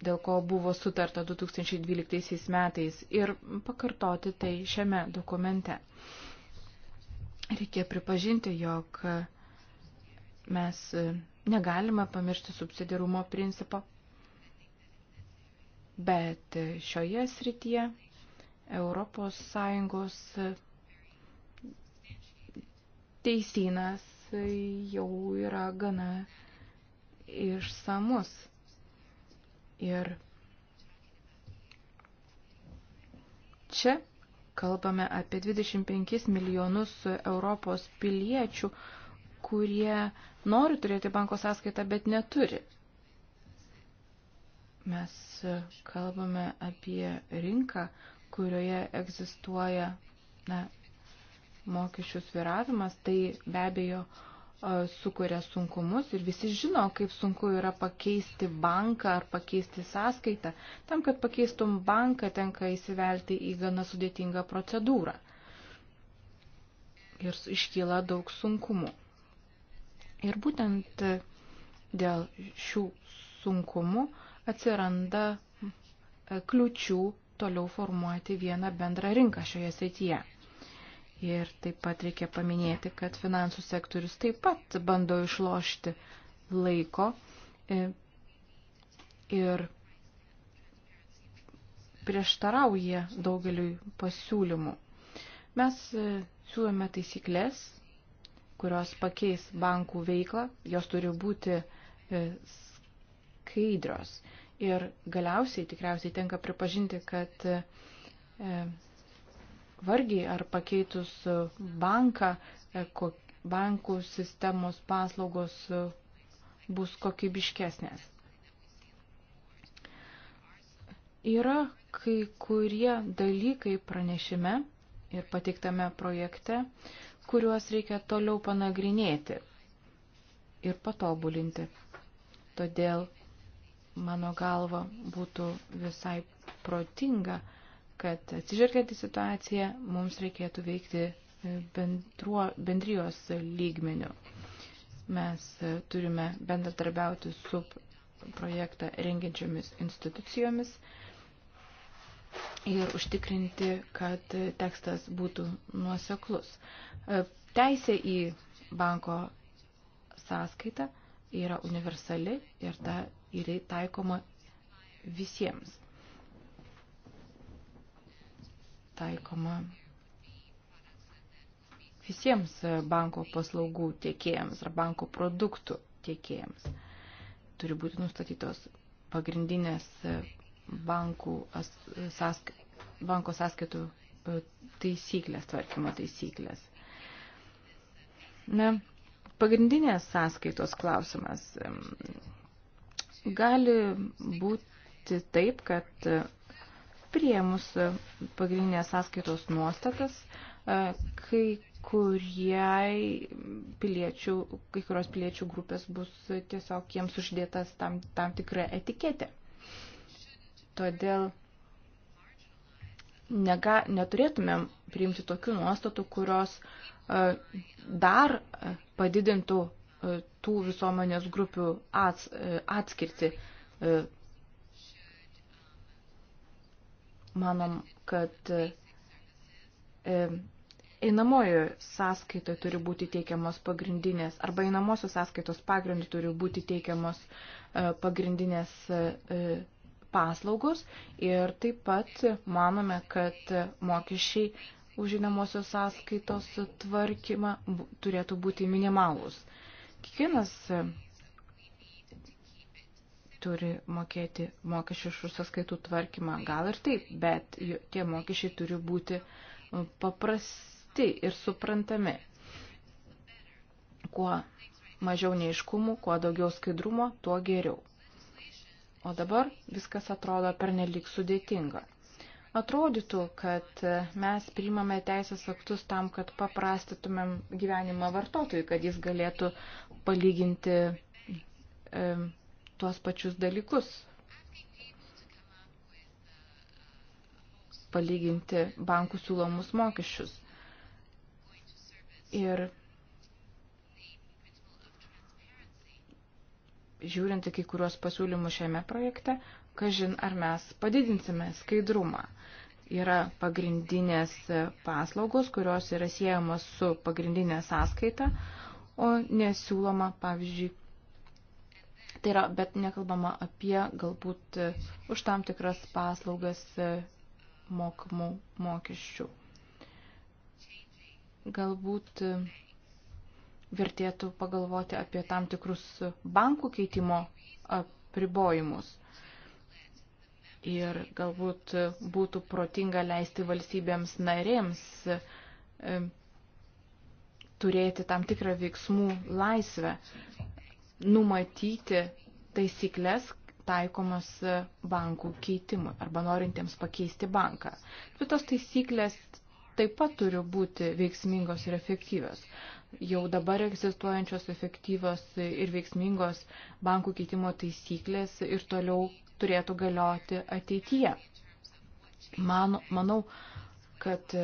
dėl ko buvo sutarta 2012 metais ir pakartoti tai šiame dokumente. Reikia pripažinti, jog mes negalime pamiršti subsidiarumo principo Bet šioje srityje Europos Sąjungos teisynas jau yra gana išsamus. Ir čia kalbame apie 25 milijonus Europos piliečių, kurie nori turėti banko sąskaitą, bet neturi. Mes kalbame apie rinką, kurioje egzistuoja na, mokesčių sviravimas, tai be abejo sukuria sunkumus ir visi žino, kaip sunku yra pakeisti banką ar pakeisti sąskaitą. Tam, kad pakeistum banką, tenka įsivelti į gana sudėtingą procedūrą. Ir iškyla daug sunkumų. Ir būtent dėl šių sunkumų uh, atsiranda e, kliučių toliau formuoti vieną bendrą rinką šioje srityje. Ir taip pat reikia paminėti, kad finansų sektorius taip pat bando išlošti laiko e, ir prieštarauja daugeliui pasiūlymų. Mes e, siūlome taisyklės, kurios pakeis bankų veiklą, jos turi būti skaidrios. Ir galiausiai tikriausiai tenka pripažinti, kad e, vargiai ar pakeitus banką, e, bankų sistemos paslaugos e, bus kokybiškesnės. Yra kai kurie dalykai pranešime ir pateiktame projekte, kuriuos reikia toliau panagrinėti ir patobulinti. Todėl mano galva būtų visai protinga, kad atsižvelgiant į situaciją mums reikėtų veikti e, bendruo, bendrijos lygmeniu. Mes e, turime bendradarbiauti su projektą rengiančiomis institucijomis ir užtikrinti, kad tekstas būtų nuoseklus. E, teisė į banko sąskaitą yra universali ir ta ir tai taikoma visiems. Taikoma visiems e, banko paslaugų tiekėjams ar banko produktų tiekėjams. Turi būti nustatytos pagrindinės e, bankų sąsk... banko sąskaitų e, taisyklės, tvarkymo taisyklės. Na, pagrindinės sąskaitos klausimas Gali būti taip, kad priemus pagrindinės sąskaitos nuostatas, e, kai kuriai piliečių, kai kurios piliečių grupės bus tiesiog jiems uždėtas tam, tam tikra etiketė. Todėl nega, neturėtumėm priimti tokių nuostatų, kurios e, dar padidintų E, tų visuomenės grupių ats, e, atskirti. E, manom, kad einamojo sąskaitoje turi būti teikiamos pagrindinės arba einamosios sąskaitos pagrindu turi būti teikiamos pagrindinės paslaugos ir taip pat manome, kad mokesčiai už einamosios sąskaitos tvarkymą turėtų būti minimalūs. Kiekvienas e, turi mokėti mokesčių už sąskaitų tvarkymą, gal ir taip, bet tie mokesčiai turi būti e, paprasti ir suprantami. Kuo mažiau neiškumų, kuo daugiau skaidrumo, tuo geriau. O dabar viskas atrodo pernelik sudėtinga. Atrodytų, kad mes priimame teisės aktus tam, kad paprastytumėm gyvenimą vartotojui, kad jis galėtų palyginti e, tuos pačius dalykus, palyginti bankų siūlomus mokesčius. Ir žiūrint į kai kuriuos pasiūlymus šiame projekte, kažin ar mes padidinsime skaidrumą. Yra pagrindinės paslaugos, kurios yra siejamos su pagrindinė sąskaita, o nesiūloma, pavyzdžiui, tai yra, bet nekalbama apie galbūt už tam tikras paslaugas mokamų mokesčių. Galbūt vertėtų pagalvoti apie tam tikrus bankų keitimo apribojimus ir galbūt būtų protinga leisti valstybėms narėms e, turėti tam tikrą veiksmų laisvę, numatyti taisyklės taikomas bankų keitimui arba norintiems pakeisti banką. Bet tos taisyklės taip pat turi būti veiksmingos ir efektyvios jau dabar egzistuojančios efektyvios ir veiksmingos bankų keitimo taisyklės ir toliau turėtų galioti ateityje. Man, manau, kad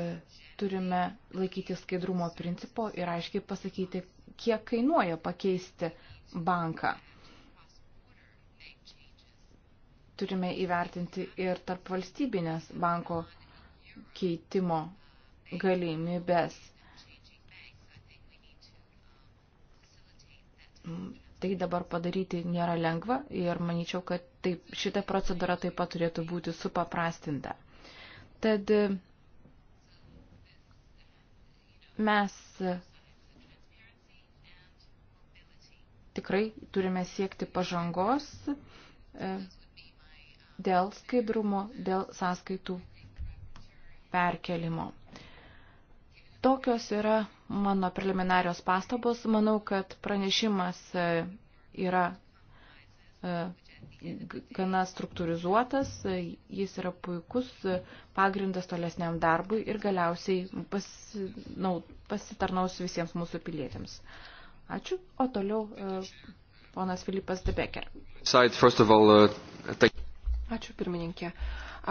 turime laikyti skaidrumo principo ir aiškiai pasakyti, kiek kainuoja pakeisti banką. Turime įvertinti ir tarp valstybinės banko keitimo galimybės Tai dabar padaryti nėra lengva ir manyčiau, kad taip, šita procedūra taip pat turėtų būti supaprastinta. Tad mes tikrai turime siekti pažangos e, dėl skaidrumo, dėl sąskaitų perkelimo. Tokios yra mano preliminarios pastabos. Manau, kad pranešimas e, yra e, gana struktūrizuotas, e, jis yra puikus pagrindas tolesniam darbui ir galiausiai pas, na, pasitarnaus visiems mūsų pilietėms. Ačiū, o toliau ponas Filipas Debeker. Uh, Ačiū pirmininkė.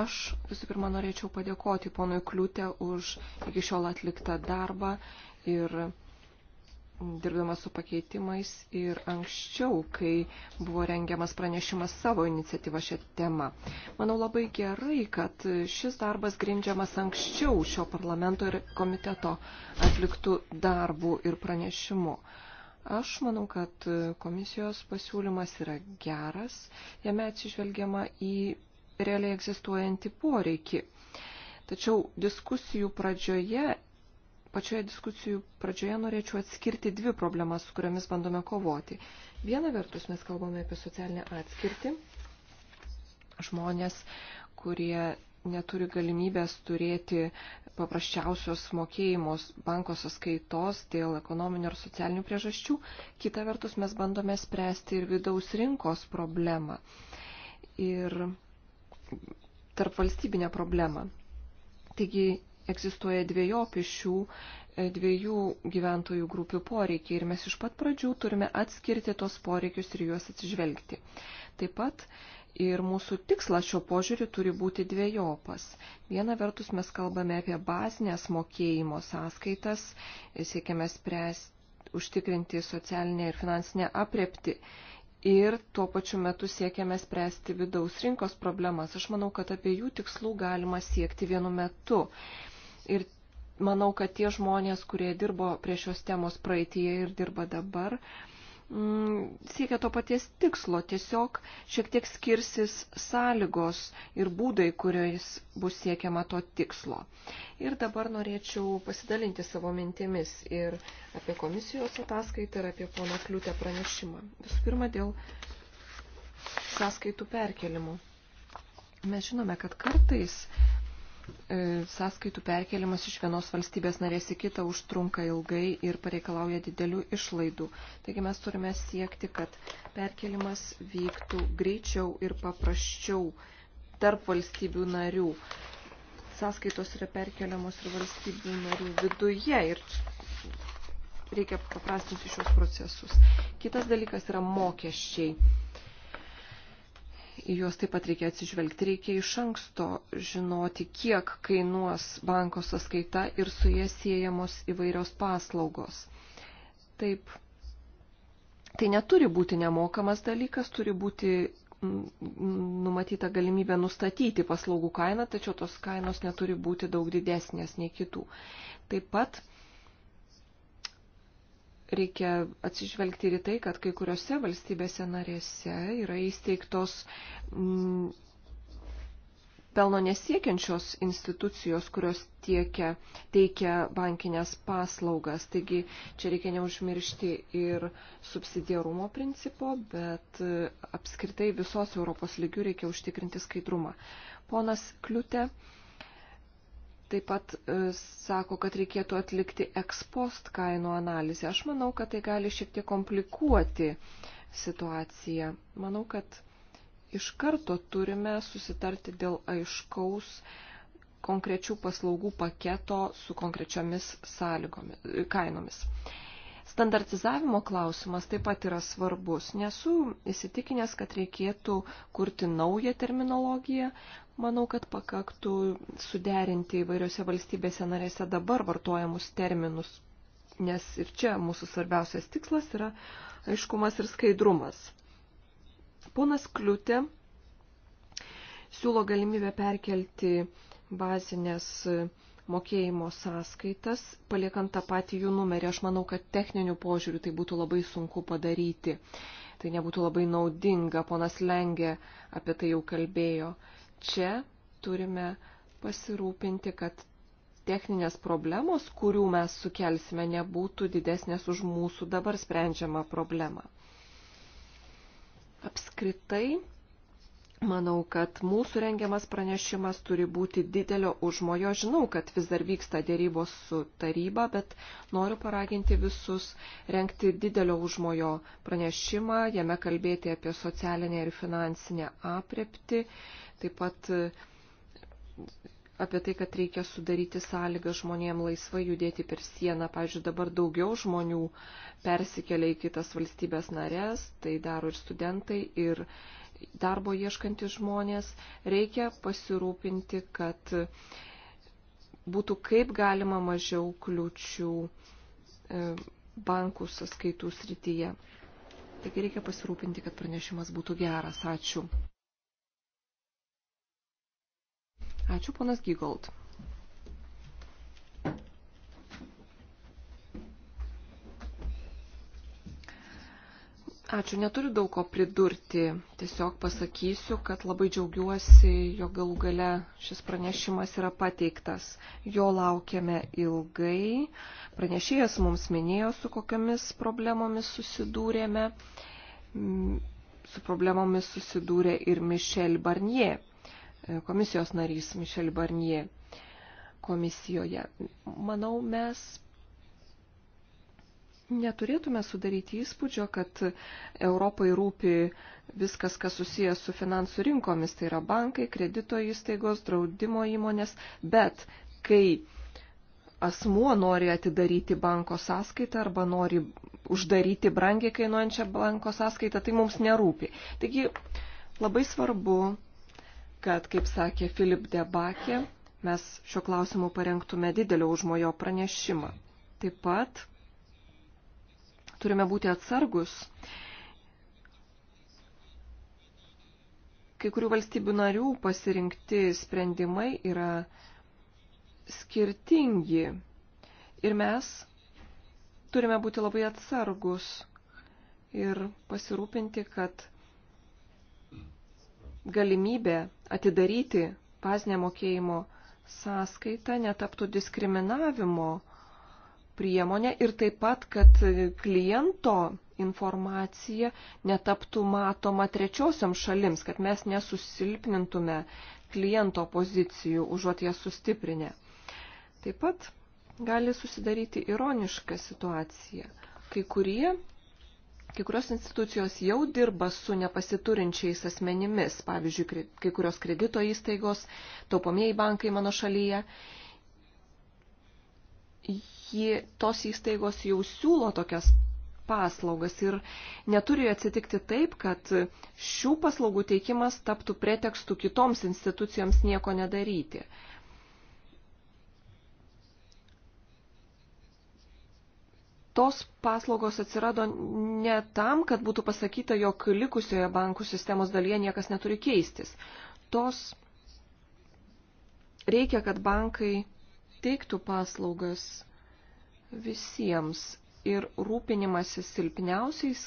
Aš visų pirma norėčiau padėkoti ponui Kliūtė už iki šiol atliktą darbą ir dirbdamas su pakeitimais ir anksčiau, kai buvo rengiamas pranešimas savo iniciatyva šią temą. Manau labai gerai, kad šis darbas grindžiamas anksčiau šio parlamento ir komiteto atliktų darbų ir pranešimų. Aš manau, kad komisijos pasiūlymas yra geras, jame atsižvelgiama į realiai egzistuojantį poreikį. Tačiau diskusijų pradžioje pačioje diskusijų pradžioje norėčiau atskirti dvi problemas, su kuriamis bandome kovoti. Viena vertus mes kalbame apie socialinę atskirtį. Žmonės, kurie neturi galimybės turėti paprasčiausios mokėjimos banko sąskaitos dėl ekonominių ir socialinių priežasčių. Kita vertus, mes bandome spręsti ir vidaus rinkos problemą ir tarp valstybinę problemą. Taigi egzistuoja dviejopi šių e, dviejų gyventojų grupių poreikiai ir mes iš pat pradžių turime atskirti tos poreikius ir juos atsižvelgti. Taip pat ir mūsų tikslas šio požiūriu turi būti dviejopas. Viena vertus mes kalbame apie bazinės mokėjimo sąskaitas, e, siekiame spręsti, užtikrinti socialinę ir finansinę aprepti ir tuo pačiu metu siekiame spręsti vidaus rinkos problemas. Aš manau, kad apie jų tikslų galima siekti vienu metu ir manau, kad tie žmonės, kurie dirbo prie šios temos praeitie ir dirba dabar, mm, siekia to paties tikslo, tiesiog šiek tiek skirsis sąlygos ir būdai, kuriais bus siekiama to tikslo. Ir dabar norėčiau pasidalinti savo mintimis ir apie komisijos ataskaitą ir apie pono kliūtę pranešimą. Visų pirma, dėl sąskaitų perkelimų. Mes žinome, kad kartais E, sąskaitų perkelimas iš vienos valstybės narės į kitą užtrunka ilgai ir pareikalauja didelių išlaidų. Taigi mes turime siekti, kad perkelimas vyktų greičiau ir paprasčiau tarp valstybių narių. Sąskaitos yra perkeliamos ir valstybių narių viduje ir reikia paprastinti šios procesus. Kitas dalykas yra mokesčiai į juos taip pat reikia atsižvelgti. Reikia iš anksto žinoti, kiek kainuos banko sąskaita ir su jie siejamos įvairios paslaugos. Taip, tai neturi būti nemokamas dalykas, turi būti numatyta galimybė nustatyti paslaugų kainą, tačiau tos kainos neturi būti daug didesnės nei kitų. Taip pat reikia atsižvelgti ir į tai, kad kai kuriuose valstybėse narėse yra įsteigtos mm, pelno nesiekiančios institucijos, kurios tiekia, teikia bankinės paslaugas. Taigi čia reikia neužmiršti ir subsidiarumo principo, bet e, apskritai visos Europos lygių reikia užtikrinti skaidrumą. Ponas Kliute taip pat e, sako, kad reikėtų atlikti ekspost kainų analizę. Aš manau, kad tai gali šiek tiek komplikuoti situaciją. Manau, kad iš karto turime susitarti dėl aiškaus konkrečių paslaugų paketo su konkrečiomis sąlygomis, kainomis. Standartizavimo klausimas taip pat yra svarbus. Nesu įsitikinęs, kad reikėtų kurti naują terminologiją. Manau, kad pakaktų suderinti įvairiose valstybėse narėse dabar vartojamus terminus, nes ir čia mūsų svarbiausias tikslas yra aiškumas ir skaidrumas. Ponas Kliutė siūlo galimybę perkelti bazinės mokėjimo sąskaitas, paliekant tą patį jų numerį. Aš manau, kad techninių požiūrių tai būtų labai sunku padaryti. Tai nebūtų labai naudinga. Ponas Lengė apie tai jau kalbėjo. Čia turime pasirūpinti, kad techninės problemos, kurių mes sukelsime, nebūtų didesnės už mūsų dabar sprendžiamą problemą. Apskritai Manau, kad mūsų rengiamas pranešimas turi būti didelio užmojo. Žinau, kad vis dar vyksta dėrybos su taryba, bet noriu paraginti visus renkti didelio užmojo pranešimą, jame kalbėti apie socialinę ir finansinę aprepti, taip pat apie tai, kad reikia sudaryti sąlygą žmonėm laisvai judėti per sieną. Pavyzdžiui, dabar daugiau žmonių persikelia į kitas valstybės narės, tai daro ir studentai, ir darbo ieškantys žmonės, reikia pasirūpinti, kad būtų kaip galima mažiau kliučių e, bankų sąskaitų srityje. Taigi reikia pasirūpinti, kad pranešimas būtų geras. Ačiū. Ačiū, ponas Gygold. Ačiū, neturiu daug ko pridurti. Tiesiog pasakysiu, kad labai džiaugiuosi, jo galų gale šis pranešimas yra pateiktas. Jo laukiame ilgai. Pranešėjas mums minėjo, su kokiamis problemomis susidūrėme. Mm, su problemomis susidūrė ir Mišel Barnier, e, komisijos narys Mišel Barnier komisijoje. Manau, mes neturėtume sudaryti įspūdžio, kad Europai rūpi viskas, kas susijęs su finansų rinkomis, tai yra bankai, kredito įstaigos, draudimo įmonės, bet kai asmuo nori atidaryti banko sąskaitą arba nori uždaryti brangiai kainuojančią banko sąskaitą, tai mums nerūpi. Taigi labai svarbu, kad, kaip sakė Filip Debakė, mes šiuo klausimu parengtume didelio užmojo pranešimą. Taip pat turime būti atsargus. Kai kurių valstybių narių pasirinkti sprendimai yra skirtingi ir mes turime būti labai atsargus ir pasirūpinti, kad galimybė atidaryti bazinę mokėjimo sąskaitą netaptų diskriminavimo priemonę ir taip pat, kad kliento informacija netaptų matoma trečiosiam šalims, kad mes nesusilpnintume kliento pozicijų, užuot jas sustiprinę. Taip pat gali susidaryti ironiška situacija. Kai, kurie, kai kurios institucijos jau dirba su nepasiturinčiais asmenimis, pavyzdžiui, kai kurios kredito įstaigos, taupomieji bankai mano šalyje, ji, tos įstaigos jau siūlo tokias paslaugas ir neturi atsitikti taip, kad šių paslaugų teikimas taptų pretekstu kitoms institucijoms nieko nedaryti. Tos paslaugos atsirado ne tam, kad būtų pasakyta, jog likusioje bankų sistemos dalyje niekas neturi keistis. Tos reikia, kad bankai teiktų paslaugas visiems ir rūpinimasis silpniausiais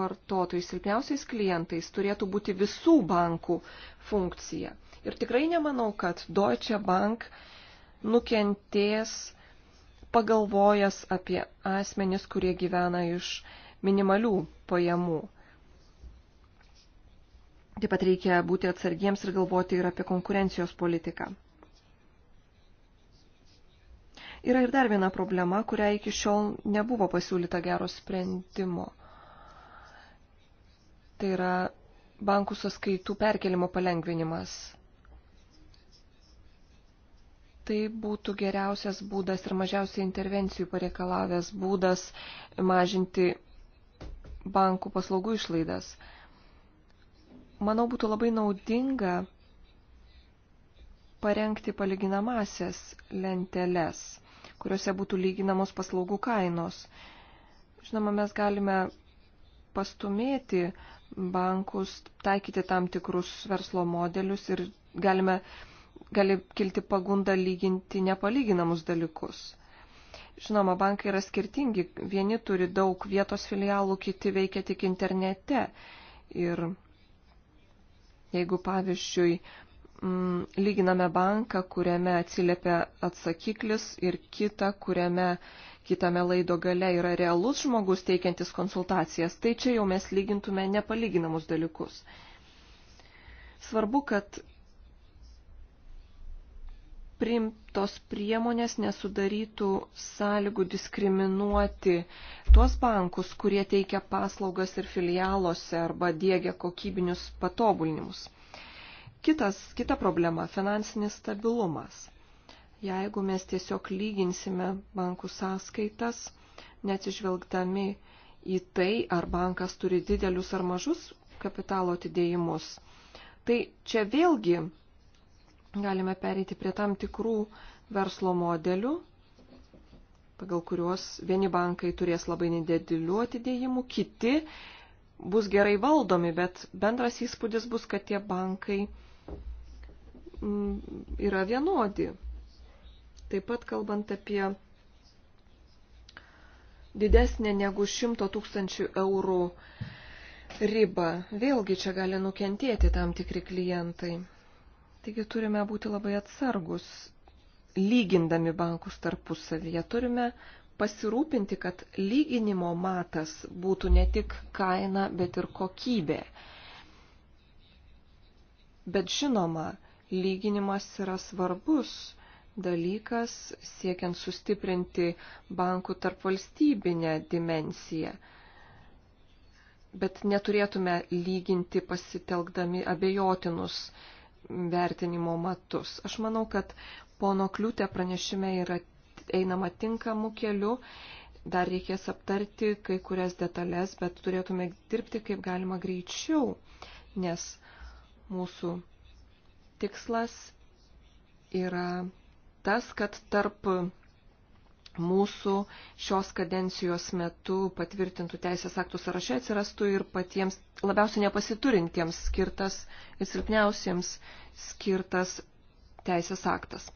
vartotojais, silpniausiais klientais turėtų būti visų bankų funkcija. Ir tikrai nemanau, kad Deutsche Bank nukentės pagalvojęs apie asmenis, kurie gyvena iš minimalių pajamų. Taip pat reikia būti atsargiems ir galvoti ir apie konkurencijos politiką. Yra ir dar viena problema, kuriai iki šiol nebuvo pasiūlyta gero sprendimo. Tai yra bankų sąskaitų perkelimo palengvinimas. Tai būtų geriausias būdas ir mažiausiai intervencijų pareikalavęs būdas mažinti bankų paslaugų išlaidas. Manau, būtų labai naudinga parengti palyginamasias lenteles kuriuose būtų lyginamos paslaugų kainos. Žinoma, mes galime pastumėti bankus, taikyti tam tikrus verslo modelius ir galime, gali kilti pagunda lyginti nepalyginamus dalykus. Žinoma, bankai yra skirtingi. Vieni turi daug vietos filialų, kiti veikia tik internete. Ir jeigu, pavyzdžiui, mm, lyginame banką, kuriame atsiliepia atsakiklis ir kitą, kuriame kitame laido gale yra realus žmogus teikiantis konsultacijas, tai čia jau mes lygintume nepalyginamus dalykus. Svarbu, kad primtos priemonės nesudarytų sąlygų diskriminuoti tuos bankus, kurie teikia paslaugas ir filialuose arba dėgia kokybinius patobulinimus. Kitas, kita problema - finansinis stabilumas. Jeigu mes tiesiog lyginsime bankų sąskaitas, neatsižvelgdami į tai, ar bankas turi didelius ar mažus kapitalo atidėjimus, tai čia vėlgi galime pereiti prie tam tikrų verslo modelių, pagal kuriuos vieni bankai turės labai nedidelių atidėjimų, kiti bus gerai valdomi, bet bendras įspūdis bus, kad tie bankai mm, yra vienodi. Taip pat kalbant apie didesnė negu 100 tūkstančių eurų ribą, vėlgi čia gali nukentėti tam tikri klientai. Taigi turime būti labai atsargus, lygindami bankus tarpusavyje. Turime pasirūpinti, kad lyginimo matas būtų ne tik kaina, bet ir kokybė. Bet žinoma, lyginimas yra svarbus dalykas siekiant sustiprinti bankų tarpvalstybinę dimensiją. Bet neturėtume lyginti pasitelkdami abejotinus vertinimo matus. Aš manau, kad pono kliūtė pranešime yra einama tinkamu keliu. Dar reikės aptarti kai kurias detalės, bet turėtume dirbti kaip galima greičiau, nes mūsų tikslas yra tas, kad tarp mūsų šios kadencijos metu patvirtintų teisės aktų sąraše atsirastų ir patiems labiausiai nepasiturintiems skirtas ir silpniausiems skirtas teisės aktas.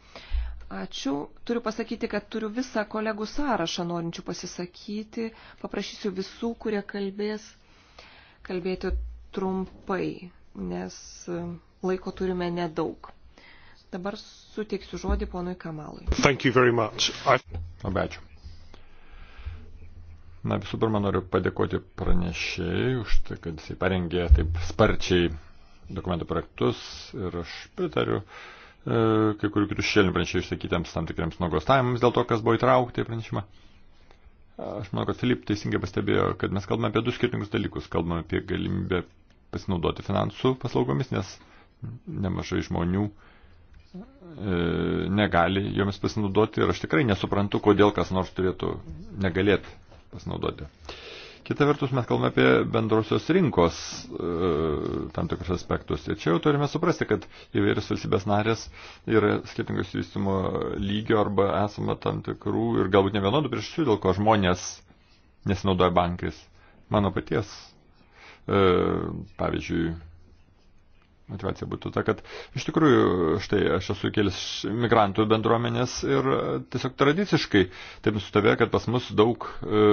Ačiū. Turiu pasakyti, kad turiu visą kolegų sąrašą norinčių pasisakyti. Paprašysiu visų, kurie kalbės, kalbėti trumpai, nes e, laiko turime nedaug. Dabar suteiksiu žodį ponui Kamalui. Labai ačiū. Na, visų pirma, noriu padėkoti pranešėjai už tai, kad jisai parengė taip sparčiai dokumentų projektus ir aš pritariu uh, E, kai kurių kitų šešėlinių pranešėjų išsakytiems tam tikriams nuogostavimams dėl to, kas buvo įtraukta į pranešimą. Aš manau, kad Filip teisingai pastebėjo, kad mes kalbame apie du skirtingus dalykus. Kalbame apie galimybę pasinaudoti finansų paslaugomis, nes nemažai žmonių e, negali jomis pasinaudoti ir aš tikrai nesuprantu, kodėl kas nors turėtų negalėti pasinaudoti. E, Kita vertus, mes kalbame apie bendrosios rinkos e, tam tikrus aspektus. Ir čia jau turime suprasti, kad įvairios valstybės narės yra skirtingos vystimo lygio arba esame tam tikrų ir galbūt ne vienodų priežasčių, dėl ko žmonės nesinaudoja bankais. Mano paties, e, pavyzdžiui, motivacija būtų ta, kad iš tikrųjų štai aš esu kėlis migrantų bendruomenės ir e, tiesiog tradiciškai taip nusitavė, kad pas mus daug e,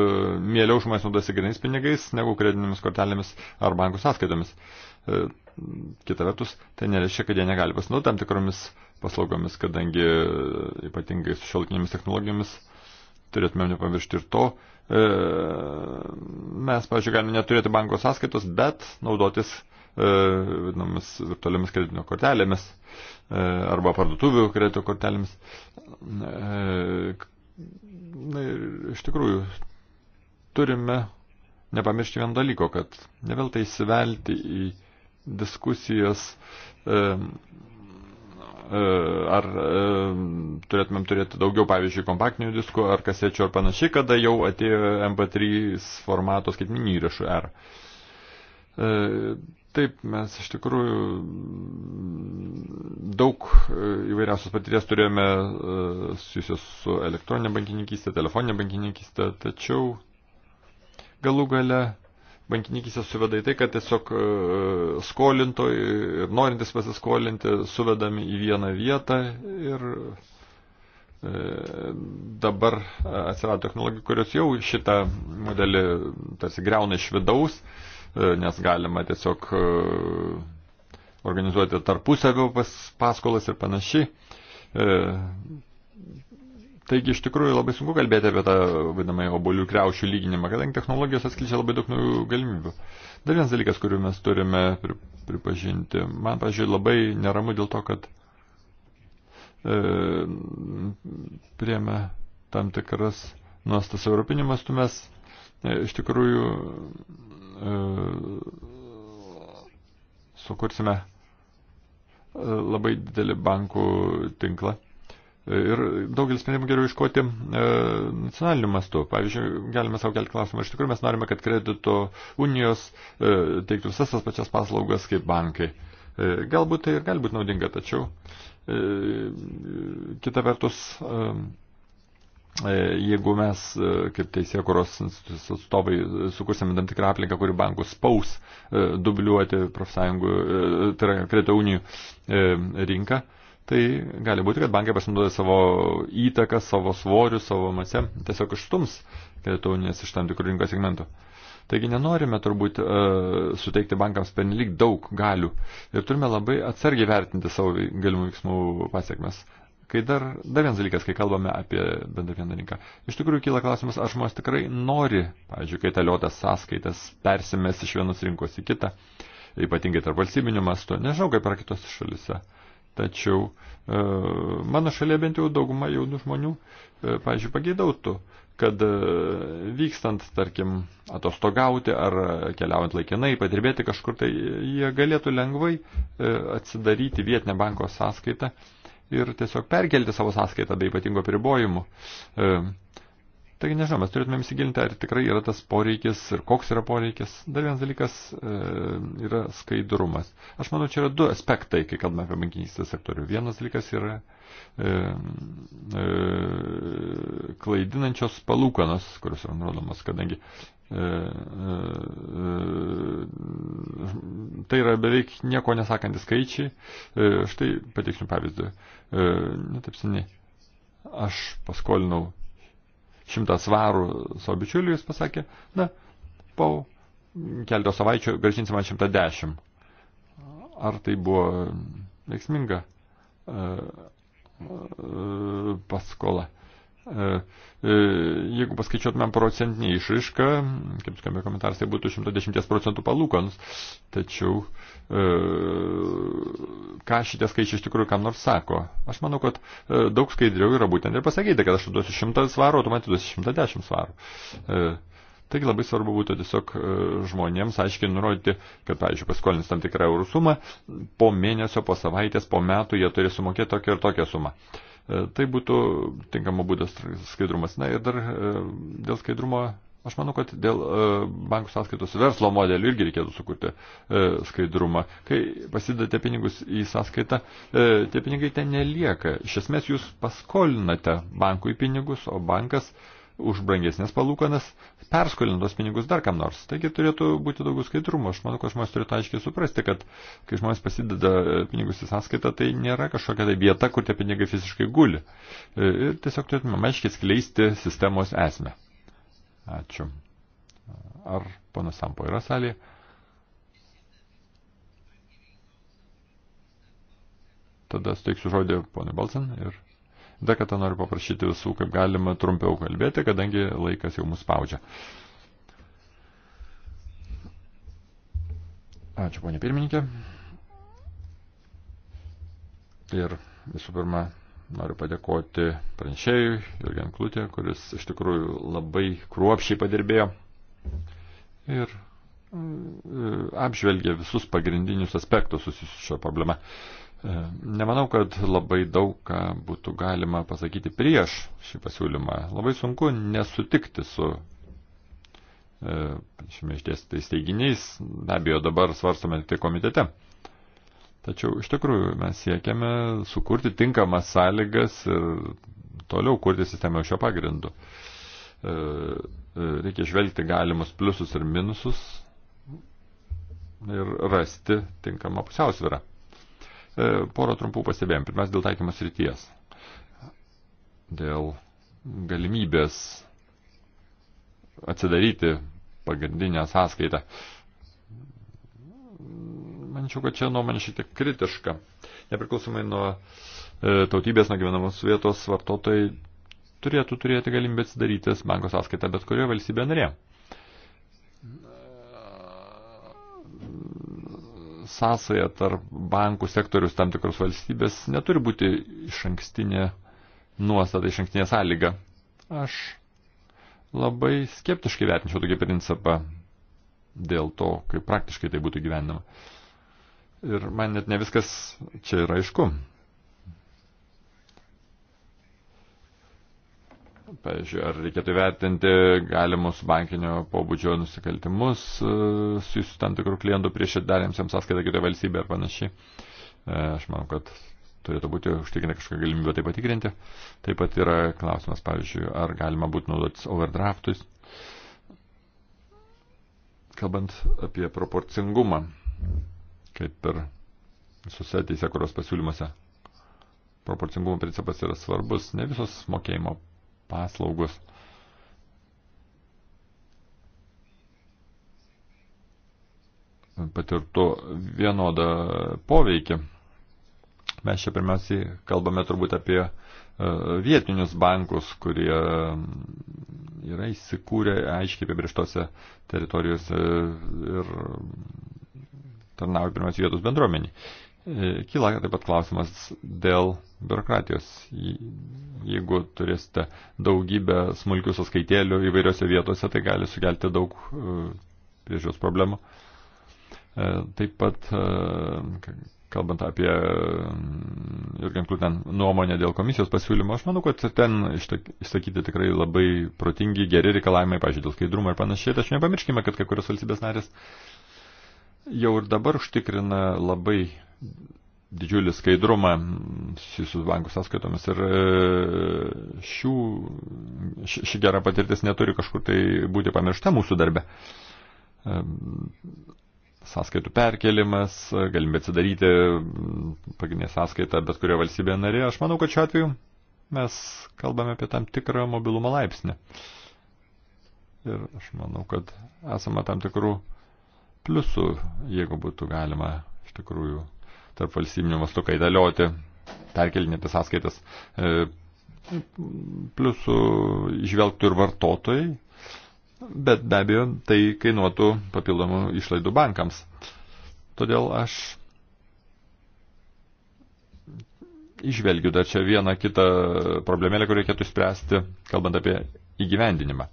mieliau žmonės naudojasi grinais pinigais negu kredinėmis kortelėmis ar bankų sąskaitomis. E, kita vertus, tai nereiškia, kad jie negali pasinaudoti tam tikromis paslaugomis, kadangi e, ypatingai su šiolkinėmis technologijomis turėtumėm nepamiršti ir to. E, mes, pažiūrėjau, galime neturėti banko sąskaitos, bet naudotis e, E, vadinamis virtualiomis kreditinio kortelėmis e, arba parduotuvių kredito kortelėmis. E, na ir iš tikrųjų turime nepamiršti vien dalyko, kad neveltai įsivelti į diskusijas, ar turėtumėm turėti daugiau, pavyzdžiui, kompaktinių diskų, ar kasečių, ar panašiai, kada jau atėjo MP3 formato skaitminį įrašų R. Taip, mes iš tikrųjų mm, daug e, įvairiausios patirties turėjome e, susijusios su elektroninė bankininkystė, telefoninė bankininkystė, tačiau galų gale bankininkystė suveda į tai, kad tiesiog e, skolintojai ir norintis pasiskolinti suvedami į vieną vietą ir dabar atsirado technologijų, kurios jau šitą modelį tarsi greuna iš vidaus E, nes galima tiesiog e, organizuoti tarpusavio pas, paskolas ir panašiai. E, taigi iš tikrųjų labai sunku kalbėti apie tą vadinamąjį obolių kreušių lyginimą, kadangi technologijos atskleidžia labai daug naujų galimybių. Dar vienas dalykas, kurį mes turime pripažinti, man, pažiūrėjau, labai neramu dėl to, kad e, prieme tam tikras nuostas europinimas, tu mes e, iš tikrųjų E, sukursime e, labai didelį bankų tinklą. E, ir daugelis sprendimų geriau iškoti e, nacionaliniu mastu. Pavyzdžiui, galime savo kelti klausimą, iš tikrųjų mes norime, kad kredito unijos e, teiktų visas tas pačias paslaugas kaip bankai. E, galbūt tai ir gali būti naudinga, tačiau e, kita vertus. E, E, jeigu mes, e, kaip teisėkuros atstovai, e, sukursime tam tikrą aplinką, kuri bankų spaus dubliuoti profsąjungų, tai yra kredito unijų rinką, tai gali būti, kad bankai pasinaudoja savo įtaką, savo svorių, savo masę, tiesiog ištums kredito unijas iš tam tikrų rinkos segmentų. Taigi nenorime turbūt e, suteikti bankams pernelyg daug galių ir turime labai atsargiai vertinti savo galimų veiksmų pasiekmes. Kai dar, dar vienas dalykas, kai kalbame apie bendrą vieną rinką. Iš tikrųjų kyla klausimas, ar žmonės tikrai nori, pavyzdžiui, kai taliotas sąskaitas persimės iš vienos rinkos į kitą, ypatingai tarp valstybinių mastų, nežinau kaip yra kitose šalise. Tačiau e, mano šalia bent jau dauguma jaunų žmonių, e, pavyzdžiui, pageidautų, kad e, vykstant, tarkim, atostogauti ar keliaujant laikinai, padirbėti kažkur, tai jie galėtų lengvai e, atsidaryti vietinę banko sąskaitą ir tiesiog perkelti savo sąskaitą be ypatingo pribojimų. E, Taigi nežinau, mes turėtume įsigilinti, ar tikrai yra tas poreikis ir koks yra poreikis. Dar vienas dalykas e, yra skaidrumas. Aš manau, čia yra du aspektai, kai kalbame apie bankininkystės sektorių. Vienas dalykas yra e, e, klaidinančios palūkanos, kurios yra nurodomas, kadangi e, e, Tai yra beveik nieko nesakantys skaičiai. E, štai pateiksiu pavyzdį. Netapsiniai. Nu, Aš paskolinau 100 svarų savo bičiuliui, jis pasakė, na, po keletos savaičių gražinsi man 110. Ar tai buvo veiksminga e, e, paskola? E, e, jeigu paskaičiuotumėm procentinį išraišką, kaip skambėjo komentaras, tai būtų 110 procentų palūkons. Tačiau e, ką šitie skaičiai iš tikrųjų kam nors sako? Aš manau, kad daug skaidriau yra būtent ir pasakyti, kad aš duosiu 100 svarų, o tu man duosi 110 svarų. Taigi labai svarbu būtų tiesiog žmonėms aiškiai nurodyti, kad, pavyzdžiui, paskolins tam tikrą eurų sumą, po mėnesio, po savaitės, po metų jie turi sumokėti tokią ir tokią sumą. Uh, E, tai būtų tinkamo būdas skaidrumas. Na ir dar e, dėl skaidrumo, aš manau, kad dėl e, bankų sąskaitos verslo modelių irgi reikėtų sukurti skaidrumą. Kai pasidate pinigus į sąskaitą, tie pinigai ten nelieka. Iš esmės jūs paskolinate bankui pinigus, o bankas už brangesnės palūkanas perskolintos pinigus dar kam nors. Taigi turėtų būti daugiau skaidrumo. Aš manau, kad žmonės turėtų aiškiai suprasti, kad kai žmonės pasideda e, pinigus į sąskaitą, tai nėra kažkokia tai vieta, kur tie pinigai fiziškai guli. E, ir tiesiog turėtume aiškiai skleisti sistemos esmę. Ačiū. Ar ponas Sampo yra salėje? Tada steiksiu žodį ponui Balsen ir Dar kartą noriu paprašyti visų, kaip galima trumpiau kalbėti, kadangi laikas jau mus spaudžia. Ačiū, ponė pirmininkė. Ir visų pirma, noriu padėkoti pranešėjui Jurgen Klutė, kuris iš tikrųjų labai kruopšiai padirbėjo ir e, apžvelgė visus pagrindinius aspektus susijusiu šio problema. E, nemanau, kad labai daug ką būtų galima pasakyti prieš šį pasiūlymą. Labai sunku nesutikti su e, šiame išdėstytais teiginiais. Be abejo, dabar svarstome tik tai komitete. Tačiau iš tikrųjų mes siekiame sukurti tinkamas sąlygas ir toliau kurti sistemą šio pagrindu. E, reikia žvelgti galimus pliusus ir minusus ir rasti tinkamą pusiausvyrą. E, porą trumpų pastebėjom. Pirmiausia, dėl taikymas ryties. Dėl galimybės atsidaryti pagrindinę sąskaitą. Manyčiau, kad čia nuomonė šiek tiek kritiška. Nepriklausomai nuo e, tautybės, nuo gyvenamos vietos vartotojai turėtų turėti galimybę atsidaryti banko sąskaitą bet kurioje valstybėje narėje. sąsaja tarp bankų sektorius tam tikros valstybės neturi būti iš ankstinė nuostata, iš ankstinė sąlyga. Aš labai skeptiškai vertinčiau tokį principą dėl to, kaip praktiškai tai būtų gyvenama. Ir man net ne viskas čia yra aišku. Pavyzdžiui, ar reikėtų vertinti galimus bankinio pobūdžio nusikaltimus e, susijusius tam tikrų klientų prieš atdarėms jiems sąskaitą kitą valstybę ar panašiai. E, aš manau, kad turėtų būti užtikrinta kažkokia galimybė tai patikrinti. Taip pat yra klausimas, pavyzdžiui, ar galima būtų naudotis overdraftus. Kalbant apie proporcingumą, kaip ir visose teisėkuros pasiūlymuose, proporcingumo principas yra svarbus, ne visos mokėjimo paslaugos. patirtų vienodą poveikį. Mes čia pirmiausiai kalbame turbūt apie e, vietinius bankus, kurie mm, yra įsikūrę aiškiai apibrieštose teritorijose e, ir tarnauja pirmiausiai vietos bendruomenį. E, kyla taip pat klausimas dėl biurokratijos. Jeigu turėsite daugybę smulkių sąskaitėlių įvairiose vietose, tai gali sukelti daug e, priežiūros problemų. E, taip pat, kalbant apie mm, Jurgen Kluten nuomonę dėl komisijos pasiūlymo, aš manau, kad ten išsakyti tikrai labai protingi, geri reikalavimai, pažiūrėjau, dėl skaidrumo ir panašiai, tačiau nepamirškime, kad kai kurios valstybės narės jau ir dabar užtikrina labai didžiulį skaidrumą su bankų sąskaitomis ir e, šių, ši, ši gera patirtis neturi kažkur tai būti pamiršta mūsų darbe. E, sąskaitų perkelimas, galimybė atsidaryti pagrindinę sąskaitą bet kurioje valstybėje narėje. Aš manau, kad šiuo atveju mes kalbame apie tam tikrą mobilumo laipsnį. Ir aš manau, kad esame tam tikrų uh, pliusų, jeigu būtų galima iš tikrųjų tarp valstybinio mastu kaitalioti, perkelinėti sąskaitas. E, pliusų išvelgtų ir vartotojai, bet be abejo tai kainuotų papildomų išlaidų bankams. Todėl aš išvelgiu dar čia vieną kitą problemėlę, kurią reikėtų spręsti, kalbant apie įgyvendinimą.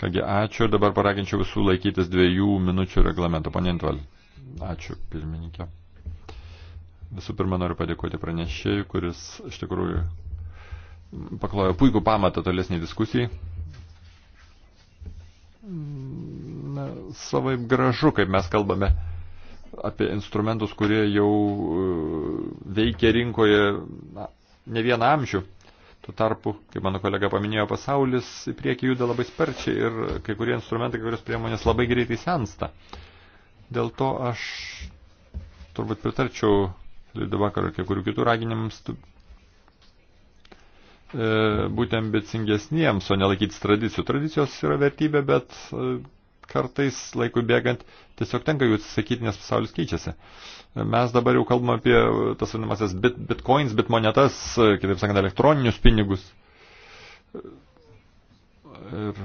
Kągi, ačiū ir dabar paraginčiau visų laikytis dviejų minučių reglamento. Pane Antval, ačiū pirmininkė. Visų pirma, noriu padėkoti pranešėjui, kuris iš tikrųjų paklojo puikų pamatą tolesnį diskusijai. Na, savaip gražu, kaip mes kalbame apie instrumentus, kurie jau e, veikia rinkoje na, ne vieną amžių. Tuo tarpu, kaip mano kolega paminėjo, pasaulis į priekį juda labai sparčiai ir kai kurie instrumentai, kai kurios priemonės labai greitai sensta. Dėl to aš turbūt pritarčiau Lido vakar ir kai kurių kitų raginimams e, būti ambicingesniems, o nelaikytis tradicijų. Tradicijos yra vertybė, bet e, kartais laikui bėgant tiesiog tenka jų atsisakyti, nes pasaulis keičiasi. Mes dabar jau kalbame apie tas vadinamasias bit, bitcoins, bitmonetas, kitaip sakant, elektroninius pinigus. Ir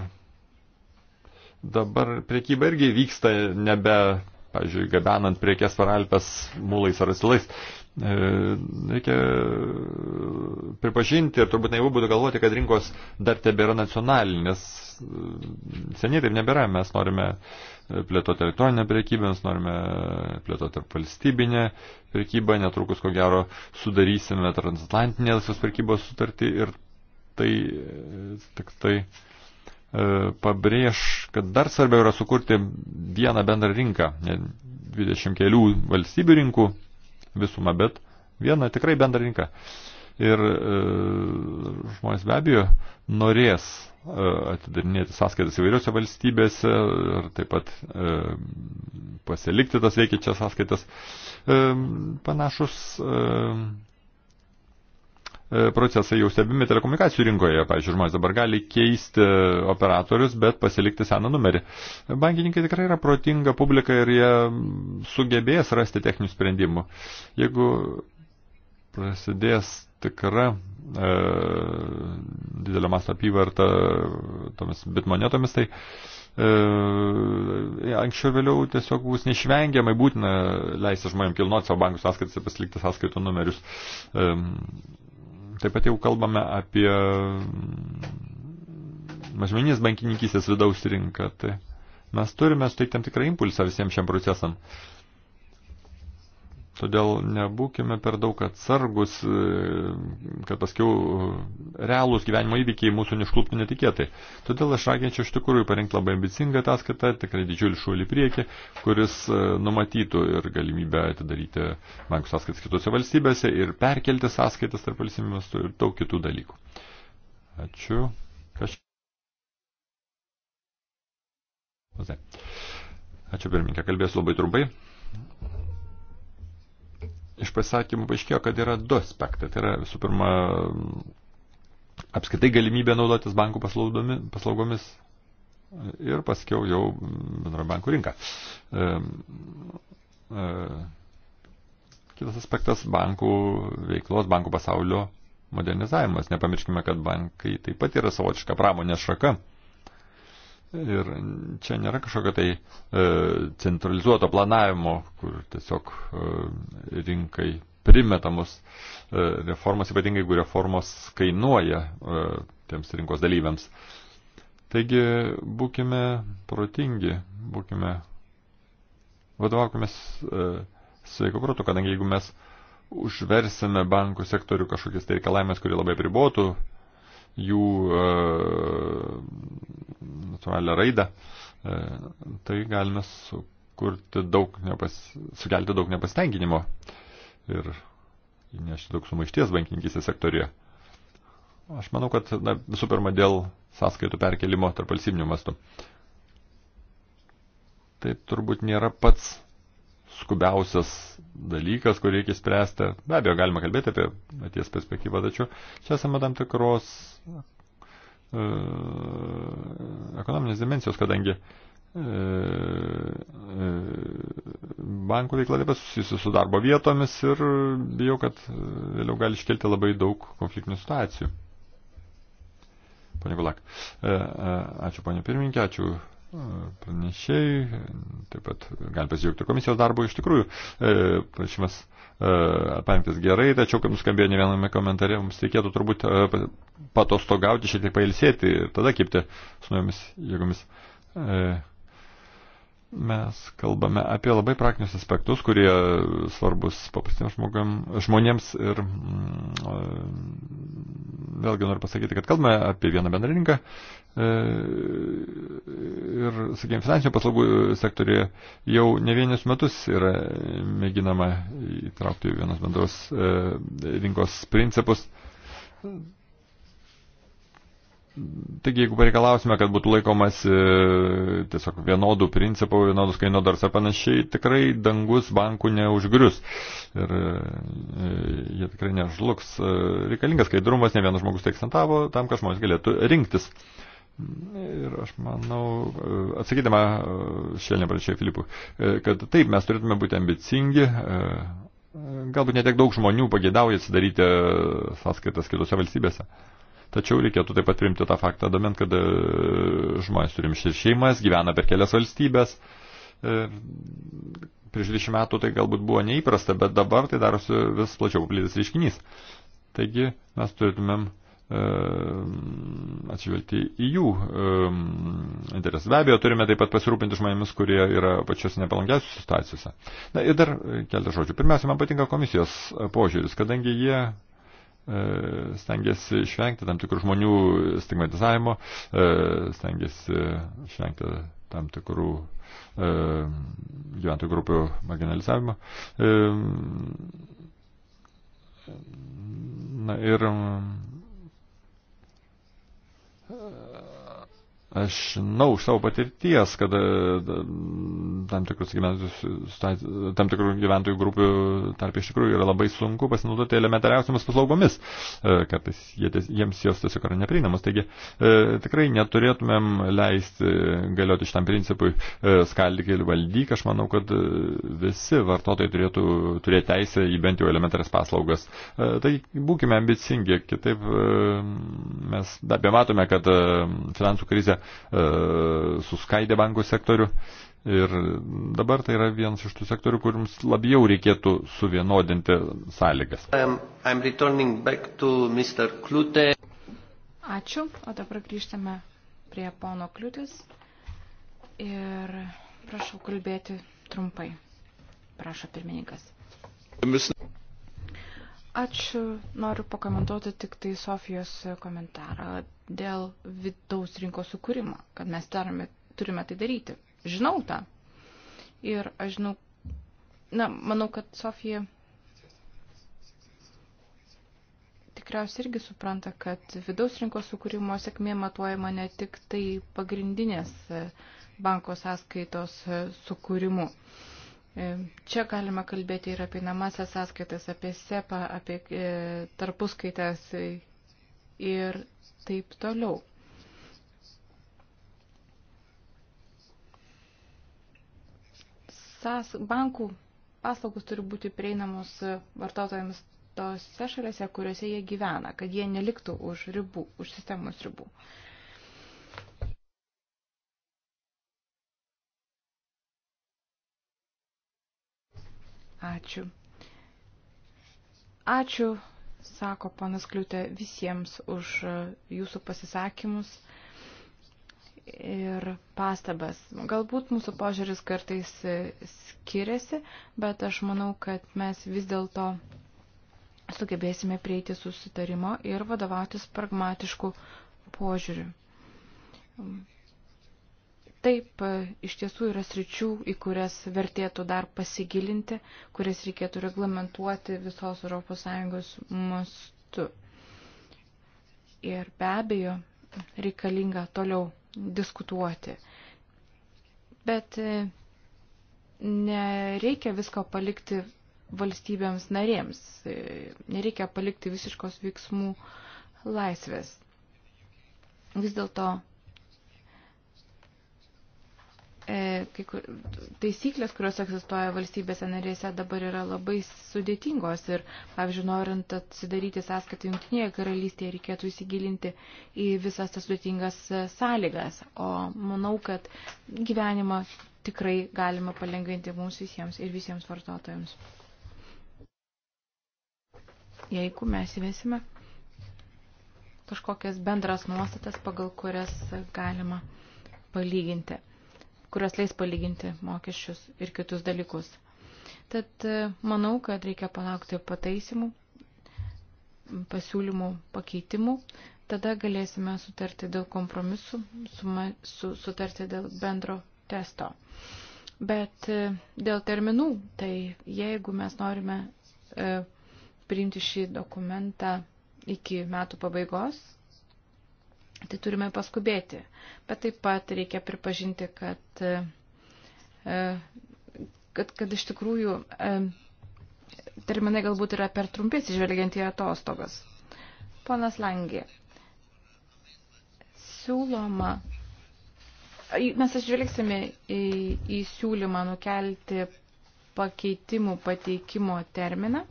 dabar priekyba irgi vyksta nebe, pavyzdžiui, gabenant priekės paralpės mulais ar asilais. E, reikia pripažinti ir turbūt naivu būtų galvoti, kad rinkos dar tebėra nacionalinės. E, seniai taip nebėra. Mes norime plėtoti elektroninę prekybę, mes norime plėtoti tarp valstybinę prekybą, netrukus ko gero sudarysime transatlantinę laisvos prekybos sutartį ir tai e, tik tai pabrėž, kad dar svarbiau yra sukurti vieną bendrą rinką, 20 kelių valstybių rinkų, visumą, bet vieną tikrai bendrą rinką. Ir e, žmonės be abejo norės e, atidarinėti sąskaitas įvairiose valstybėse ir taip pat e, pasilikti tas veikiančias sąskaitas. E, panašus e, E, procesai jau stebimi telekomunikacijų rinkoje. Pavyzdžiui, žmonės dabar gali keisti e, operatorius, bet pasilikti seną numerį. Bankininkai tikrai yra protinga publika ir jie sugebės rasti techninių sprendimų. Jeigu prasidės tikra e, didelio masto apyvarta tomis bitmonetomis, tai e, anksčiau ir vėliau tiesiog bus neišvengiamai būtina leisti žmonėm kilnoti savo bankų sąskaitas ir pasilikti sąskaitų numerius. E, Taip pat jau kalbame apie mm, mažmeninės bankininkysės vidaus rinką. Tai mes turime suteikti tam tikrą impulsą visiems šiam procesam. Uh, Todėl nebūkime per daug atsargus, e, kad paskiau e, realūs gyvenimo įvykiai mūsų neškluptų netikėtai. Todėl aš raginčiau iš tikrųjų parengti labai ambicingą ataskaitą, tikrai didžiulį šuolį priekį, kuris e, numatytų ir galimybę atidaryti bankų sąskaitas kitose valstybėse ir perkelti sąskaitas tarp valstybių ir daug kitų dalykų. Ačiū. Kaž... Ačiū pirmininkė, kalbėsiu labai trumpai iš pasakymų paaiškėjo, kad yra du aspektai. Tai yra visų pirma, apskaitai galimybė naudotis bankų paslaugomis ir paskiau jau bendro bankų rinką. E, e, kitas aspektas - bankų veiklos, bankų pasaulio modernizavimas. Nepamirškime, kad bankai taip pat yra savotiška pramonės šaka. Ir čia nėra kažkokio tai e, centralizuoto planavimo, kur tiesiog e, rinkai primetamos e, reformos, ypatingai jeigu reformos kainuoja e, tiems rinkos dalyviams. Taigi būkime protingi, būkime, vadovaukime e, sveiko protu, kadangi jeigu mes užversime bankų sektorių kažkokiais tai reikalavimais, kurie labai pribotų jų e, natūralią raidą, e, tai galime sukurti daug nepas, sukelti daug nepastenginimo ir įnešti daug sumaišties bankininkysės sektorijoje. Aš manau, kad na, visų pirma dėl sąskaitų perkelimo tarp valstybinių mastų. Tai turbūt nėra pats skubiausias dalykas, kurį reikia spręsti. Be abejo, galima kalbėti apie ateities perspektyvą, tačiau čia esame tam tikros e, ekonominės dimensijos, kadangi e, e, bankų veikla taip pat susijusi su darbo vietomis ir bijau, kad e, vėliau gali iškelti labai daug konfliktinių situacijų. Pane Gulak, e, e, ačiū ponė pirmininkė, ačiū pranešėjai, taip pat gali pasidžiaugti komisijos darbu, iš tikrųjų, e, prašymas e, parengtas gerai, tačiau, kaip nuskambėjo ne viename komentare, mums reikėtų turbūt e, patostogauti, šiek tiek pailsėti ir tada kipti su naujomis jėgomis. E, Mes kalbame apie labai praktinius aspektus, kurie svarbus paprastiems žmonėms ir mm, vėlgi noriu pasakyti, kad kalbame apie vieną bendrą rinką e, ir, sakėjim, finansinių paslaugų sektorija jau ne vienus metus yra mėginama įtraukti vienos bendros e, rinkos principus. Taigi, jeigu pareikalausime, kad būtų laikomas e, tiesiog vienodų principų, vienodus kainodars ar panašiai, tikrai dangus bankų neužgrius ir e, e, jie tikrai nežlugs. Reikalingas skaidrumas, ne vienas žmogus tai akcentavo, tam, kad žmonės galėtų rinktis. Ir aš manau, atsakydama šiandien pradžiai Filipui, kad taip, mes turėtume būti ambicingi, galbūt netiek daug žmonių pagėdauja atsidaryti sąskaitas kitose valstybėse. Tačiau reikėtų taip pat priimti tą faktą, domint, kad e, žmonės turim šeimas, gyvena per kelias valstybės. E, prieš 20 metų tai galbūt buvo neįprasta, bet dabar tai darosi vis plačiau paplitęs reiškinys. Taigi mes turėtumėm e, atsižvelgti į jų interesą. Be abejo, turime taip pat pasirūpinti žmonėmis, kurie yra pačios nepalankiausios situacijose. Na ir dar keletą žodžių. Pirmiausia, man patinka komisijos požiūris, kadangi jie E, stengiasi išvengti tam tikrų žmonių stigmatizavimo, e, stengiasi išvengti tam tikrų e, gyventojų grupių marginalizavimo. Na ir Aš žinau iš savo patirties, kad e, tam, tikrus tam tikrų gyventojų grupių tarp iš tikrųjų yra labai sunku pasinaudoti elementariausiamis paslaugomis, e, kartais jie, jiems jos tiesiog yra neprieinamos. Taigi e, tikrai neturėtumėm leisti galioti šitam principui skaldyk ir valdyk. Aš manau, kad visi vartotojai turėtų turėti teisę į bent jau elementarias paslaugas. Taigi būkime ambicingi, kitaip mes be matome, kad finansų krizė E, suskaidė bankų sektorių. Ir dabar tai yra vienas iš tų sektorių, kuriams labiau reikėtų suvienodinti sąlygas. Um, I'm, I'm Ačiū, o dabar grįžtame prie pono Kliūtis ir prašau kalbėti trumpai. Prašo pirmininkas. Ačiū. Noriu pakomentuoti tik tai Sofijos komentarą dėl vidaus rinkos sukūrimo, kad mes tarame, turime tai daryti. Žinau tą. Ir aš žinau, na, manau, kad Sofija tikriausiai irgi supranta, kad vidaus rinkos sukūrimo sėkmė matuojama ne tik tai pagrindinės banko sąskaitos sukūrimu. Uh, Čia galima kalbėti ir apie namasias sąskaitas, apie SEPA, apie e, tarpuskaitas ir taip toliau. SAS, bankų paslaugos turi būti prieinamos vartotojams tose šalėse, kuriuose jie gyvena, kad jie neliktų už ribų, už sistemos ribų. Uh, Ačiū. Ačiū, sako panas Kliūtė, visiems už jūsų pasisakymus ir pastabas. Galbūt mūsų požiūris kartais skiriasi, bet aš manau, kad mes vis dėlto sugebėsime prieiti susitarimo ir vadovautis pragmatiškų požiūrių. Taip, iš tiesų yra sričių, į kurias vertėtų dar pasigilinti, kurias reikėtų reglamentuoti visos ES mastu. Ir be abejo, reikalinga toliau diskutuoti. Bet e, nereikia visko palikti valstybėms narėms, e, nereikia palikti visiškos veiksmų laisvės. Vis dėlto E, kai kur, taisyklės, kurios egzistuoja valstybėse narėse, dabar yra labai sudėtingos ir, pavyzdžiui, norint atsidaryti sąskaitą Junktinėje karalystėje, reikėtų įsigilinti į visas tas sudėtingas e, sąlygas. O manau, kad gyvenimą tikrai galima palengvinti mums visiems ir visiems vartotojams. Jeigu mes įvesime kažkokias bendras nuostatas, pagal kurias galima palyginti kurios leis palyginti mokesčius ir kitus dalykus. Tad e, manau, kad reikia palaukti pataisimų, pasiūlymų, pakeitimų, tada galėsime sutarti dėl kompromisų, suma, su, sutarti dėl bendro testo. Bet e, dėl terminų, tai jeigu mes norime e, priimti šį dokumentą iki metų pabaigos, Tai turime paskubėti. Bet taip pat reikia pripažinti, kad, e, kad, kad iš tikrųjų e, terminai galbūt yra per trumpi atsižvelgiant į atostogas. Ponas Langė, siūloma, mes atsižvelgsime į, į siūlymą nukelti pakeitimų pateikimo terminą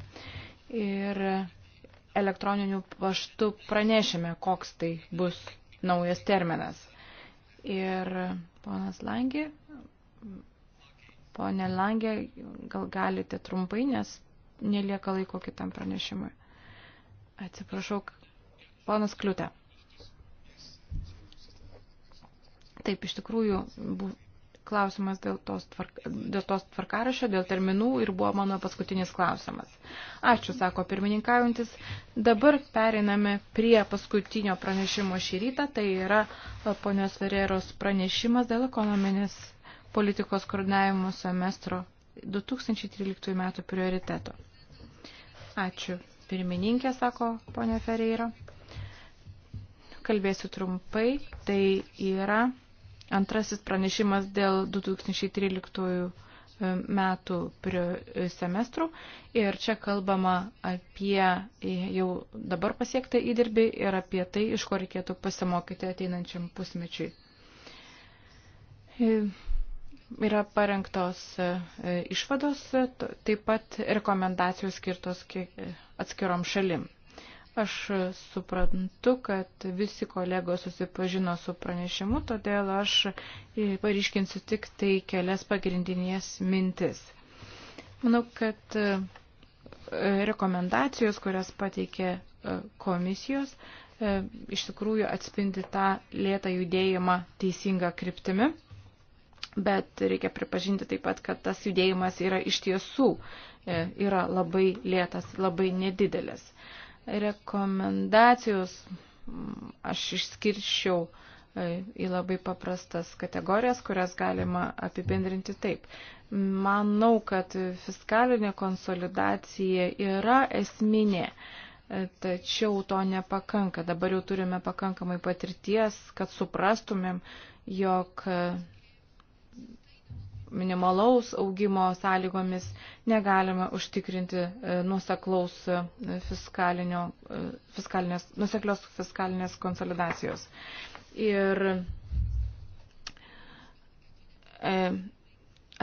ir elektroniniu paštu pranešime, koks tai bus naujas terminas. Ir ponas Langė, ponė Langė, gal galite trumpai, nes nelieka laiko kitam pranešimui. Atsiprašau, ponas Kliutė. Taip, iš tikrųjų, klausimas dėl tos, tvarka, dėl tos tvarkarašio, dėl terminų ir buvo mano paskutinis klausimas. Ačiū, sako pirmininkaujantis. Dabar periname prie paskutinio pranešimo šį rytą, tai yra e, ponios Vereros pranešimas dėl ekonominės politikos koordinavimo semestro 2013 metų prioriteto. Ačiū, pirmininkė, sako ponia Ferreira. Kalbėsiu trumpai, tai yra Antrasis pranešimas dėl 2013 e, metų e, semestrų ir čia kalbama apie jau dabar pasiektą įdirbį ir apie tai, iš ko reikėtų pasimokyti ateinančiam pusmečiui. E, yra parengtos išvados, taip pat rekomendacijos skirtos atskirom šalim. Aš suprantu, kad visi kolegos susipažino su pranešimu, todėl aš e, paryškinsiu tik tai kelias pagrindinės mintis. Manau, kad e, rekomendacijos, kurias pateikė e, komisijos, iš tikrųjų atspindi tą lėtą judėjimą teisingą kryptimi, bet reikia pripažinti taip pat, kad tas judėjimas yra iš tiesų yra labai lėtas, labai nedidelis rekomendacijos aš išskirčiau e, į labai paprastas kategorijas, kurias galima apibendrinti taip. Manau, kad fiskalinė konsolidacija yra esminė, e, tačiau to nepakanka. Dabar jau turime pakankamai patirties, kad suprastumėm, jog minimalaus augimo sąlygomis negalime užtikrinti e, nuseklaus e, e, fiskalinės, nuseklios fiskalinės konsolidacijos. Ir e,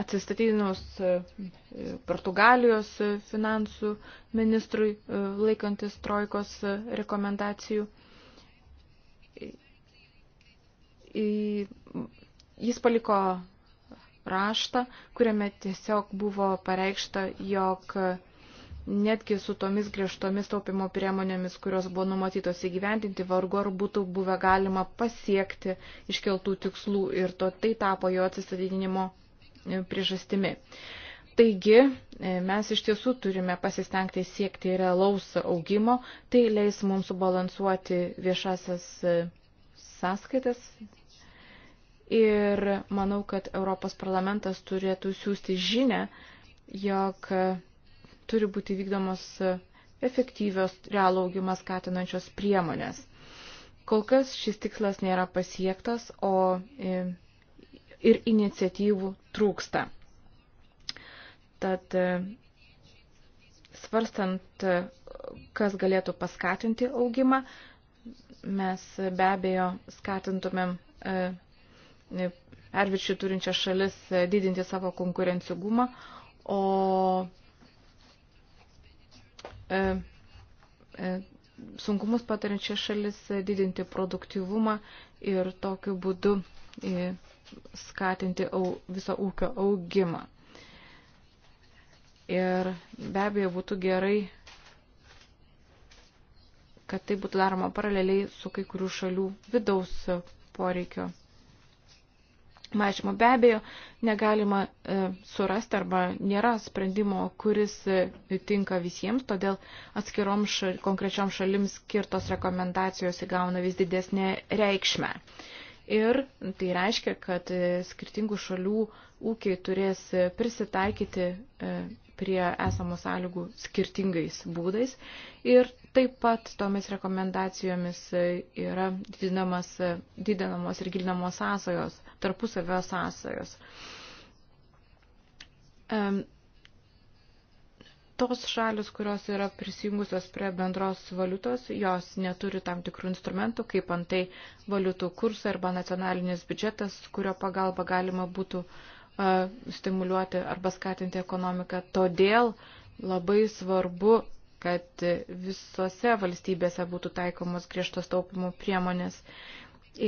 atsistatydinus Portugalijos finansų ministrui laikantis trojkos rekomendacijų. Jis paliko raštą, kuriame tiesiog buvo pareikšta, jog netgi su tomis griežtomis taupimo priemonėmis, kurios buvo numatytos įgyvendinti, vargu ar būtų buvę galima pasiekti iškeltų tikslų ir to tai tapo jo atsistatydinimo e, priežastimi. Taigi, e, mes iš tiesų turime pasistengti siekti realaus augimo, tai leis mums subalansuoti viešasias e, sąskaitas, Ir manau, kad Europos parlamentas turėtų siūsti žinę, jog turi būti vykdomos efektyvios realų augimą skatinančios priemonės. Kol kas šis tikslas nėra pasiektas, o e, ir iniciatyvų trūksta. Tad e, svarstant, kas galėtų paskatinti augimą, mes be abejo skatintumėm e, perviršį turinčias šalis e, didinti savo konkurencigumą, o e, e, sunkumus patariančias šalis didinti produktivumą ir tokiu būdu skatinti viso ūkio augimą. Ir be abejo būtų gerai, kad tai būtų daroma paraleliai su kai kurių šalių vidaus poreikio mažimo. Be abejo, negalima e, surasti arba nėra sprendimo, kuris e, tinka visiems, todėl atskirom šal, konkrečiom šalims skirtos rekomendacijos įgauna vis didesnę reikšmę. Ir tai reiškia, kad e, skirtingų šalių ūkiai turės prisitaikyti prie esamų sąlygų skirtingais būdais ir Taip pat tomis rekomendacijomis yra didinamas, didinamos ir gilinamos sąsajos, tarpusavio sąsajos. Tos šalis, kurios yra prisijungusios prie bendros valiutos, jos neturi tam tikrų instrumentų, kaip antai valiutų kursą arba nacionalinis biudžetas, kurio pagalba galima būtų e, stimuliuoti arba skatinti ekonomiką. Todėl labai svarbu kad visose valstybėse būtų taikomos griežtos taupimo priemonės.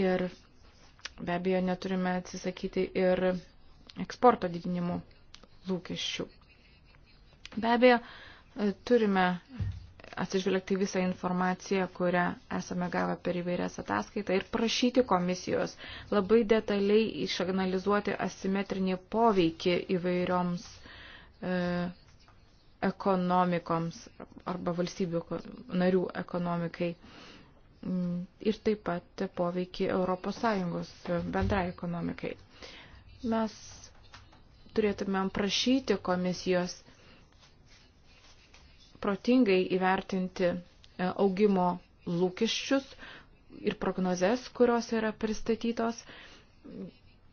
Ir be abejo neturime atsisakyti ir eksporto didinimo lūkesčių. Be abejo, turime atsižvelgti visą informaciją, kurią esame gavę per įvairias ataskaitą ir prašyti komisijos labai detaliai išanalizuoti asimetrinį poveikį įvairioms e, ekonomikoms arba valstybių narių ekonomikai mm, ir taip pat poveikį ES bendrai ekonomikai. Mes turėtumėm prašyti komisijos protingai įvertinti e, augimo lūkesčius ir prognozes, kurios yra pristatytos,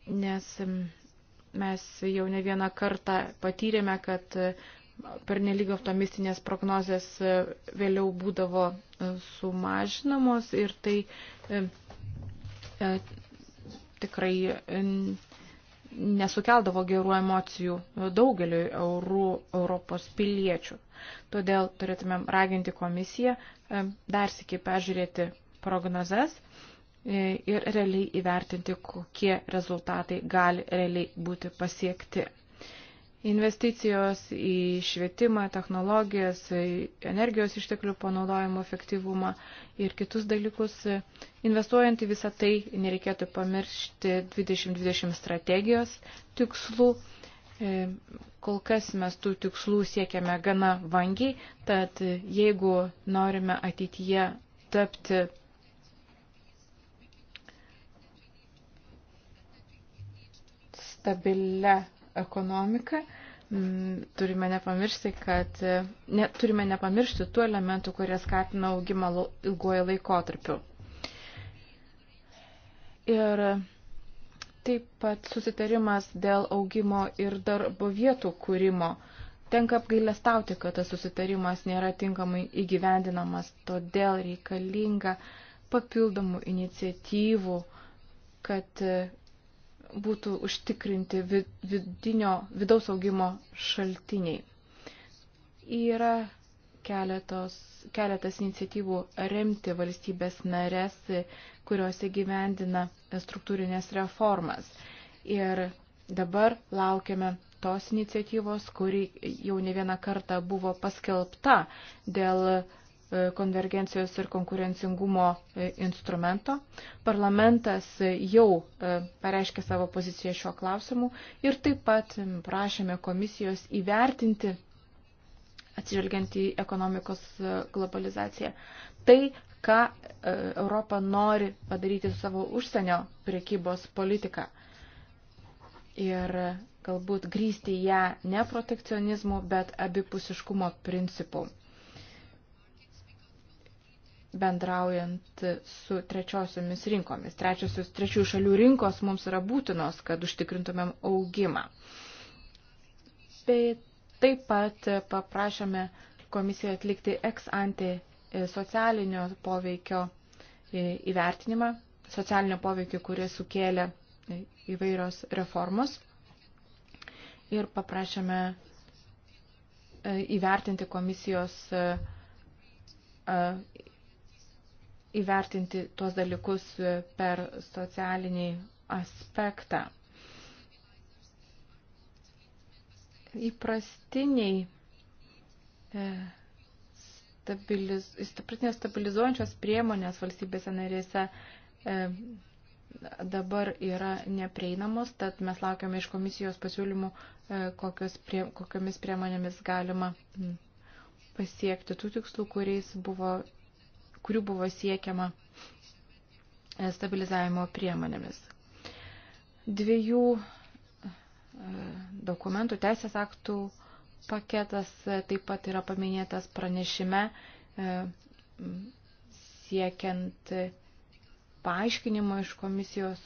nes mm, mes jau ne vieną kartą patyrėme, kad pernelyg optimistinės prognozės e, vėliau būdavo e, sumažinamos ir tai e, tikrai nesukeldavo gerų emocijų daugeliu eurų Europos piliečių. Todėl turėtumėm raginti komisiją dar sėki peržiūrėti prognozes ir realiai įvertinti, kokie rezultatai gali realiai būti pasiekti. Investicijos į švietimą, technologijas, energijos išteklių panaudojimo efektyvumą ir kitus dalykus. Investuojant į visą tai, nereikėtų pamiršti 2020 strategijos tikslų. E, kol kas mes tų tikslų siekiame gana vangiai, tad jeigu norime ateityje tapti stabilę ekonomiką. Mm, turime nepamiršti, kad ne, turime nepamiršti tų elementų, kurie skatina augimą ilguoju laikotarpiu. Ir taip pat susitarimas dėl augimo ir darbo vietų kūrimo. Tenka apgailestauti, kad tas susitarimas nėra tinkamai įgyvendinamas, todėl reikalinga papildomų iniciatyvų, kad būtų užtikrinti vidinio, vidaus augimo šaltiniai. Yra keletos, keletas iniciatyvų remti valstybės narės, kuriuose gyvendina struktūrinės reformas. Ir dabar laukiame tos iniciatyvos, kuri jau ne vieną kartą buvo paskelbta dėl konvergencijos ir konkurencingumo e, instrumento. Parlamentas e, jau e, pareiškė savo poziciją šiuo klausimu ir taip pat prašėme komisijos įvertinti, atsižvelgiant į ekonomikos globalizaciją, tai, ką Europa nori padaryti su savo užsienio priekybos politika. Ir galbūt grįsti ją ne protekcionizmu, bet abipusiškumo principu bendraujant su trečiosiomis rinkomis. Trečiosios trečių šalių rinkos mums yra būtinos, kad užtikrintumėm augimą. Bei taip pat paprašėme komisiją atlikti ex ante socialinio poveikio įvertinimą, socialinio poveikio, kurį sukėlė įvairios reformos. Ir paprašėme įvertinti komisijos įvertinti tuos dalykus per socialinį aspektą. Įprastiniai e, stabiliz, įstapratinės stabilizuojančios priemonės valstybėse narėse e, dabar yra neprieinamos, tad mes laukiame iš komisijos pasiūlymų, e, kokios prie, kokiamis priemonėmis galima pasiekti tų tikslų, kuriais buvo kurių buvo siekiama e, stabilizavimo priemonėmis. Dviejų e, dokumentų teisės aktų paketas e, taip pat yra paminėtas pranešime siekiant paaiškinimo iš komisijos,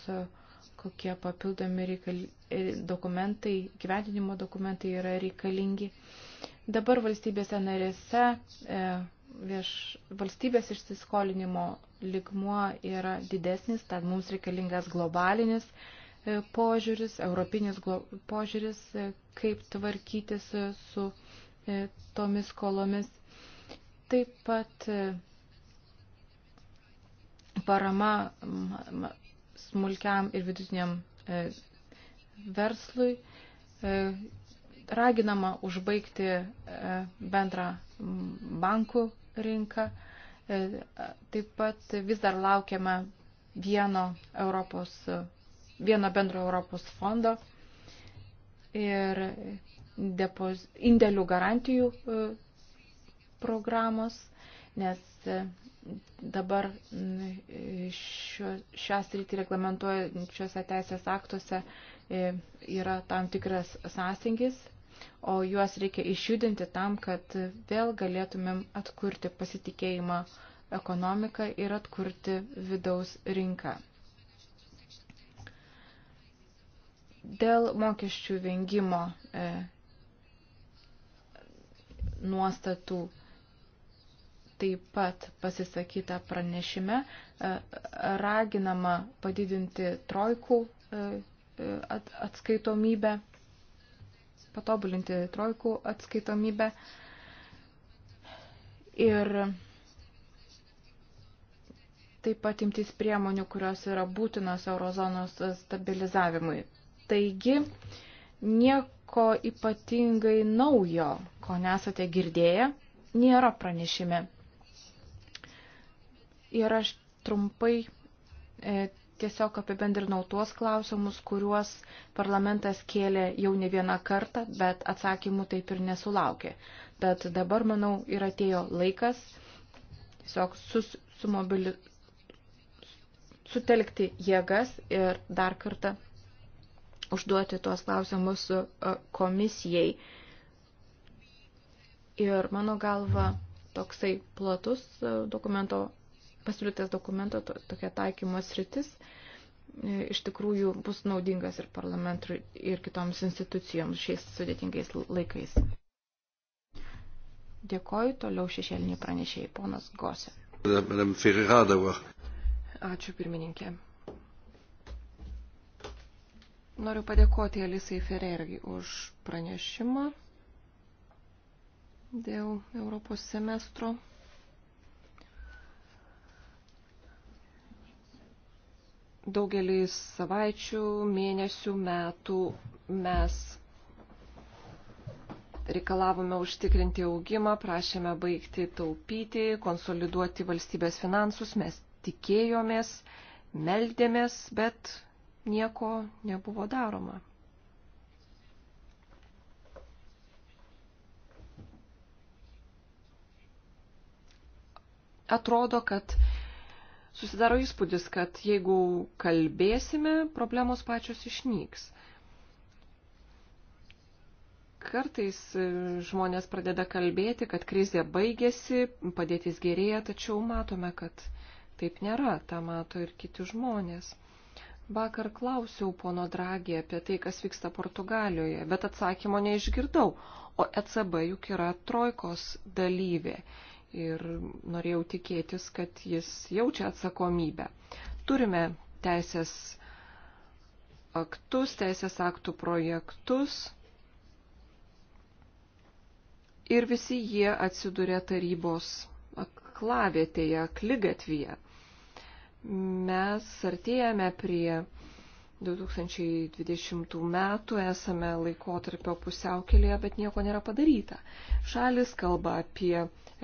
kokie papildomi reikali, dokumentai, gyventinimo dokumentai yra reikalingi. Dabar valstybėse narėse vieš, valstybės išsiskolinimo ligmuo yra didesnis, tad mums reikalingas globalinis e, požiūris, europinis požiūris, e, kaip tvarkytis e, su tomis kolomis. Taip pat parama smulkiam ir vidutiniam verslui raginama užbaigti e, bendrą bankų rinką. E, taip pat vis dar laukiame vieno, Europos, vieno bendro Europos fondo ir depoz, indėlių garantijų e, programos, nes dabar šią sritį reglamentuojančiuose teisės aktuose yra tam tikras sąsingis o juos reikia išjudinti tam, kad vėl galėtumėm atkurti pasitikėjimą ekonomiką ir atkurti vidaus rinką. Dėl mokesčių vengimo e, nuostatų taip pat pasisakyta pranešime, e, raginama padidinti trojkų e, e, at, atskaitomybę patobulinti trojkų atskaitomybę. Ir taip pat imtis priemonių, kurios yra būtinos eurozonos stabilizavimui. Taigi, nieko ypatingai naujo, ko nesate girdėję, nėra pranešime. Ir aš trumpai e, tiesiog apibendrinau tuos klausimus, kuriuos parlamentas kėlė jau ne vieną kartą, bet atsakymų taip ir nesulaukė. Tad dabar, manau, ir atėjo laikas tiesiog sus, sumobili, sutelkti jėgas ir dar kartą užduoti tuos klausimus e, komisijai. Ir mano galva toksai platus e, dokumento pasiūlytas dokumento to, tokia taikymos rytis e, iš tikrųjų bus naudingas ir parlamentui, ir kitoms institucijoms šiais sudėtingais laikais. Dėkoju toliau šešėliniai pranešėjai, ponas Gose. Ačiū pirmininkė. Noriu padėkoti Elisai Ferergi už pranešimą dėl Europos semestro daugelį savaičių, mėnesių, metų mes reikalavome užtikrinti augimą, prašėme baigti taupyti, konsoliduoti valstybės finansus, mes tikėjomės, meldėmės, bet nieko nebuvo daroma. Atrodo, kad susidaro įspūdis, kad jeigu kalbėsime, problemos pačios išnyks. Kartais žmonės pradeda kalbėti, kad krizė baigėsi, padėtis gerėja, tačiau matome, kad taip nėra, tą mato ir kiti žmonės. Vakar klausiau pono Dragį apie tai, kas vyksta Portugalijoje, bet atsakymo neišgirdau, o ECB juk yra trojkos dalyvė ir norėjau tikėtis, kad jis jaučia atsakomybę. Turime teisės aktus, teisės aktų projektus ir visi jie atsiduria tarybos aklavietėje, klygatvyje. Mes artėjame prie 2020 metų, esame laikotarpio pusiaukelėje, bet nieko nėra padaryta. Šalis kalba apie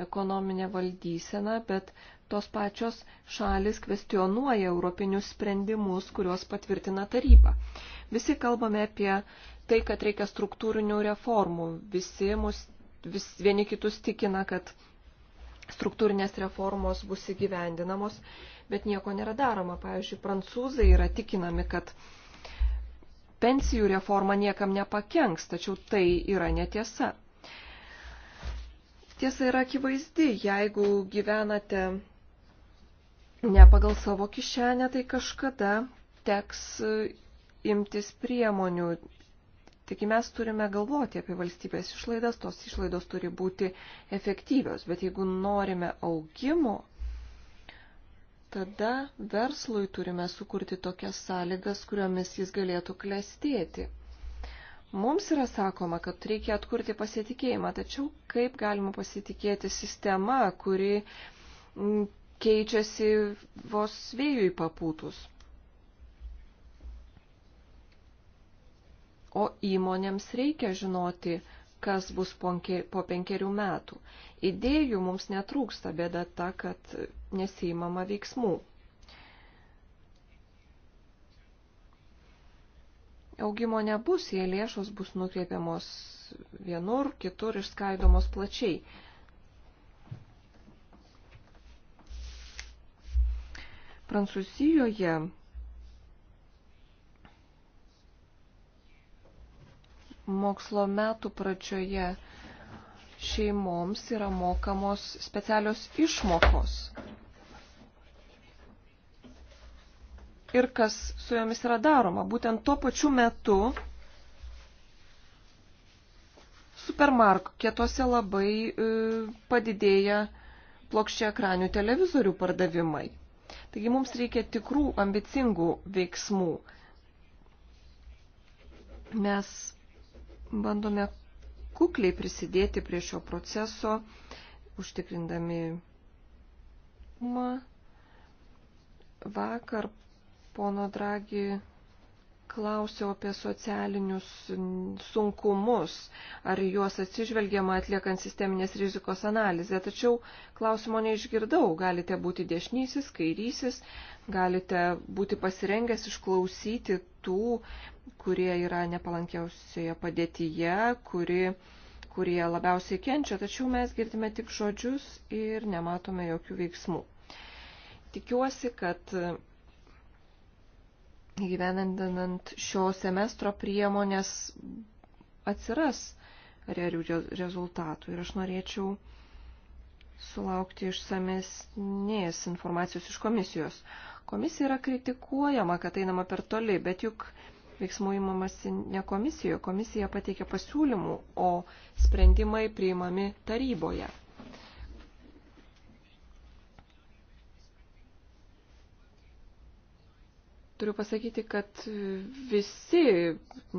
ekonominę valdyseną, bet tos pačios šalis kvestionuoja europinius sprendimus, kuriuos patvirtina taryba. Visi kalbame apie tai, kad reikia struktūrinių reformų, visi mus vis vieni kitus tikina, kad struktūrinės reformos bus įgyvendinamos, bet nieko nėra daroma. Pavyzdžiui, prancūzai yra tikinami, kad pensijų reforma niekam nepakenks, tačiau tai yra netiesa. Tiesa yra akivaizdi, jeigu gyvenate ne pagal savo kišenę, tai kažkada teks imtis priemonių Taigi mes turime galvoti apie valstybės išlaidas, tos išlaidos turi būti efektyvios, bet jeigu norime augimo, tada verslui turime sukurti tokias sąlygas, kuriomis jis galėtų klestėti. Mums yra sakoma, kad reikia atkurti pasitikėjimą, tačiau kaip galima pasitikėti sistema, kuri mm, keičiasi vos vėjui papūtus. O įmonėms reikia žinoti, kas bus po penkerių metų. Idėjų mums netrūksta, bėda ta, kad nesijimama veiksmų. Augimo nebus, jei lėšos bus nukreipiamos vienur, kitur išskaidomos plačiai. Prancūzijoje mokslo metų pradžioje šeimoms yra mokamos specialios išmokos. Ir kas su jomis yra daroma. Būtent tuo pačiu metu supermarketuose labai e, padidėja plokščia ekranių televizorių pardavimai. Taigi mums reikia tikrų ambicingų veiksmų. Mes bandome kukliai prisidėti prie šio proceso, užtikrindami. Vakar pono Dragi klausiau apie socialinius sunkumus, ar juos atsižvelgiama atliekant sisteminės rizikos analizę, tačiau klausimo neišgirdau. Galite būti dešnysis, kairysis, galite būti pasirengęs išklausyti tų, kurie yra nepalankiausioje padėtyje, kuri, kurie labiausiai kenčia, tačiau mes girdime tik žodžius ir nematome jokių veiksmų. Tikiuosi, kad gyvenendinant šio semestro priemonės atsiras realių rezultatų. Ir aš norėčiau sulaukti išsamesnės informacijos iš komisijos. Komisija yra kritikuojama, kad einama per toli, bet juk veiksmų įmamasi ne komisijoje. Komisija pateikia pasiūlymų, o sprendimai priimami taryboje. Turiu pasakyti, kad visi,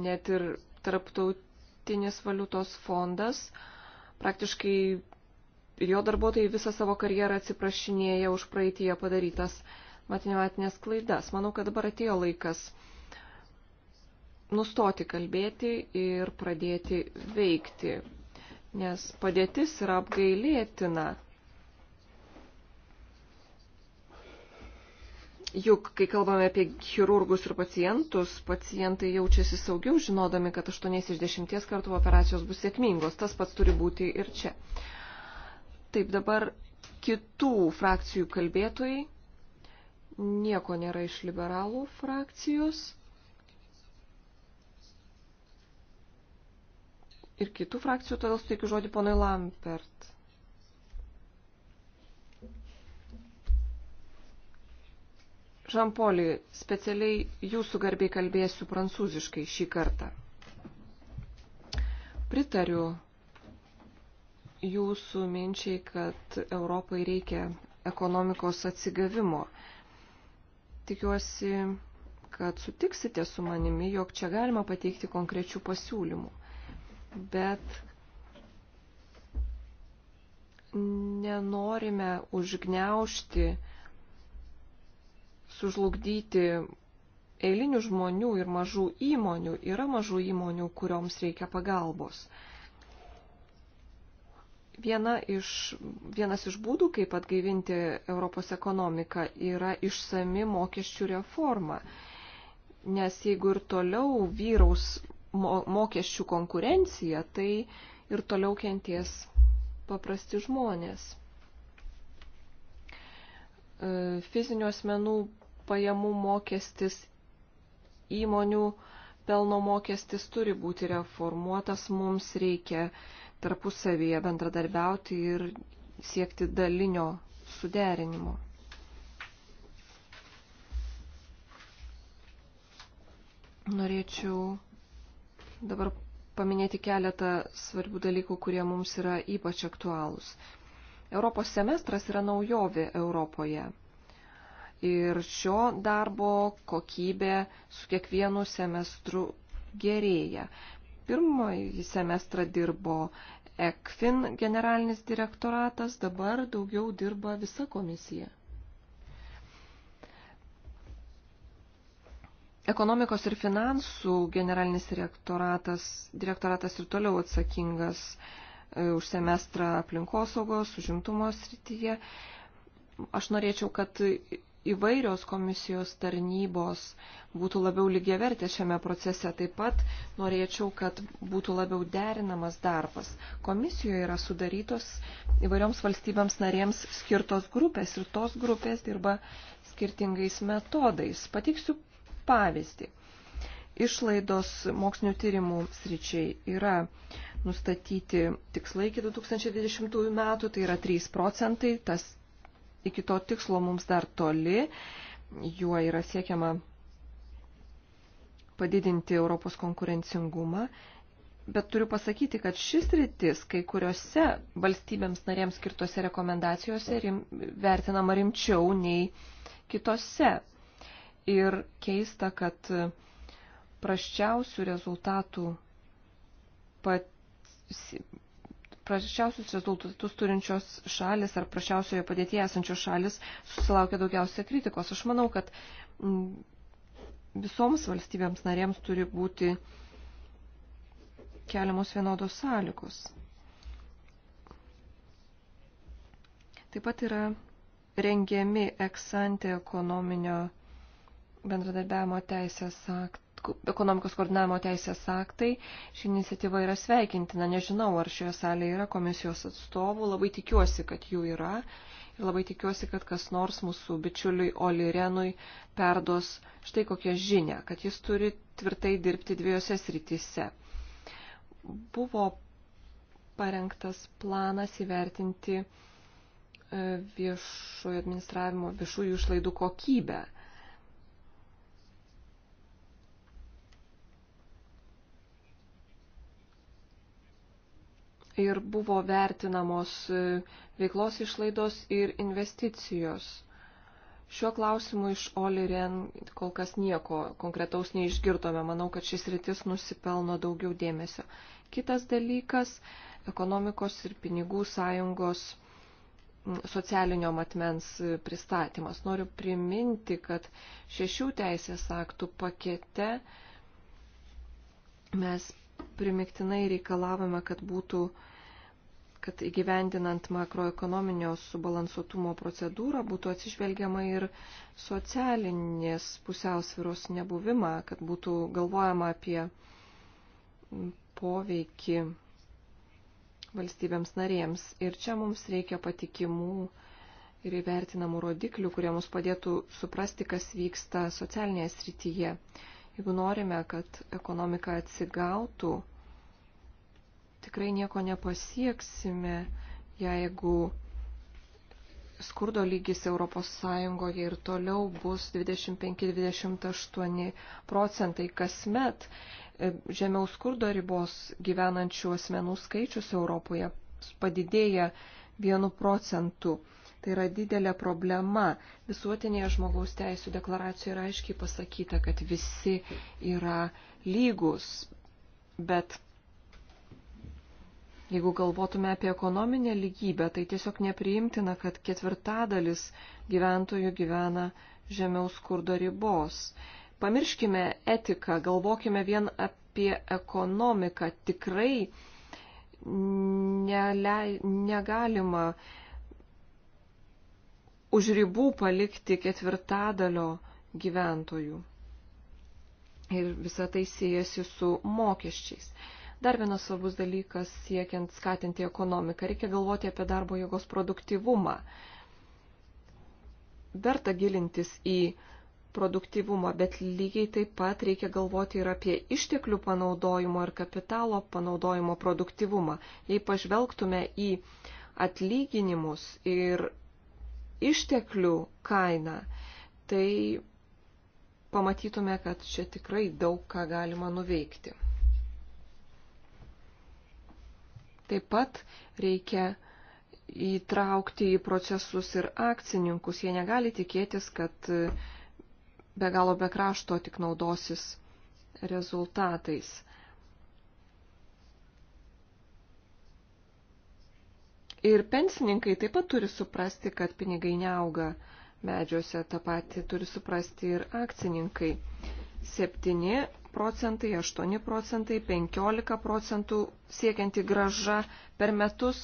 net ir tarptautinis valiutos fondas, praktiškai ir jo darbuotojai visą savo karjerą atsiprašinėja už praeitie padarytas matematinės klaidas. Manau, kad dabar atėjo laikas nustoti kalbėti ir pradėti veikti, nes padėtis yra apgailėtina. Juk, kai kalbame apie chirurgus ir pacientus, pacientai jaučiasi saugiau, žinodami, kad 8 iš 10 kartų operacijos bus sėkmingos. Tas pats turi būti ir čia. Taip dabar kitų frakcijų kalbėtojai. Nieko nėra iš liberalų frakcijos. Ir kitų frakcijų, todėl suteikiu žodį ponui Lampert. Žampolį, specialiai jūsų garbiai kalbėsiu prancūziškai šį kartą. Pritariu jūsų minčiai, kad Europai reikia ekonomikos atsigavimo. Tikiuosi, kad sutiksite su manimi, jog čia galima pateikti konkrečių pasiūlymų. Bet nenorime užgneušti sužlugdyti eilinių žmonių ir mažų įmonių. Yra mažų įmonių, kurioms reikia pagalbos. Viena iš, vienas iš būdų, kaip atgaivinti Europos ekonomiką, yra išsami mokesčių reforma. Nes jeigu ir toliau vyraus mokesčių konkurencija, tai ir toliau kenties paprasti žmonės. E, fizinių asmenų pajamų mokestis, įmonių pelno mokestis turi būti reformuotas, mums reikia tarpusavyje bendradarbiauti ir siekti dalinio suderinimo. Norėčiau dabar paminėti keletą svarbių dalykų, kurie mums yra ypač aktualūs. Europos semestras yra naujovė Europoje ir šio darbo kokybė su kiekvienu semestru gerėja. Pirmąjį semestrą dirbo ECFIN generalinis direktoratas, dabar daugiau dirba visa komisija. Ekonomikos ir finansų generalinis direktoratas, direktoratas ir toliau atsakingas e, už semestrą aplinkosaugos, užimtumo srityje. Aš norėčiau, kad įvairios komisijos tarnybos būtų labiau lygiavertės šiame procese. Taip pat norėčiau, kad būtų labiau derinamas darbas. Komisijoje yra sudarytos įvairioms valstybėms narėms skirtos grupės ir tos grupės dirba skirtingais metodais. Patiksiu pavyzdį. Išlaidos mokslinių tyrimų sričiai yra nustatyti tikslai iki 2020 metų, tai yra 3 procentai, tas iki to tikslo mums dar toli. Juo yra siekiama padidinti Europos konkurencingumą. Bet turiu pasakyti, kad šis rytis kai kuriuose valstybėms narėms skirtose rekomendacijose rim, vertinama rimčiau nei kitose. Ir keista, kad praščiausių rezultatų pat, prašiausius rezultatus turinčios šalis ar prašiausioje padėtyje esančios šalis susilaukia daugiausia kritikos. Aš manau, kad mm, visoms valstybėms narėms turi būti keliamos vienodos sąlygos. Taip pat yra rengiami eksante ekonominio bendradarbiavimo teisės aktai ekonomikos koordinavimo teisės aktai. Ši iniciatyva yra sveikintina. Nežinau, ar šioje salėje yra komisijos atstovų. Labai tikiuosi, kad jų yra. Ir labai tikiuosi, kad kas nors mūsų bičiuliui Olirenui perdos štai kokią žinę, kad jis turi tvirtai dirbti dviejose srityse. Buvo parengtas planas įvertinti e, viešojo administravimo viešųjų išlaidų kokybę. ir buvo vertinamos e, veiklos išlaidos ir investicijos. Šiuo klausimu iš Oliren kol kas nieko konkretaus neišgirdome. Manau, kad šis rytis nusipelno daugiau dėmesio. Kitas dalykas - ekonomikos ir pinigų sąjungos socialinio matmens e, pristatymas. Noriu priminti, kad šešių teisės aktų pakete mes primiktinai reikalavome, kad būtų, kad įgyvendinant makroekonominio subalansuotumo procedūrą būtų atsižvelgiama ir socialinės pusiausviros nebuvimą, kad būtų galvojama apie poveikį valstybėms narėms. Ir čia mums reikia patikimų ir įvertinamų rodiklių, kurie mus padėtų suprasti, kas vyksta socialinėje srityje. Jeigu norime, kad ekonomika atsigautų, tikrai nieko nepasieksime, jeigu skurdo lygis ES ir toliau bus 25-28 procentai kasmet. E, žemiau skurdo ribos gyvenančių asmenų skaičius Europoje padidėja 1 procentu. Tai yra didelė problema. Visuotinėje žmogaus teisų deklaracijoje yra aiškiai pasakyta, kad visi yra lygus. Bet jeigu galvotume apie ekonominę lygybę, tai tiesiog nepriimtina, kad ketvirtadalis gyventojų gyvena žemiau skurdo ribos. Pamirškime etiką, galvokime vien apie ekonomiką. Tikrai nelei, negalima už ribų palikti ketvirtadalio gyventojų. Ir visa tai siejasi su mokesčiais. Dar vienas svarbus dalykas siekiant skatinti ekonomiką. Reikia galvoti apie darbo jėgos produktivumą. Verta gilintis į produktivumą, bet lygiai taip pat reikia galvoti ir apie išteklių panaudojimo ir kapitalo panaudojimo produktivumą. Jei pažvelgtume į atlyginimus ir išteklių kainą, tai pamatytume, kad čia tikrai daug ką galima nuveikti. Taip pat reikia įtraukti į procesus ir akcininkus. Jie negali tikėtis, kad be galo be krašto tik naudosis rezultatais. Ir pensininkai taip pat turi suprasti, kad pinigai neauga medžiuose, tą patį turi suprasti ir akcininkai. 7 procentai, 8 procentai, 15 procentų siekianti graža per metus.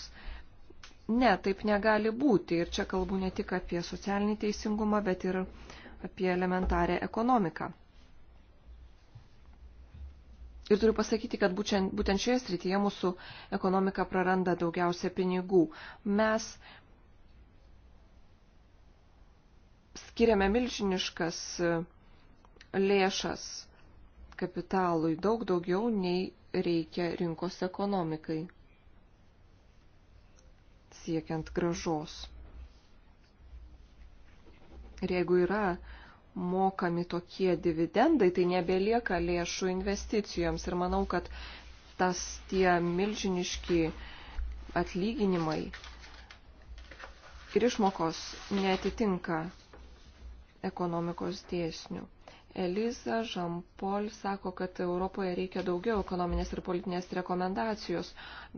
Ne, taip negali būti. Ir čia kalbu ne tik apie socialinį teisingumą, bet ir apie elementarę ekonomiką. Ir turiu pasakyti, kad būtent šioje srityje mūsų ekonomika praranda daugiausia pinigų. Mes skiriame milžiniškas e, lėšas kapitalui daug daugiau nei reikia rinkos ekonomikai siekiant gražos. Ir jeigu yra mokami tokie dividendai, tai nebelieka lėšų investicijoms. Ir manau, kad tas tie milžiniški atlyginimai ir išmokos netitinka ekonomikos dėsnių. Eliza Žampol sako, kad Europoje reikia daugiau ekonominės ir politinės rekomendacijos,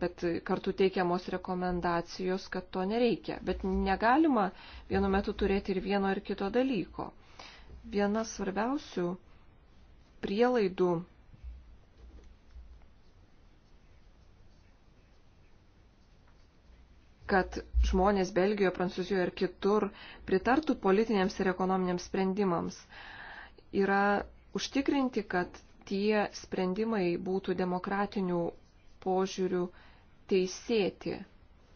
bet kartu teikiamos rekomendacijos, kad to nereikia. Bet negalima vienu metu turėti ir vieno ir kito dalyko viena svarbiausių prielaidų kad žmonės Belgijoje, Prancūzijoje ir kitur pritartų politiniams ir ekonominiams sprendimams, yra užtikrinti, kad tie sprendimai būtų demokratinių požiūrių teisėti.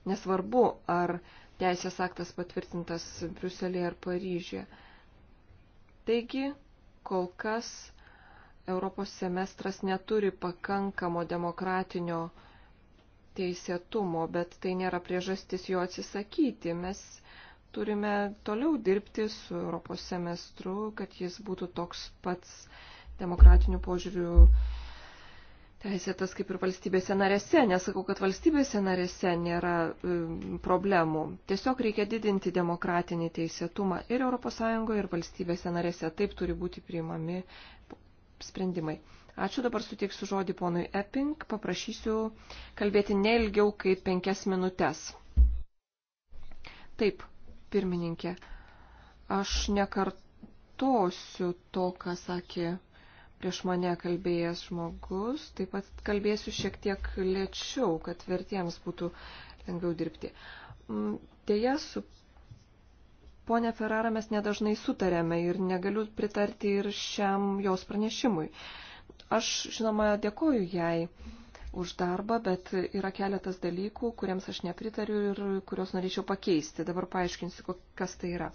Nesvarbu, ar teisės aktas patvirtintas Bruselėje ar Paryžėje. Taigi, kol kas Europos semestras neturi pakankamo demokratinio teisėtumo, bet tai nėra priežastis jo atsisakyti. Mes turime toliau dirbti su Europos semestru, kad jis būtų toks pats demokratiniu požiūriu teisėtas kaip ir valstybėse narėse. Nesakau, kad valstybėse narėse nėra um, problemų. Tiesiog reikia didinti demokratinį teisėtumą ir ES, ir valstybėse narėse. Taip turi būti priimami sprendimai. Ačiū, dabar suteiksiu žodį ponui Epping, paprašysiu kalbėti neilgiau kaip penkias minutės. Taip, pirmininkė, aš nekartosiu to, ką sakė prieš mane kalbėjęs žmogus. Taip pat kalbėsiu šiek tiek lėčiau, kad vertiems būtų lengviau dirbti. Mm, Deja, su ponia Ferrara mes nedažnai sutarėme ir negaliu pritarti ir šiam jos pranešimui. Aš, žinoma, dėkoju jai už darbą, bet yra keletas dalykų, kuriems aš nepritariu ir kuriuos norėčiau pakeisti. Dabar paaiškinsiu, kas tai yra.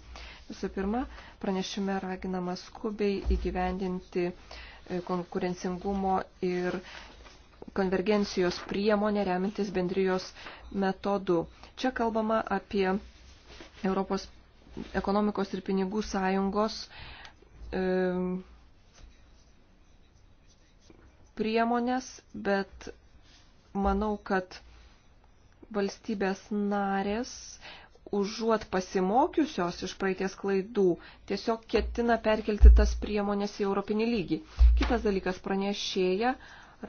Visų pirma, pranešime raginama skubiai įgyvendinti uh, konkurencingumo ir konvergencijos priemonė remintis bendrijos metodu. Čia kalbama apie Europos ekonomikos ir pinigų sąjungos e, priemonės, bet manau, kad valstybės narės užuot pasimokiusios iš praeities klaidų, tiesiog ketina perkelti tas priemonės į europinį lygį. Kitas dalykas pranešėja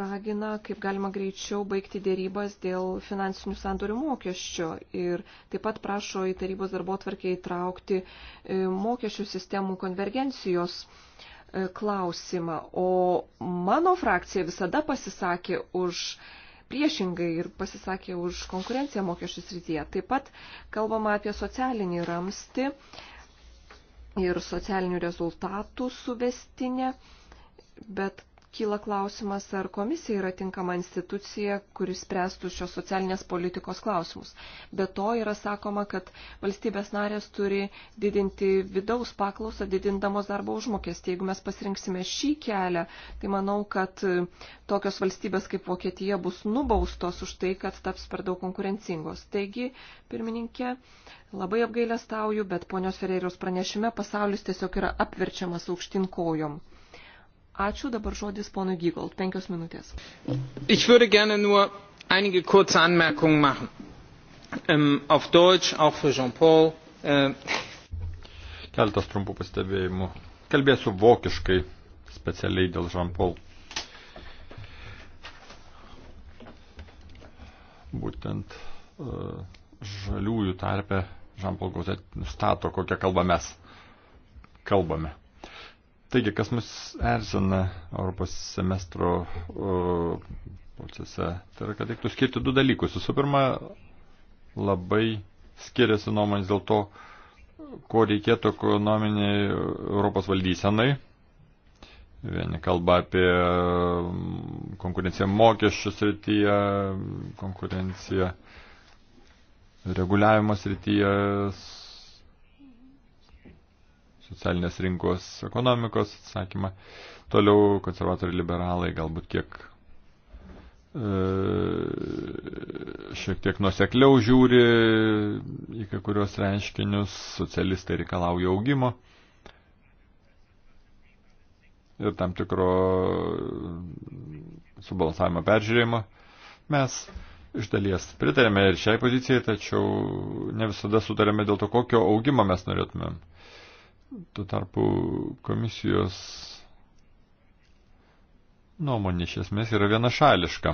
ragina, kaip galima greičiau baigti dėrybas dėl finansinių sandorių mokesčio ir taip pat prašo į tarybos darbo tvarkę įtraukti e, mokesčių sistemų konvergencijos e, klausimą. O mano frakcija visada pasisakė už priešingai ir pasisakė už konkurenciją mokesčių srityje. Taip pat kalbama apie socialinį ramstį ir socialinių rezultatų suvestinę, bet kyla klausimas, ar komisija yra tinkama institucija, kuris spręstų šios socialinės politikos klausimus. Be to yra sakoma, kad valstybės narės turi didinti vidaus paklausą, didindamos darbo užmokestį. Jeigu mes pasirinksime šį kelią, tai manau, kad e, tokios valstybės kaip Vokietija bus nubaustos už tai, kad taps per daug konkurencingos. Taigi, pirmininkė, labai apgailestauju, bet ponios Ferreiros pranešime pasaulis tiesiog yra apverčiamas aukštin kojom. Ačiū, dabar žodis ponui Gygold, penkios minutės. Ich würde gerne nur einige kurze Anmerkungen machen. Ähm, auf Deutsch, auch für Jean-Paul. Äh... Keltas trumpų pastebėjimų. Kalbėsiu vokiškai, specialiai dėl Jean-Paul. Būtent uh, žaliųjų tarpe Jean-Paul Gauzet nustato, kokią kalbą mes kalbame. Taigi, kas mus erzina Europos semestro procese, tai yra, kad reiktų skirti du dalykus. Visų pirma, labai skiriasi nuomonės dėl to, ko reikėtų ekonominiai Europos valdysenai. Vieni kalba apie mm, konkurenciją mokesčių srityje, konkurenciją reguliavimo srityje, socialinės rinkos ekonomikos atsakymą. Toliau konservatoriai liberalai galbūt kiek e, šiek tiek nusekliau žiūri į kai kurios reiškinius, socialistai reikalauja augimo ir tam tikro subalansavimo peržiūrėjimo. Mes iš dalies pritarėme ir šiai pozicijai, tačiau ne visada sutarėme dėl to, kokio augimo mes norėtumėm. Tuo tarpu komisijos nuomonė iš esmės yra vienašališka.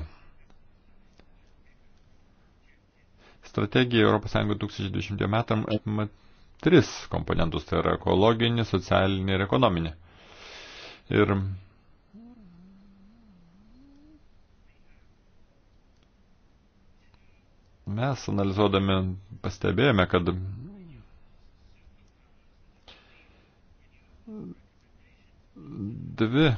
Strategija ES 2020 metam apima tris komponentus, tai yra ekologinį, socialinį ir ekonominį. Ir mes analizuodami pastebėjome, kad dvi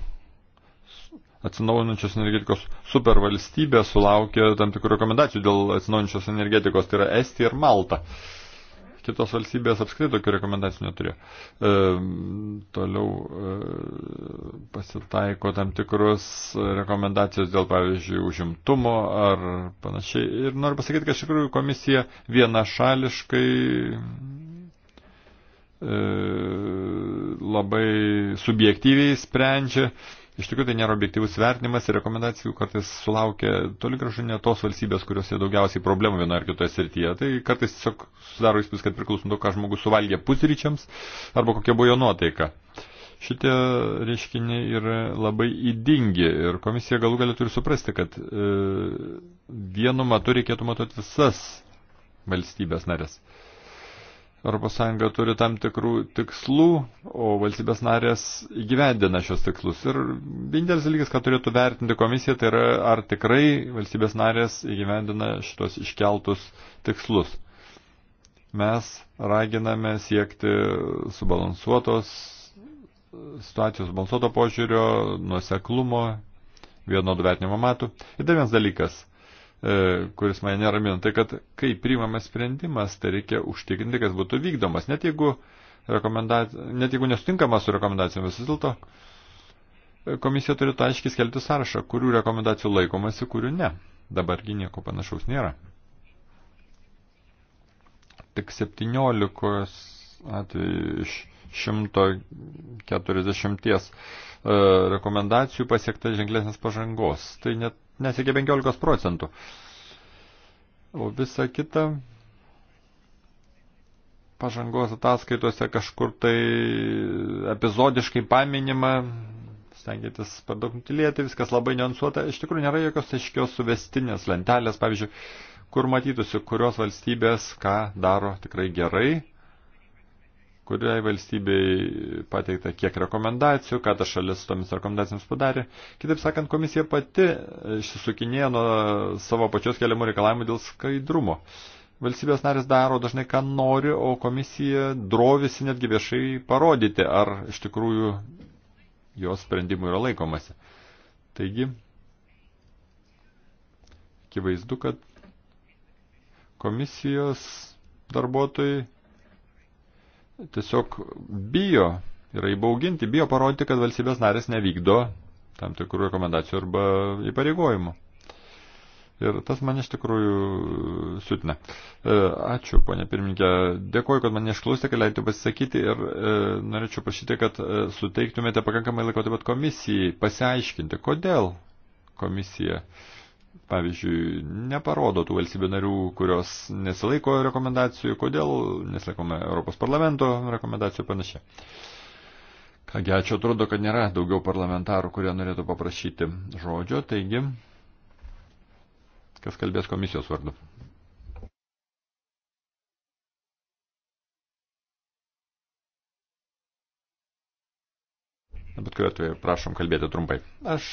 atsinaujinančios energetikos supervalstybė sulaukė tam tikrų rekomendacijų dėl atsinaujinančios energetikos, tai yra Estija ir Malta. Kitos valstybės apskritai tokių rekomendacijų neturėjo. E, toliau e, pasitaiko tam tikrus rekomendacijos dėl, pavyzdžiui, užimtumo ar panašiai. Ir noriu pasakyti, kad iš tikrųjų komisija vienašališkai E, labai subjektyviai sprendžia. Iš tikrųjų, tai nėra objektyvus vertinimas ir rekomendacijų kartais sulaukia toli gražu ne tos valstybės, kuriuose daugiausiai problemų vienoje ar kitoje srityje. Tai kartais tiesiog sudaro įspūdis, kad priklauso nuo to, ką žmogus suvalgė pusryčiams arba kokia buvo jo nuotaika. Šitie reiškiniai yra labai įdingi ir komisija galų galia turi suprasti, kad e, vienu matu reikėtų matuoti visas valstybės narės. ES turi tam tikrų tikslų, o valstybės narės įgyvendina šios tikslus. Ir vienintelis dalykas, ką turėtų vertinti komisija, tai yra, ar tikrai valstybės narės įgyvendina šitos iškeltus tikslus. Mes raginame siekti subalansuotos situacijos, balansuoto požiūrio, nuoseklumo, vienodų vertinimo matų. Ir dar vienas dalykas E, kuris mane neramina, tai kad kai priimamas sprendimas, tai reikia užtikrinti, kad būtų vykdomas. Net jeigu, net jeigu nesutinkama su rekomendacijomis, vis dėlto e, komisija turėtų aiškiai skelbti sąrašą, kurių rekomendacijų laikomasi, kurių ne. Dabargi nieko panašaus nėra. Tik 17 atveju iš 140 e, rekomendacijų pasiekta ženklesnės pažangos. Tai net nesiekia 15 procentų. O visa kita pažangos ataskaitose kažkur tai epizodiškai paminima, stengiantis per daug nutilėti, viskas labai niansuota. Iš tikrųjų nėra jokios aiškios suvestinės lentelės, pavyzdžiui, kur matytųsi, kurios valstybės ką daro tikrai gerai, kuriai valstybei pateikta kiek rekomendacijų, ką ta šalis tomis rekomendacijomis padarė. Kitaip sakant, komisija pati išsisukinėjo nuo savo pačios keliamų reikalavimų dėl skaidrumo. Valstybės narės daro dažnai, ką nori, o komisija drovisi netgi viešai parodyti, ar iš tikrųjų jos sprendimų yra laikomasi. Taigi, akivaizdu, kad komisijos darbuotojai tiesiog bijo, yra įbauginti, bijo parodyti, kad valstybės narės nevykdo tam tikrų rekomendacijų arba įpareigojimų. Ir tas man iš tikrųjų sutina. E, ačiū, ponė pirmininkė. Dėkuoju, kad mane išklausėte, kad leidėte pasisakyti ir e, norėčiau prašyti, kad e, suteiktumėte pakankamai laiko taip pat komisijai pasiaiškinti, kodėl komisija e, pavyzdžiui, neparodo tų valstybių narių, kurios nesilaiko rekomendacijų, kodėl nesilaikome Europos parlamento rekomendacijų ir panašiai. Kągi, ačiū, atrodo, kad nėra daugiau parlamentarų, kurie norėtų paprašyti žodžio, taigi, kas kalbės komisijos vardu. Bet kuriuo atveju prašom kalbėti trumpai. Aš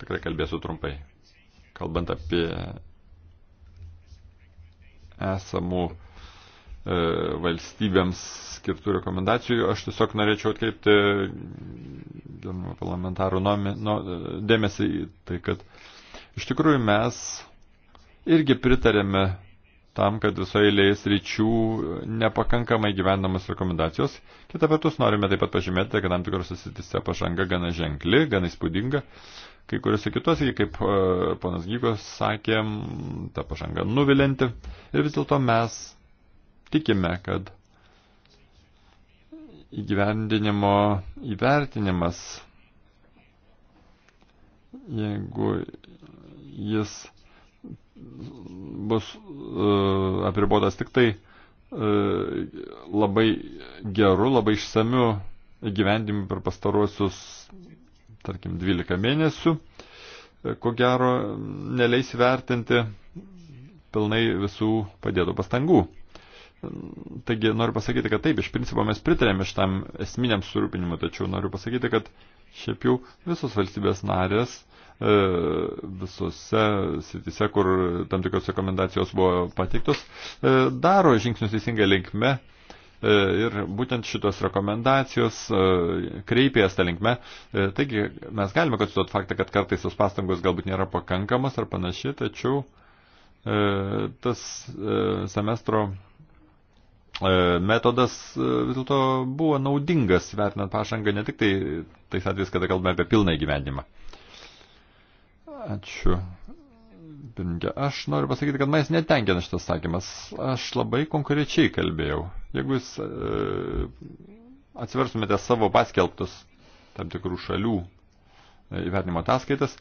tikrai kalbėsiu trumpai kalbant apie esamų e, valstybėms skirtų rekomendacijų. Aš tiesiog norėčiau atkreipti e, parlamentarų nuomė, nu, e, dėmesį į tai, kad iš tikrųjų mes irgi pritarėme tam, kad visoje eilėje sričių nepakankamai gyvendamas rekomendacijos. Kita vertus, norime taip pat pažymėti, kad tam tikrose sritise pažanga gana ženkli, gana įspūdinga. Kai kuriuose kitose, kaip e, ponas Gygos sakė, ta pažanga nuvilinti. Ir vis dėlto mes tikime, kad įgyvendinimo įvertinimas, jeigu jis bus uh, apribotas tik tai uh, labai geru, labai išsamiu įgyvendimu per pastaruosius tarkim, 12 mėnesių, e, ko gero neleis vertinti pilnai visų padėtų pastangų. Taigi noriu pasakyti, kad taip, iš principo mes pritarėme šitam esminiam surūpinimu, tačiau noriu pasakyti, kad šiaip jau visos valstybės narės e, visose sitise, kur tam tikros rekomendacijos buvo pateiktos, e, daro žingsnius teisingai linkme E, ir būtent šitos rekomendacijos e, kreipėjas tą linkme. Taigi mes galime konstatuoti faktą, kad kartais tos pastangos galbūt nėra pakankamos ar panašiai, tačiau e, tas semestro metodas vis dėlto buvo naudingas, vertinant pažangą ne tik tai tais atvejais, kada kalbame apie pilną įgyvendimą. Ačiū pirmininkė. Aš noriu pasakyti, kad manęs netenkina šitas sakymas. Aš labai konkrečiai kalbėjau. Jeigu jūs e, atsiversumėte savo paskelbtus tam tikrų šalių e, įvertinimo ataskaitas,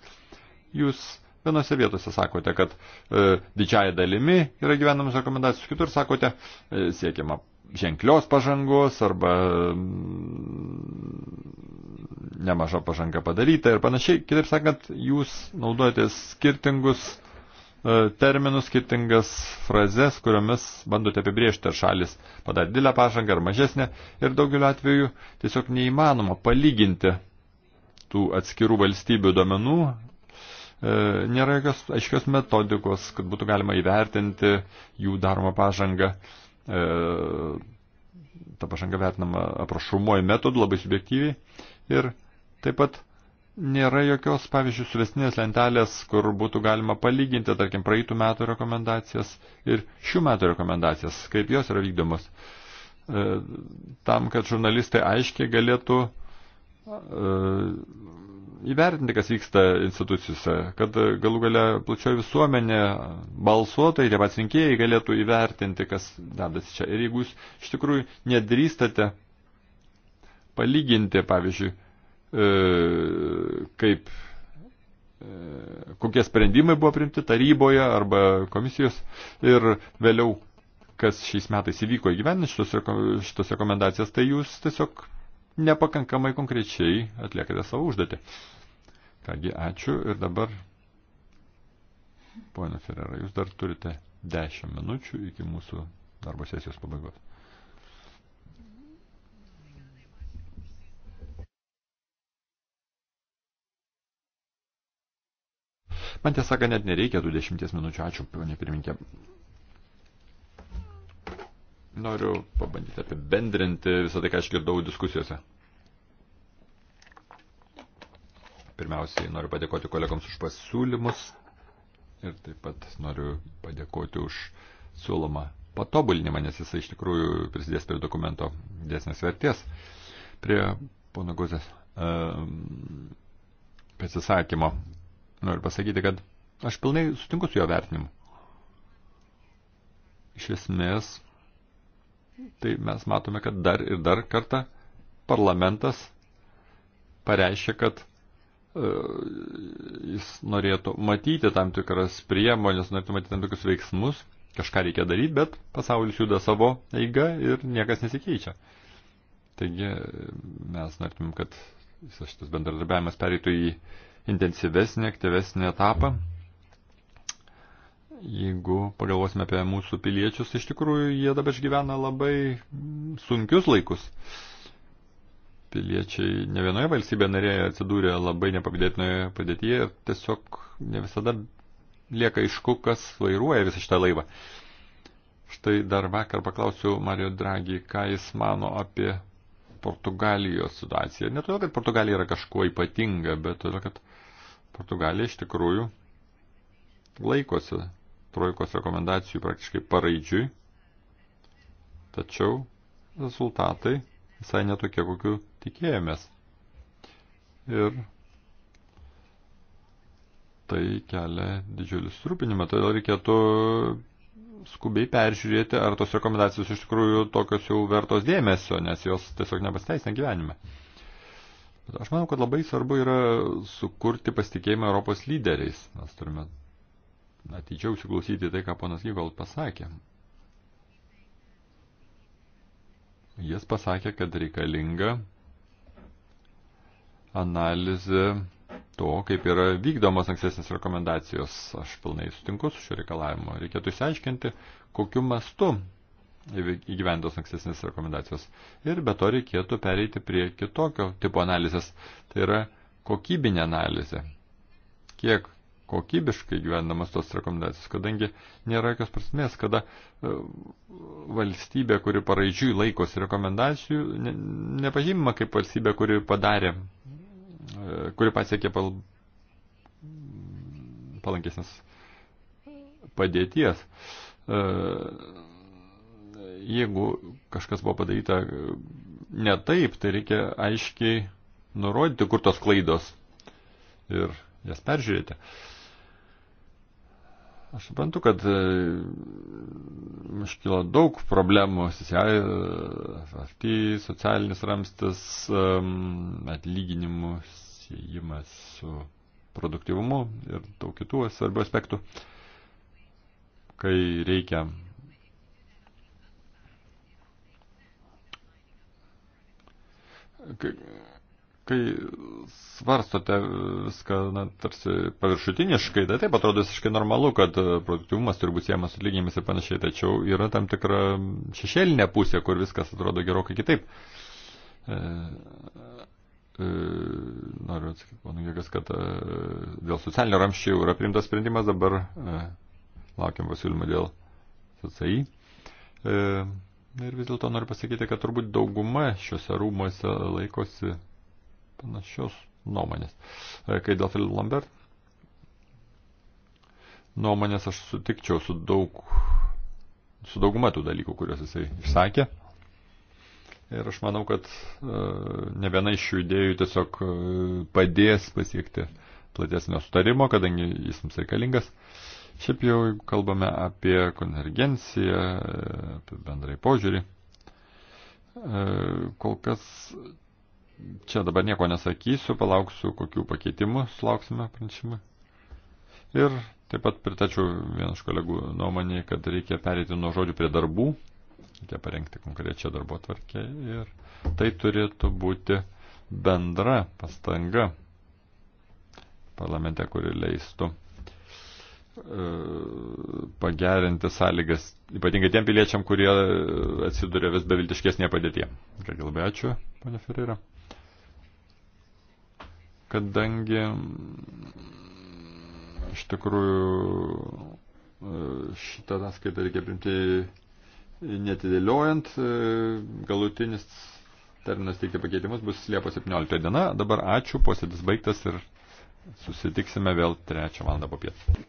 jūs vienose vietose sakote, kad e, didžiaja dalimi yra gyvenamas rekomendacijos, kitur sakote, e, siekiama ženklios pažangos arba mm, nemaža pažanga padaryta ir panašiai. Kitaip sakant, jūs naudojate skirtingus E, terminus, skirtingas frazes, kuriomis bandote apibriežti, ar šalis padarė didelę pažangą ar mažesnę. Ir daugeliu atveju tiesiog neįmanoma palyginti tų atskirų valstybių duomenų. E, nėra jokios aiškios metodikos, kad būtų galima įvertinti jų daromą pažangą. E, ta pažanga vertinama aprašumuoju metodu labai subjektyviai. Ir taip pat nėra jokios, pavyzdžiui, suvestinės lentelės, kur būtų galima palyginti, tarkim, praeitų metų rekomendacijas ir šių metų rekomendacijas, kaip jos yra vykdomos, e, tam, kad žurnalistai aiškiai galėtų e, įvertinti, kas vyksta institucijose, kad galų gale plačioji visuomenė, balsuotojai, tie pats rinkėjai galėtų įvertinti, kas dedasi čia. Ir jeigu jūs iš tikrųjų nedrįstate palyginti, pavyzdžiui, E, kaip, e, kokie sprendimai buvo primti taryboje arba komisijos ir vėliau, kas šiais metais įvyko įgyveninti šitos, šitos rekomendacijas, tai jūs tiesiog nepakankamai konkrečiai atliekate savo užduotį. Kągi, ačiū ir dabar, ponia Ferrera, jūs dar turite 10 minučių iki mūsų darbo sesijos pabaigos. Man tiesą sakant, net nereikia tų dešimties minučių. Ačiū, ponė pirminkė. Noriu pabandyti apibendrinti visą tai, ką aš girdau diskusijose. Pirmiausiai noriu padėkoti kolegoms už pasiūlymus ir taip pat noriu padėkoti už siūlomą patobulinimą, nes jisai iš tikrųjų prisidės prie dokumento dėsnės vertės. Prie pono Guzės e, pasisakymo Noriu pasakyti, kad aš pilnai sutinku su jo vertinimu. Iš esmės, tai mes matome, kad dar ir dar kartą parlamentas pareiškia, kad e, jis norėtų matyti tam tikras priemonės, norėtų matyti tam tikrus veiksmus, kažką reikia daryti, bet pasaulis juda savo eiga ir niekas nesikeičia. Taigi mes norėtumėm, kad visas šitas bendradarbiavimas pereitų į intensyvesnį, aktyvesnį etapą. Jeigu pagalvosime apie mūsų piliečius, iš tikrųjų jie dabar išgyvena labai sunkius laikus. Piliečiai ne vienoje valstybėje narėje atsidūrė labai nepavydėtinoje padėtyje ir tiesiog ne visada lieka aišku, kas vairuoja visą šitą laivą. Štai dar vakar paklausiau Mario Draghi, ką jis mano apie Portugalijos situaciją. Ne todėl, kad Portugalija yra kažkuo ypatinga, bet todėl, kad Portugalija iš tikrųjų laikosi trojkos rekomendacijų praktiškai paraidžiui, tačiau rezultatai visai netokie, kokiu tikėjomės. Ir tai kelia didžiulį surūpinimą, todėl reikėtų skubiai peržiūrėti, ar tos rekomendacijos iš tikrųjų tokios jau vertos dėmesio, nes jos tiesiog nepasteisina gyvenime. Bet aš manau, kad labai svarbu yra sukurti pasitikėjimą Europos lyderiais. Mes turime atidžiau įsiklausyti tai, ką ponas Gygol pasakė. Jis pasakė, kad reikalinga analizė to, kaip yra vykdomos ankstesnės rekomendacijos. Aš pilnai sutinku su šiuo reikalavimu. Reikėtų išsiaiškinti, kokiu mastu įgyventos ankstesnės rekomendacijos. Ir be to reikėtų pereiti prie kitokio tipo analizės. Tai yra kokybinė analizė. Kiek kokybiškai gyvendamas tos rekomendacijos, kadangi nėra jokios prasmės, kada e, valstybė, kuri paraidžiui laikosi rekomendacijų, ne, nepažymima kaip valstybė, kuri padarė, e, kuri pasiekė pal, palankesnės padėties. E, jeigu kažkas buvo padaryta e, ne taip, tai reikia aiškiai nurodyti, kur tos klaidos ir jas peržiūrėti. Aš suprantu, kad e, iškyla daug problemų, FFT, socialinis ramstis, e, atlyginimų siejimas su produktivumu ir daug kitų svarbių aspektų, kai reikia kai, kai svarstote viską, na, tarsi paviršutiniškai, tai taip atrodo visiškai normalu, kad e, produktivumas turi būti siejamas su atlyginimis ir panašiai, tačiau yra tam tikra šešėlinė pusė, kur viskas atrodo gerokai kitaip. E, e, noriu atsakyti, panu Gėgas, kad e, dėl socialinio ramščių yra priimtas sprendimas, dabar e, laukiam pasiūlymą dėl SCI. E, Ir vis dėlto noriu pasakyti, kad turbūt dauguma šiuose rūmuose laikosi panašios nuomonės. E, kai dėl Filip Lambert nuomonės aš sutikčiau su, daug, su dauguma tų dalykų, kuriuos jisai išsakė. Ir aš manau, kad e, ne viena iš šių idėjų tiesiog e, padės pasiekti platesnio sutarimo, kadangi jis mums reikalingas. Uh, Šiaip jau kalbame apie konvergenciją, apie bendrai požiūrį. E, kol kas čia dabar nieko nesakysiu, palauksiu, kokių pakeitimų sulauksime pranešimui. Ir taip pat pritačiau vienas kolegų nuomonėje, kad reikia pereiti nuo žodžių prie darbų, reikia parengti konkrečią darbo tvarkę ir tai turėtų būti bendra pastanga parlamente, kuri leistų pagerinti sąlygas, ypatingai tiem piliečiam, kurie atsiduria vis beviltiškesnėje padėtyje. Ką labai ačiū, ponia Ferreira. Kadangi iš tikrųjų šitą ataskaitą reikia primti netidėliojant, galutinis terminas teikti pakeitimus bus Liepos 17 diena. Dabar ačiū, posėdis baigtas ir susitiksime vėl 3 val. po pietų.